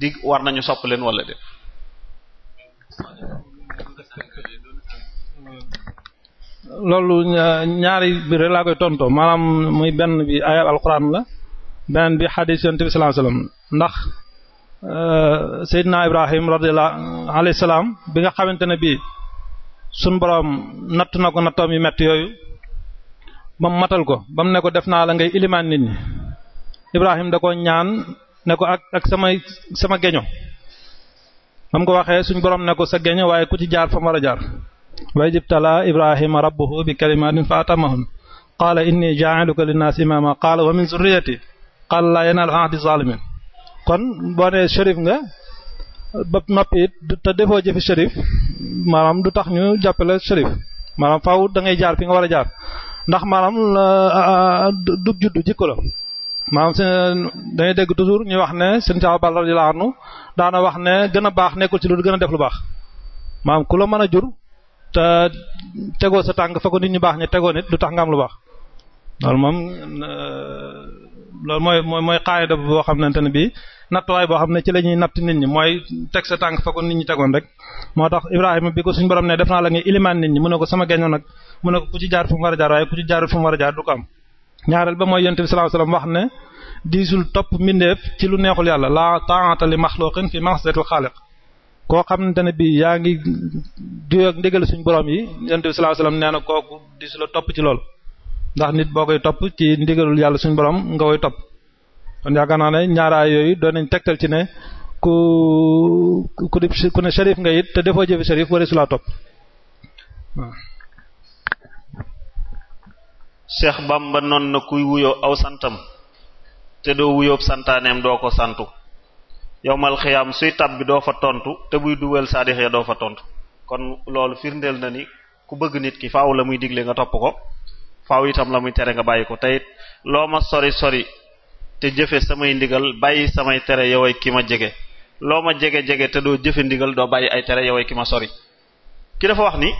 di war nañu sopp leen wala de loolu ñaari biir laa koy tonto maanaam muy benn bi ayat alquran la beneen bi xadiis yonent bi sallallahu alayhi wasallam ndax euh, Seydina Ibrahim radiyallahu alayhi salaam bi nga xamante ne bii sun borom natt na ko nattoom yu metti yooyu matal ko bam mu ne ko def naa la ngay ilimaan nit ñi Ibrahim da ko ñaan ne ko ak ak samay sama geño ba ko waxee suñ borom ne ko sa geño waaye ku ci jaar fa mu war a jaar wa ibtala Ibrahima rabbuhu bi kalimatin fa atamahum qaala inni jaa'iluka linnaasi imaama qaala wa min zurriyati qaala laa yanaalu ahdi zalimin kon boo nee nga ba noppi it te defoo jëfi shérif maanaam du tax ñu jàppale shérif maanaam faw da ngay jaar fi nga war a jaar ndax maanaam du juddu jikko la maanaam seen dañuy dégg toujours ñuy wax ne seen caawa bal radiyallahu anhu daana wax ne gën baax nekkul ci lu gën a def lu baax maanaam ku la mën a jur te tegoo sa tànk fa ko nit ñu baax ñi tegoo nit du tax nga am lu baax loolu moom euh, loolu mooy mooy mooy xaayida boo xamante ne bii nattuwaay boo xam ne ci la ñuy natt nit ñi mooy teg sa tànk fa ko nit ñi tegoon rek moo tax Ibrahima bi ko suñ borom ne def naa la ngay ilimaan nit ñi mu ne ko sama geñoo nag mu ne ko ku ci jaar fu mu war a jaar a du ko am ñaareel ba mooy yonent bi sallallahu alayhi wasallam wax ne diisul topp mbindeef ci lu neexul yàlla laa ta'ata li makhluqin fi ma'siyatil khaliq koo xam ne bii yaa ngi diw ak suñu borom yi yonent bi sallallahu nee na kooku diisul topp ci lool ndax nit boo koy topp ci ndigalul yàlla suñu borom nga koy topp kon yaakaar naa ne ñaaraay yooyu doon nañ tegtal ci ne ku ku di ku ne sharif nga it te defoo jëfi sharif wala su laa topp waaw. Hmm. Bamba noonu na kuy wuyoo aw santam te doo wuyoo santaaneem doo ko santu yowmal xiyaam suy tab bi doo fa tontu te buy duwel saadix ya doo fa tontu kon loolu firndeel na ni ku bëgg nit ki faw la muy digle nga topp ko faaw itam la muy tere nga bàyyi ko teyit loo ma sori sori te jëfe samay ndigal bàyyi samay tere yoway ki ma jege loo ma jege-jege te doo jëfe ndigal doo bàyyi ay tere yoway ki ma sori ki dafa wax ni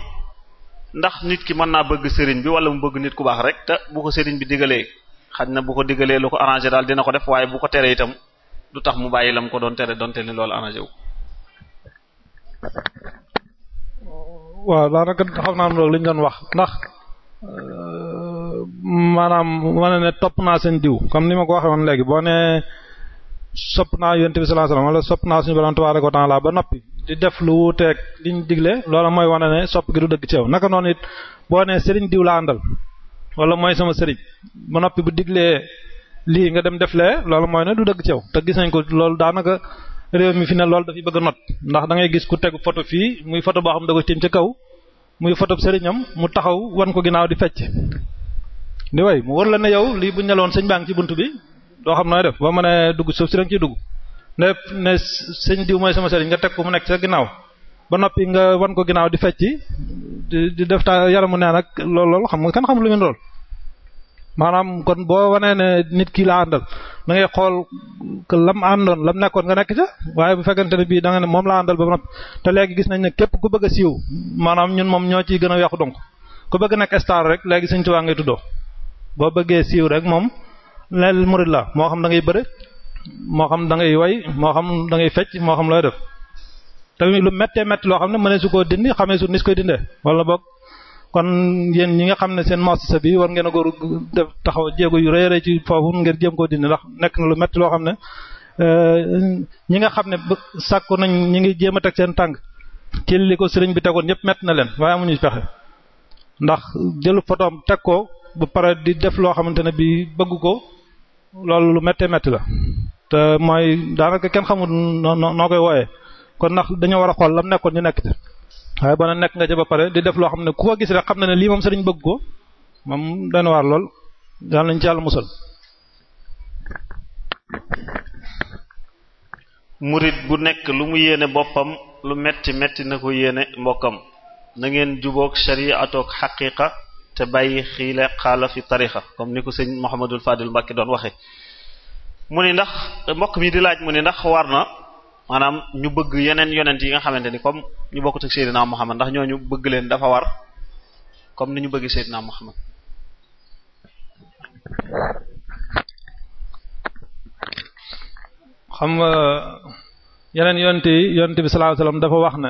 ndax nit ki mën naa bëgg sëriñ bi wala mu bëgg nit ku baax rek te bu ko sëriñ bi digalee xañ na bu ko digalee lu ko arrangé daal dina ko def waaye bu ko tere itam du tax mu bàyyi lam ko doon tere donte ni loolu arrangé wu waaw daanaka xam naa loolu li ñu doon wax ndax maanaam wane ne topp naa seen diw comme ni ma ko waxee woon léegi boo nee sopp naa yonent bi sallallahu alayhi wasallam wala sopp naa suñu borom ba noppi di def lu wuuteeg li ñu digle loolu mooy wane ne sopp gi du dëgg ci naka noonu boo nee sëriñ diw laa àndal wala mooy sama sëriñ ba noppi bu diglee lii nga dem def lee loolu mooy ne du dëgg ci te gis nañ ko loolu daanaka réew mi fi ne loolu dafiy bëgg a not ndax da gis ku tegu photo fii muy foto boo xam da ko tiim ca kaw muy photo sëriñam mu taxaw wan ko ginnaaw di fecc di way mu war la ne yow lii bu ñeloon sëñ baa ci bunt bi doo xam nooy def boo mën a dugg suuf si da nga dugg sëñ diw mooy sama sëriñ nga teg ko mu nekk sa ginnaaw ba noppi nga wan ko ginnaaw di fecci di di def ta yaramu nee ak lool lool xam nga kan xam lu mel lool maanaam kon boo wanee ne nit ki laa àndal da ngay xool lam àndoon lam nekkoon nga nekk ca waaye bu fekkente ne bii da nga ne moom la àndal ba noppi te léegi gis nañ ne képp ku bëgg a siiw maanaam ñun moom ñoo ciy gën a yàqu donc ku bëgg nekk star rek léegi sëñ Tuubaa ngay tuddoo boo bëggee siiw rek moom leel murid la moo xam da ngay bëre moo xam da ngay way moo xam da ngay fecc moo xam looy def tamit lu mettee métti loo xam ne mënee su koo dindi xamee su nis wala boog kon yéen ñi nga xam ne seen marsisa bi war ngeen a góor def taxaw jéego yu rëy rëy ci foofu ngeen jéem koo dindi ndax nekk na lu métti loo xam ne eh, ñi nga xam ne sàkku nañ ñi ngi jéem a teg seen tànk ci li ko sëriñ bi tegoon yépp métti na leen waaye amuñu pexe ndax jëlu photo teg ko ba pare di def loo xamante ne bi bëgg ko lool lu méttee métti la te mooy daanaka kenn xamul noo noo koy wooyee kon ndax dañoo war a xool lam nekkoon ñu nekk ci waaye ba nekk nga ca ba pare di def loo xam ne ku ko gis rek xam na ne lii moom sëriñ bëgg ko moom dana waar lool daal nañ ci yàlla murit bu nekk lu mu yéene boppam lu metti metti na ko yéene mbokkam na ngeen jubóog shari'atoog xaqiqa te bàyyi xiile xaala fi tarixa comme ni ko sëñ Mouhamadul Fadil Mbacke doon waxe mu ni ndax mbokk mi di laaj mu ni ndax war na maanaam ñu bëgg yeneen yonent yi nga xamante ni comme ñu bokkut ak Seydina Muhammad ndax ñooñu bëgg leen dafa war comme ni ñu bëgg Seydina Muhammad xam nga yeneen yonent yi yonent bi sallallahu dafa wax na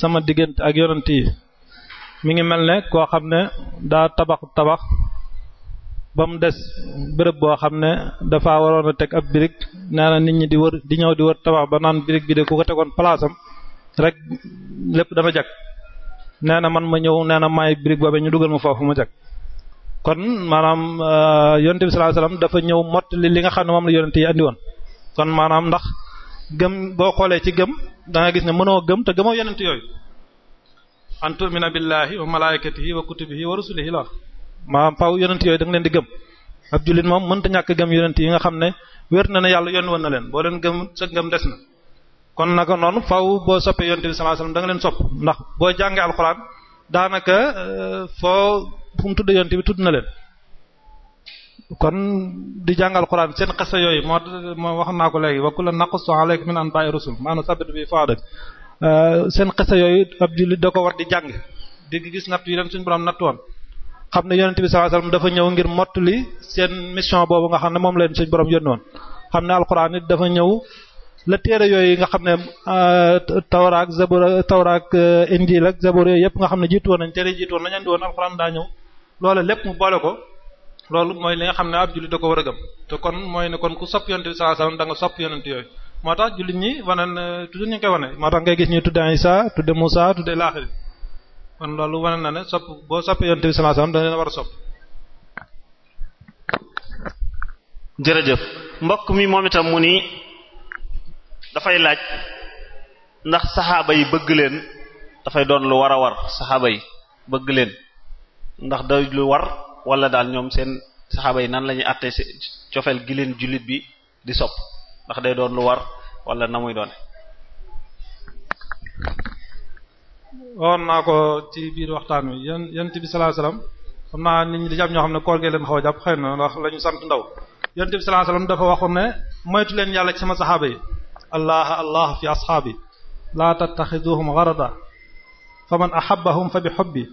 sama diggante ak yonent yi mi ngi mel ne koo xam ne daa tabax tabax ba mu des bërëb boo xam ne dafa waroon a teg ab birig nee na nit ñi di wër di ñëw di wër tabax ba naan birig bi de ku ko tegoon palaasam rek lépp dana jag nee na man ma ñëw nee na maay birig boobe ñu dugal ma foofu ma jag kon maanaam euh, yonent bi sallallahu alayhi dafa ñëw mott li li nga xam ne moom la yonent yi andi woon kon maanaam ndax gëm boo xoolee ci gëm da nga gis ne mënoo gëm te gëmoo yonent yooyu an tu'mina billahi wa malaikatihi wa kutubihi wa rusulihi la maanaam faw yonent yooyu da leen di gëm ab jullit moom mënta ñàkk gëm yonent yi nga xam ne wér na ne yàlla yónni woon na leen boo leen gëm sa gëm des na kon naka noonu faw boo soppee yonent bi sallallahu alayhi wasallam da nga leen sopp ndax boo jàngee alxuraan daanaka euh, foo fu mu tudd yonent bi tudd na leen kon di jàng alxuraan seen xase yooyu moo moo wax naa ko léegi wa kullan naqussu alayka min anba'i rusul ma nusabbitu bi fu'adak Euh, seen xisa yooyu ab jullit da ko war di jàng dégg gis natt yi leen suñ borom natt woon xam ne yonent bi sallallahu alayhi dafa ñëw ngir mott li seen mission boobu nga xam ne moom leen suñu borom yónnoon xam ne alxuraan it dafa ñëw la téere yooyu nga xam ne euh, tawraak zabur tawraak euh, injil ak zabur yooyu yëpp nga xam ne jiitu woon nañ téere jiitu woon nañ andi woon alxuraan daa ñëw loolu lépp mu boole ko loolu mooy li nga xam ne ab jullit da ko war a gëm te kon mooy ne kon ku sopp yonent bi sallallahu yooyu moo tax jullit ñi waneen euh, toujours ñu ngi koy wane moo tax ngay gis ñuy tudde Isa tudde Musa tudde laaxiri kon loolu wane na ne sopp boo soppee yonent bi sallallahu alayhi wasallam da war a sopp mbokk mi moom itam mu ni dafay laaj ndax saxaaba yi bëgg leen dafay doon lu war a war saxaaba yi bëgg leen ndax da lu war wala daal ñoom seen saxaaba yi nan lañuy ñuy àttee cofeel gi jullit bi di sopp ndax day doon lu war wala na muy doone naa ko ci biir waxtaan wi yan yonent bi sallallahu alayhi wasallam xam naa nit ñoo xam ne koor gee leen xaw a jàpp xëy na la ñu sant ndaw yonent bi sallallahu dafa waxoon ne moytu leen yàlla ci sama saxaaba yi allah allah fi ashaabi la tattaxiduhum garada fa man ahabbahum fa bi hubbi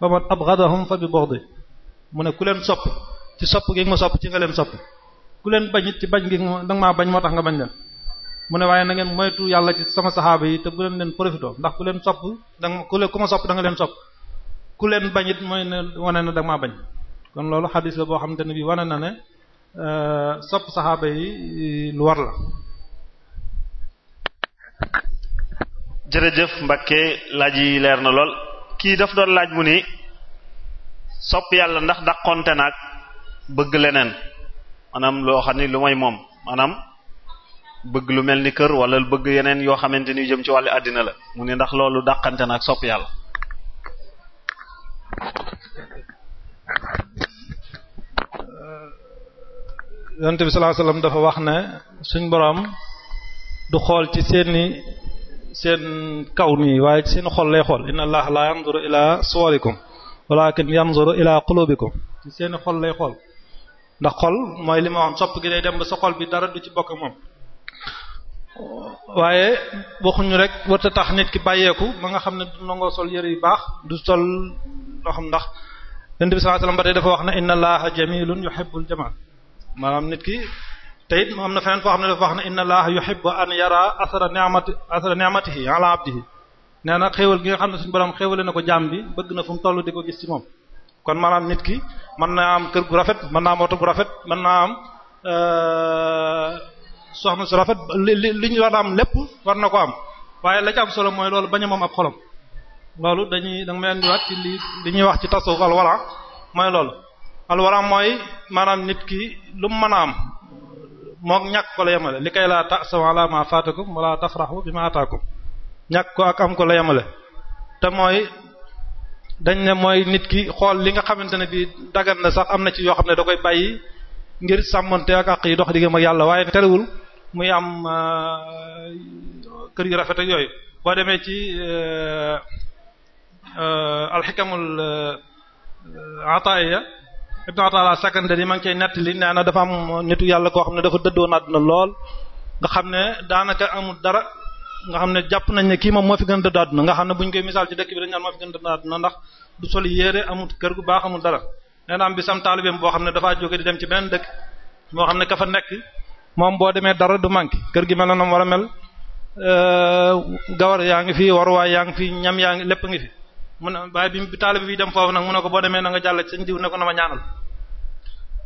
fa man abghadahum fa bi bughdi mu ne ku leen sopp ci sopp gi nga ma sopp ci nga leen sopp ku leen bañ it ci bañ gi danga maa bañ moo tax nga bañ leen mu ne waaye na ngeen moytu yàlla ci sama saxaaba yi te bu leen leen profitoo ndax ku leen sopp danga ku leen ku ma sopp da leen sopp ku leen bañ it mooy ne wane na danga bañ kon loolu xadis boo xamante ne bi wane na ne euh, sopp saxaaba yi euh, lu war la jërëjëf Mbacke laaj yi leer na lool kii daf doon laaj mu ni sopp yàlla ndax dàqonte naag bëgg leneen maanaam loo xam ne lu may moom maanaam bëgg lu mel ni kër wala bëgg yeneen yoo xamante ni jëm ci wàllu àddina la mu ne ndax loolu dàqante na ak sopp yàlla euh, yonent bi sallallahu dafa wax ne suñ boroom du xool ci seeni seen kaw nii waaye ci seen xol lay xool inna allaha la yanzuru ila suwarikum walakin yanzuru ila qulubikum ci seeni xol lay xool ndax xol mooy li ma waxoon sopp gi day dem ba sa xol bi dara du ci bokk moom waaye waxuñu rek warta tax nit ki bàyyeeku ba nga xam ne du nangoo sol yëre yu baax du sol loo xam ndax yonent bi sallallahu alayhi ne ba tey dafa wax ne inna allaha jamilun yuhibbul jamal maanaam nit ki te it am na feneen foo xam ne dafa wax ne inna allaha yuhibbu an yara asra ni'mati asra ni'matihi ala abdihi nee na xéewal gi nga xam ne suñu borom xéewale na ko jaam bi bëgg na fu mu toll di ko gis ci moom kon maanaam nit ki mën naa am kër gu rafet mën naa am oto rafet mën naa am euh, soxna su rafet li li li ñu am lépp war na ko am waaye la am solo mooy loolu bañ moom ab xolam loolu dañuy da nga may andiwaat ci ñuy wax ci tasawuf alwala mooy loolu. alwala mooy maanaam nit ki lu mu mën a am moog ñàkk ko la yemale li kay laa ta'sa ala ma faatakum wala tafrahu bima ataakum ñàkk ko ak am ko la yemale te mooy. dañ ne mooy nit ki xool li nga xamante ne bi dagan na sax am na ci yoo xam ne da koy bàyyi ngir sàmmonte ak àq yi dox diggam ak yàlla waaye terewul muy am euh, kër yu rafet ak yooyu boo demee ci euh, euh, alxikamul ataaya ibnu ataala sakande yi ma ngi cay nettali na dafa am nitu yàlla koo xam ne dafa dëddoon na lool nga xam ne daanaka amul dara nga xam ne jàpp nañ ne kii moom moo fi gën a dëddu àdduna ne bu a dëddu àdduna ndax du sol yére amul kër gu baax amul dara nee na am bi sam taalibeem boo xam ne dafa jóge di dem ci beneen dëkk moo xam ne ka fa nekk moom boo demee dara du manqué kër gi mel na nam war a mel euh, gawar yaa ngi fi waruwaay yaa ngi fi ñam yaa ngi lépp ngi fi mu a waaye bi bi taalibe bi dem foofu nag mu ne ko boo demee na nga jàll ci sañ diw ne ko na ma ñaanal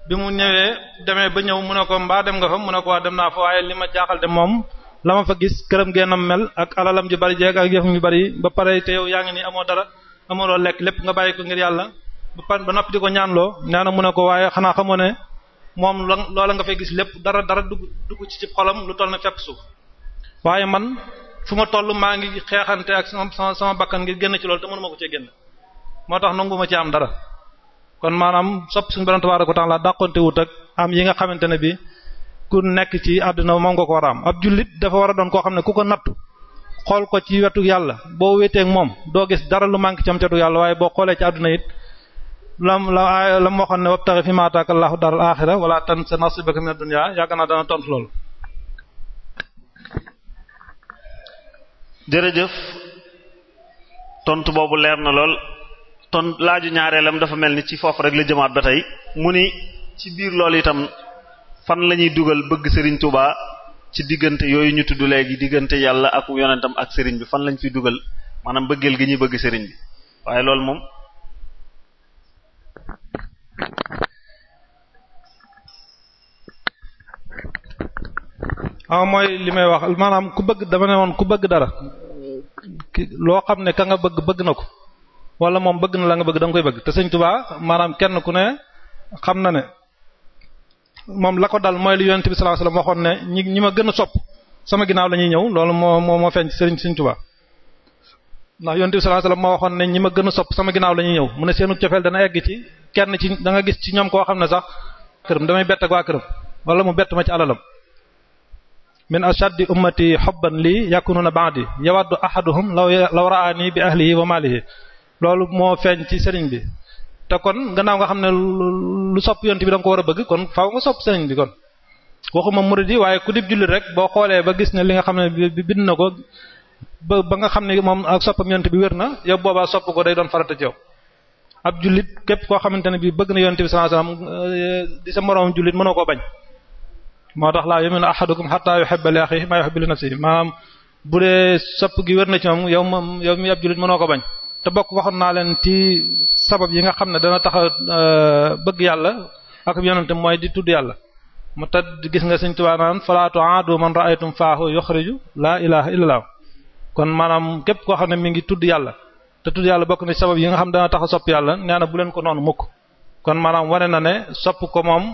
bi mu ñëwee demee ba ñëw mu ne ko mbaa dem nga fa mu ne ko waa dem naa fa waaye li ma jaaxal de moom la ma fa gis këram gennam mel ak alalam ju bari jeeg a yëfam yu bari ba pare te yow yaa ngi ni amoo dara amoo loo lekk lépp nga bàyyi ko ngir yàlla ba pare ba noppi di ko ñaanloo nee na mu ne ko waaye xanaa xamoo ne moom loola nga fay gis lépp dara dara dugg dugg ci ci xolam lu toll na fepp suuf waaye man fu ma toll maa ngi xeexante ak sama sama bakkan ngir génn ci loolu te mënu ma ko cee génn moo tax nangu ma ci am dara kon maanaam sopp suñu borom tabaaraka wa ta'ala dàqonte yi nga xamante ne bi ku nekk ci àdduna moom nga ko war a am ab jullit dafa war a doon koo xam ne ku ko nattu xool ko ci wetu yàlla boo wéeteek moom doo gis dara lu manqué ci am wetu yàlla waaye boo xoolee ci àdduna it lam la lam waxoon ne wabtaghi fimaa ataaka Allahu daral aaxira wala tansa nasiibaka mina dunyaa yàgg naa dana tontu loolu. jërëjëf tontu boobu leer na lool ton laaju ñaareelam dafa mel ni ci foofu rek la jëmaat ba tey mu ni ci biir loolu itam. fan lañuy ñuy dugal bëgg sëriñ tubaa ci diggante yooyu ñu tudd léegi diggante yàlla ak yonentam ak Serigne bi fan lañu fiy dugal maanaam bëggeel gi ñuy bëgg Serigne bi waaye moom. waaw ah, li may wax maanaam ku bëgg dama ne woon ku bëgg dara loo xam ne ka nga bëgg bëgg na ko wala moom bëgg na la nga bëgg da koy bëgg te Sëriñ Tuubaa maanaam kenn ku ne xam na ne moom la ko dal mooy li yonent bi sallallahu waxoon ne ñi ñi ma gën a sopp sama ginaaw la ñuy ñëw loolu moo moo moo feeñ ci Serigne Serigne Touba ndax yonent bi sallallahu alayhi wasallam moo waxoon ne ñi ma gën a sopp sama ginnaaw lañuy ñuy ñëw mu ne seenu cofeel dana egg ci kenn ci da gis ci ñoom koo xam ne sax damay bett ak waa këram wala mu bett ma ci alalam min ashaddi ummati hubban lii yakununa ba'di yawaddu ahaduhum law law ra'ani bi ahlihi wa malihi loolu moo feeñ ci sëriñ bi te kon gannaaw nga xam ne lu sopp yont bi da ko war a bëgg kon faaw nga sopp sëriñ bi kon waxuma murid yi waaye ku di jullit rek boo xoolee ba gis ne li nga xam ne bi bind na ko ba ba nga xam ne moom ak soppam yont bi wér na yow boobaa sopp ko day doon farata ci yow ab jullit képp koo xamante ne bi bëgg na yont bi sallallahu alayhi wasallam euh, di sa moroom koo bañ moo tax laa yuminu ahadukum hatta yuhibba li akhihi ma yuhibbu li nafsihi maanaam bu dee sopp gi wér na ci moom yow moom yow mi ab jullit mënoo ko bañ te bokk waxoon naa leen ci sabab yi nga xam ne dana tax euh, bëgg yàlla ak yonente mooy di tudd yàlla mu tad gis nga Sëriñ Tuubaa naan falaatu aadu man ra'aytum faahu yuxriju laa ilaha illallah kon maanaam képp koo xam ne mi ngi tudd yàlla te tudd yàlla bokk na ci sabab yi nga xam ne dana tax a sopp yàlla nee na bu leen ko noonu mukk kon maanaam wane na ne sopp ko moom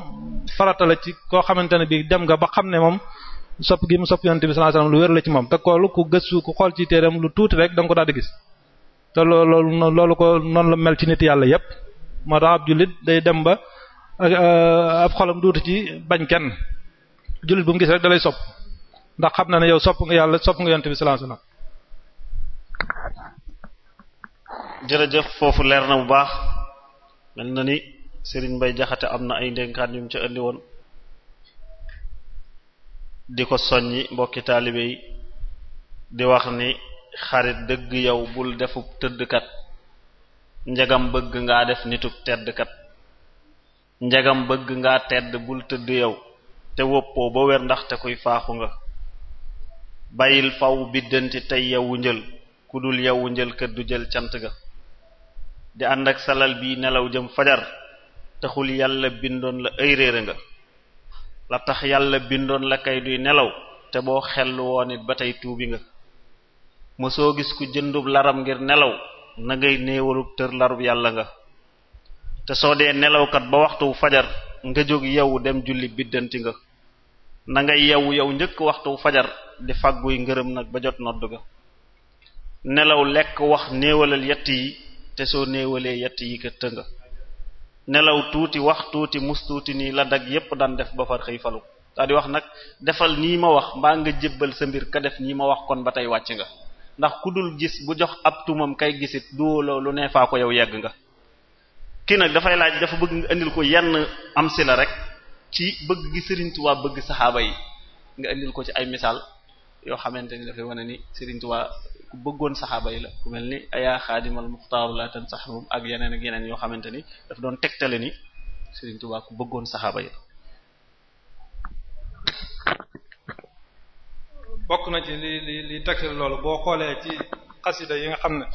farata la ci koo xamante ne bii dem nga ba xam ne moom sopp gi mu sopp yonent bi lu wér la ci moom te koolu ku gëstu xool ci téeram lu tuuti rek da nga ko te loolu loolu ko noonu la mel ci nit yàlla yépp moo tax ab jullit day dem ba euh, ab xolam duutu ci bañ kenn jullit bu mu gis rek dalay sopp ndax xam na ne yow sopp nga yàlla sob nga yonent bi sallallahu alayhi wasallam jërëjëf foofu leer na bu baax mel na ni Serigne Mbaye Jaxate am na ay ndénkaan yum mu ca indi woon di ko soññi mbokki taalibe yi di wax ni xarit dëgg yow bul defub tëddkat njagam bëgg ngaa def nitub teddkat njagam bëgg nga tedd bul tëdd yow te woppoo ba wér te kuy faaxu nga bàyyil faw biddanti tey yowu njël ku dul yowu njël kët du jël cant ga di ànd ak salal bi nelaw jëm fajar taxul yàlla bindoon la ay nga la tax yàlla bindoon la kay duy nelaw te boo xellu woon it ba tey tuubi nga mosoo gis ku jëndub laram ngir nelaw na ngay néewalub tër larub yàlla nga te soo dee nelawkat ba waxtu fajar nga jóg yow dem julli biddanti nga na ngay yow yow njëkk waxtu fajar di fàgguy ngërëm nag ba jot nodd ga nelaw lekk wax néewalal yett yi te soo néewalee yett yi ka të nga nelaw tuuti wax tuuti mus tuuti nii la dag yépp daan def ba far xëy falu daa di wax nag defal nii ma wax mbaa nga jébbal sa mbir ka def nii ma wax kon ba tey wàcc nga ndax ku dul gis bu jox ab tuumam kay gisit duwaloo lu nee faa ko yow yegg nga kii nag dafay laaj dafa bëgg nga indil ko yenn am si la rek ci bëgg gi Serigne bëgg saxaaba yi nga indil ko ci ay misaal yoo xamante ni dafay wane ni Serigne Touba ku bëggoon saxaaba yi la ku mel ni ayaa xaadimal muxtaaru la tan ak yeneen ak yeneen yoo xamante ni daf doon tegtale ni Serigne Touba ku bëggoon saxaaba yi la bokk na ci li li li tegtal loolu boo xoolee ci xasida yi nga xam ne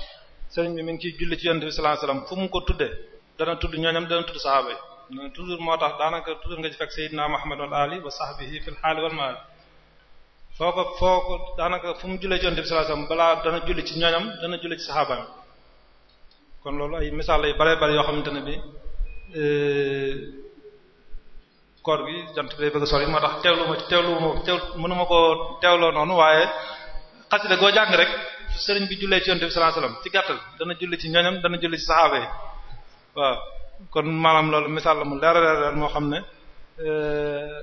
sëriñ bi mu ngi ciy julli ci yonent bi sallallahu alayhi wasallam fu mu ko tuddee dana tudd ñooñam dana tudd saxaaba yi toujours moo tax daanaka toujours nga ci fekk sayyidina Muhammad wal ali wa sahbihi fil haal wal foo ko foo daanaka fu mu jullee ci yonent bi sallallahu alayhi wasallam balaa dana julli ci ñooñam dana julli ci saxaaba mi kon loolu ay misaal yu bare bare yoo xamante ne bi euh, koor gi jant day bëgg moo tax teewlu ma teewlu ma teew mënuma koo teewloo noonu waaye xasida goo jàng rek sëriñ bi jullee ci yonent bi ci gàttal dana julli ci ñoñam dana julli ci saxaaba yi waaw kon maanaam loolu misaal la mu leer leer moo xam ne euh,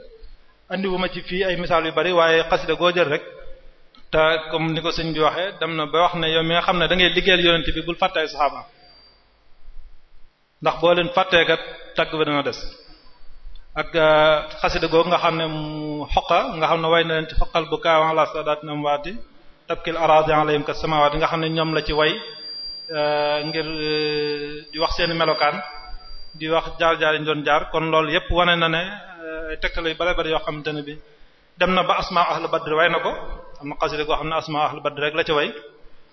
andiwuma ci fii ay misaal yu bari waaye xasida goo jël rek te comme ni ko sëñ bi waxee dem na ba wax ne yow mi nga xam ne da ngay liggéeyal yonent bi bul fàtte ay saxaaba ndax boo leen fàttee kat tagg ba dana des ak euh, xasida googu nga xam ne mu xoqa nga xam ne way na leen ci xoqal bu kaawan la sadat nam waati tabkil aradi alayhim ka samawati nga xam ne ñoom la ci way euh, ngir euh, di wax seen melokaan di wax jaar-jaar yi doon jaar kon loolu yëpp wane na ne tegtale yu bare yoo xamante ne bi dem na ba asma ahlu badr way na ko am na xasida goo xam ne asma ahlu badr rek la ci way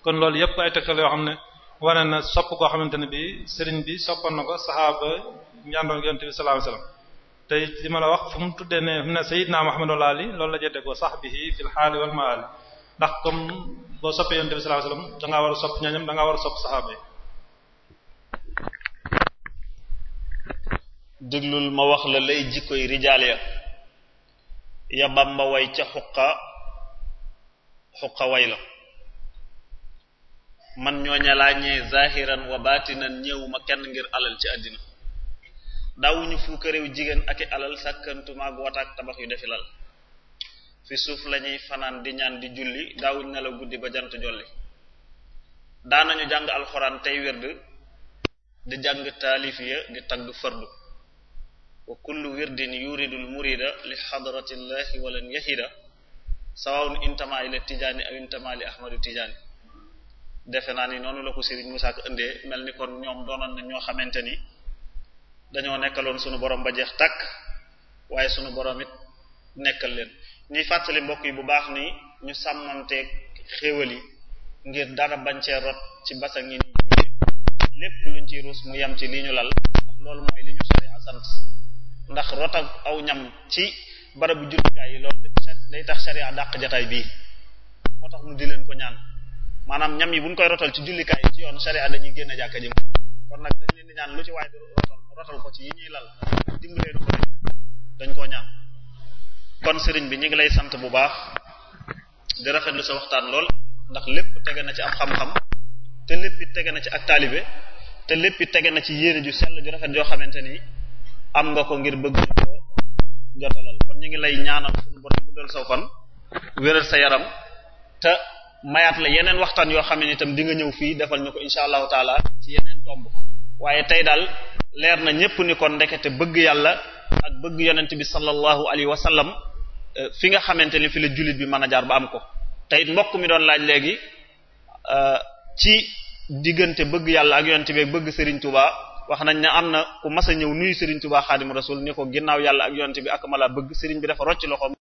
kon loolu yëpp ay tegtale yoo xam ne wane na sopp koo xamante ne bi sëriñ bi soppoon na ko saxaaba ñaandoon yonent bi sallallahu alayhi te li ma la wax fu mu tuddee ne mu ne sayyidna Muhammad wal ali loolu la jëndee ko sahbihi fil haali wal maali ndax comme boo soppee yonent bi sallallahu alayhi a sopp ñañam da ngaa war ma wax la lay jikkoy rijaal ya ya Bamba way ca xuqa xuqa la man ñooña laa ñee zahiran wa batinan ñëwuma kenn ngir alal ci àddina daawuñu fuukaréew jigéen ak i alal sàkkantumaag wataak tabax yu defi lal fi suuf lañuy fanaan di ñaan di julli daawuñ nelaw guddi ba jant jolli daanañu jàng alxuraan tey wird di jàng taalif ya di tagg fardu wa kullu wirdin yuridul murida li xadratillahi walan yahida sawawun intamaa ila tijaani aw intamaa ahmadu tijaani defe naa ni noonu la ko Serigne Moussa Ka indee mel ni kon ñoom doonoon na ñoo xamante ni dañoo nekkaloon sunu borom ba jeex tàkk waaye sunu borom nekkal leen ñuy fàttali mbokk yi bu baax ni ñu sàmmanteeg xéewal yi ngir dara bañ cee rot ci basa yi ni lépp luñ ciy ruus mu yem ci li ñu lal loolu mooy li ñu sori asant ndax rot ak aw ñam ci barabu jullikaay yi loolu day tax sharia dàq jataay bii moo tax mu di leen ko ñaan maanaam ñam yi buñ koy rotal ci jullikaay yi ci yoon sharia dañuy génn jàkka ji kon nag dañ leen di ñaan lu ci waay di rotal mu ko ci yi ñuy lal dimbalee nu ko rek dañ koo ñaan kon sëriñ bi ñu ngi lay sant bu baax di rafetlu sa waxtaan lool ndax lépp tege na ci am xam te lépp tege na ci ak taalibe te lépp it tege na ci yéene ju sell ju rafet yoo xamante ni am nga ko ngir bëgg ko jotalal kon ñu ngi lay ñaanal suñu borom guddal sa yaram te mayaat la yeneen waxtaan yoo xam ne itam di nga ñëw fii defal ñu ko insha allahu taala ci yeneen tomb waaye tey daal leer na ñépp ni kon ndekete bëgg yàlla ak bëgg yonent bi sallallahu alayhi wa sallam euh, fi nga xamante ni fi la jullit bi mën a jaar ba am ko tey mbokk mi doon laaj léegi euh, ci diggante bëgg yàlla ak yonent bi ak bëgg Serigne Touba wax nañ ne am na ku mas a ñëw nuyu Serigne Touba xaadim rasul ni ko ginnaaw yàlla ak yonent bi ak mala bëgg Serigne bi dafa rocc loxoom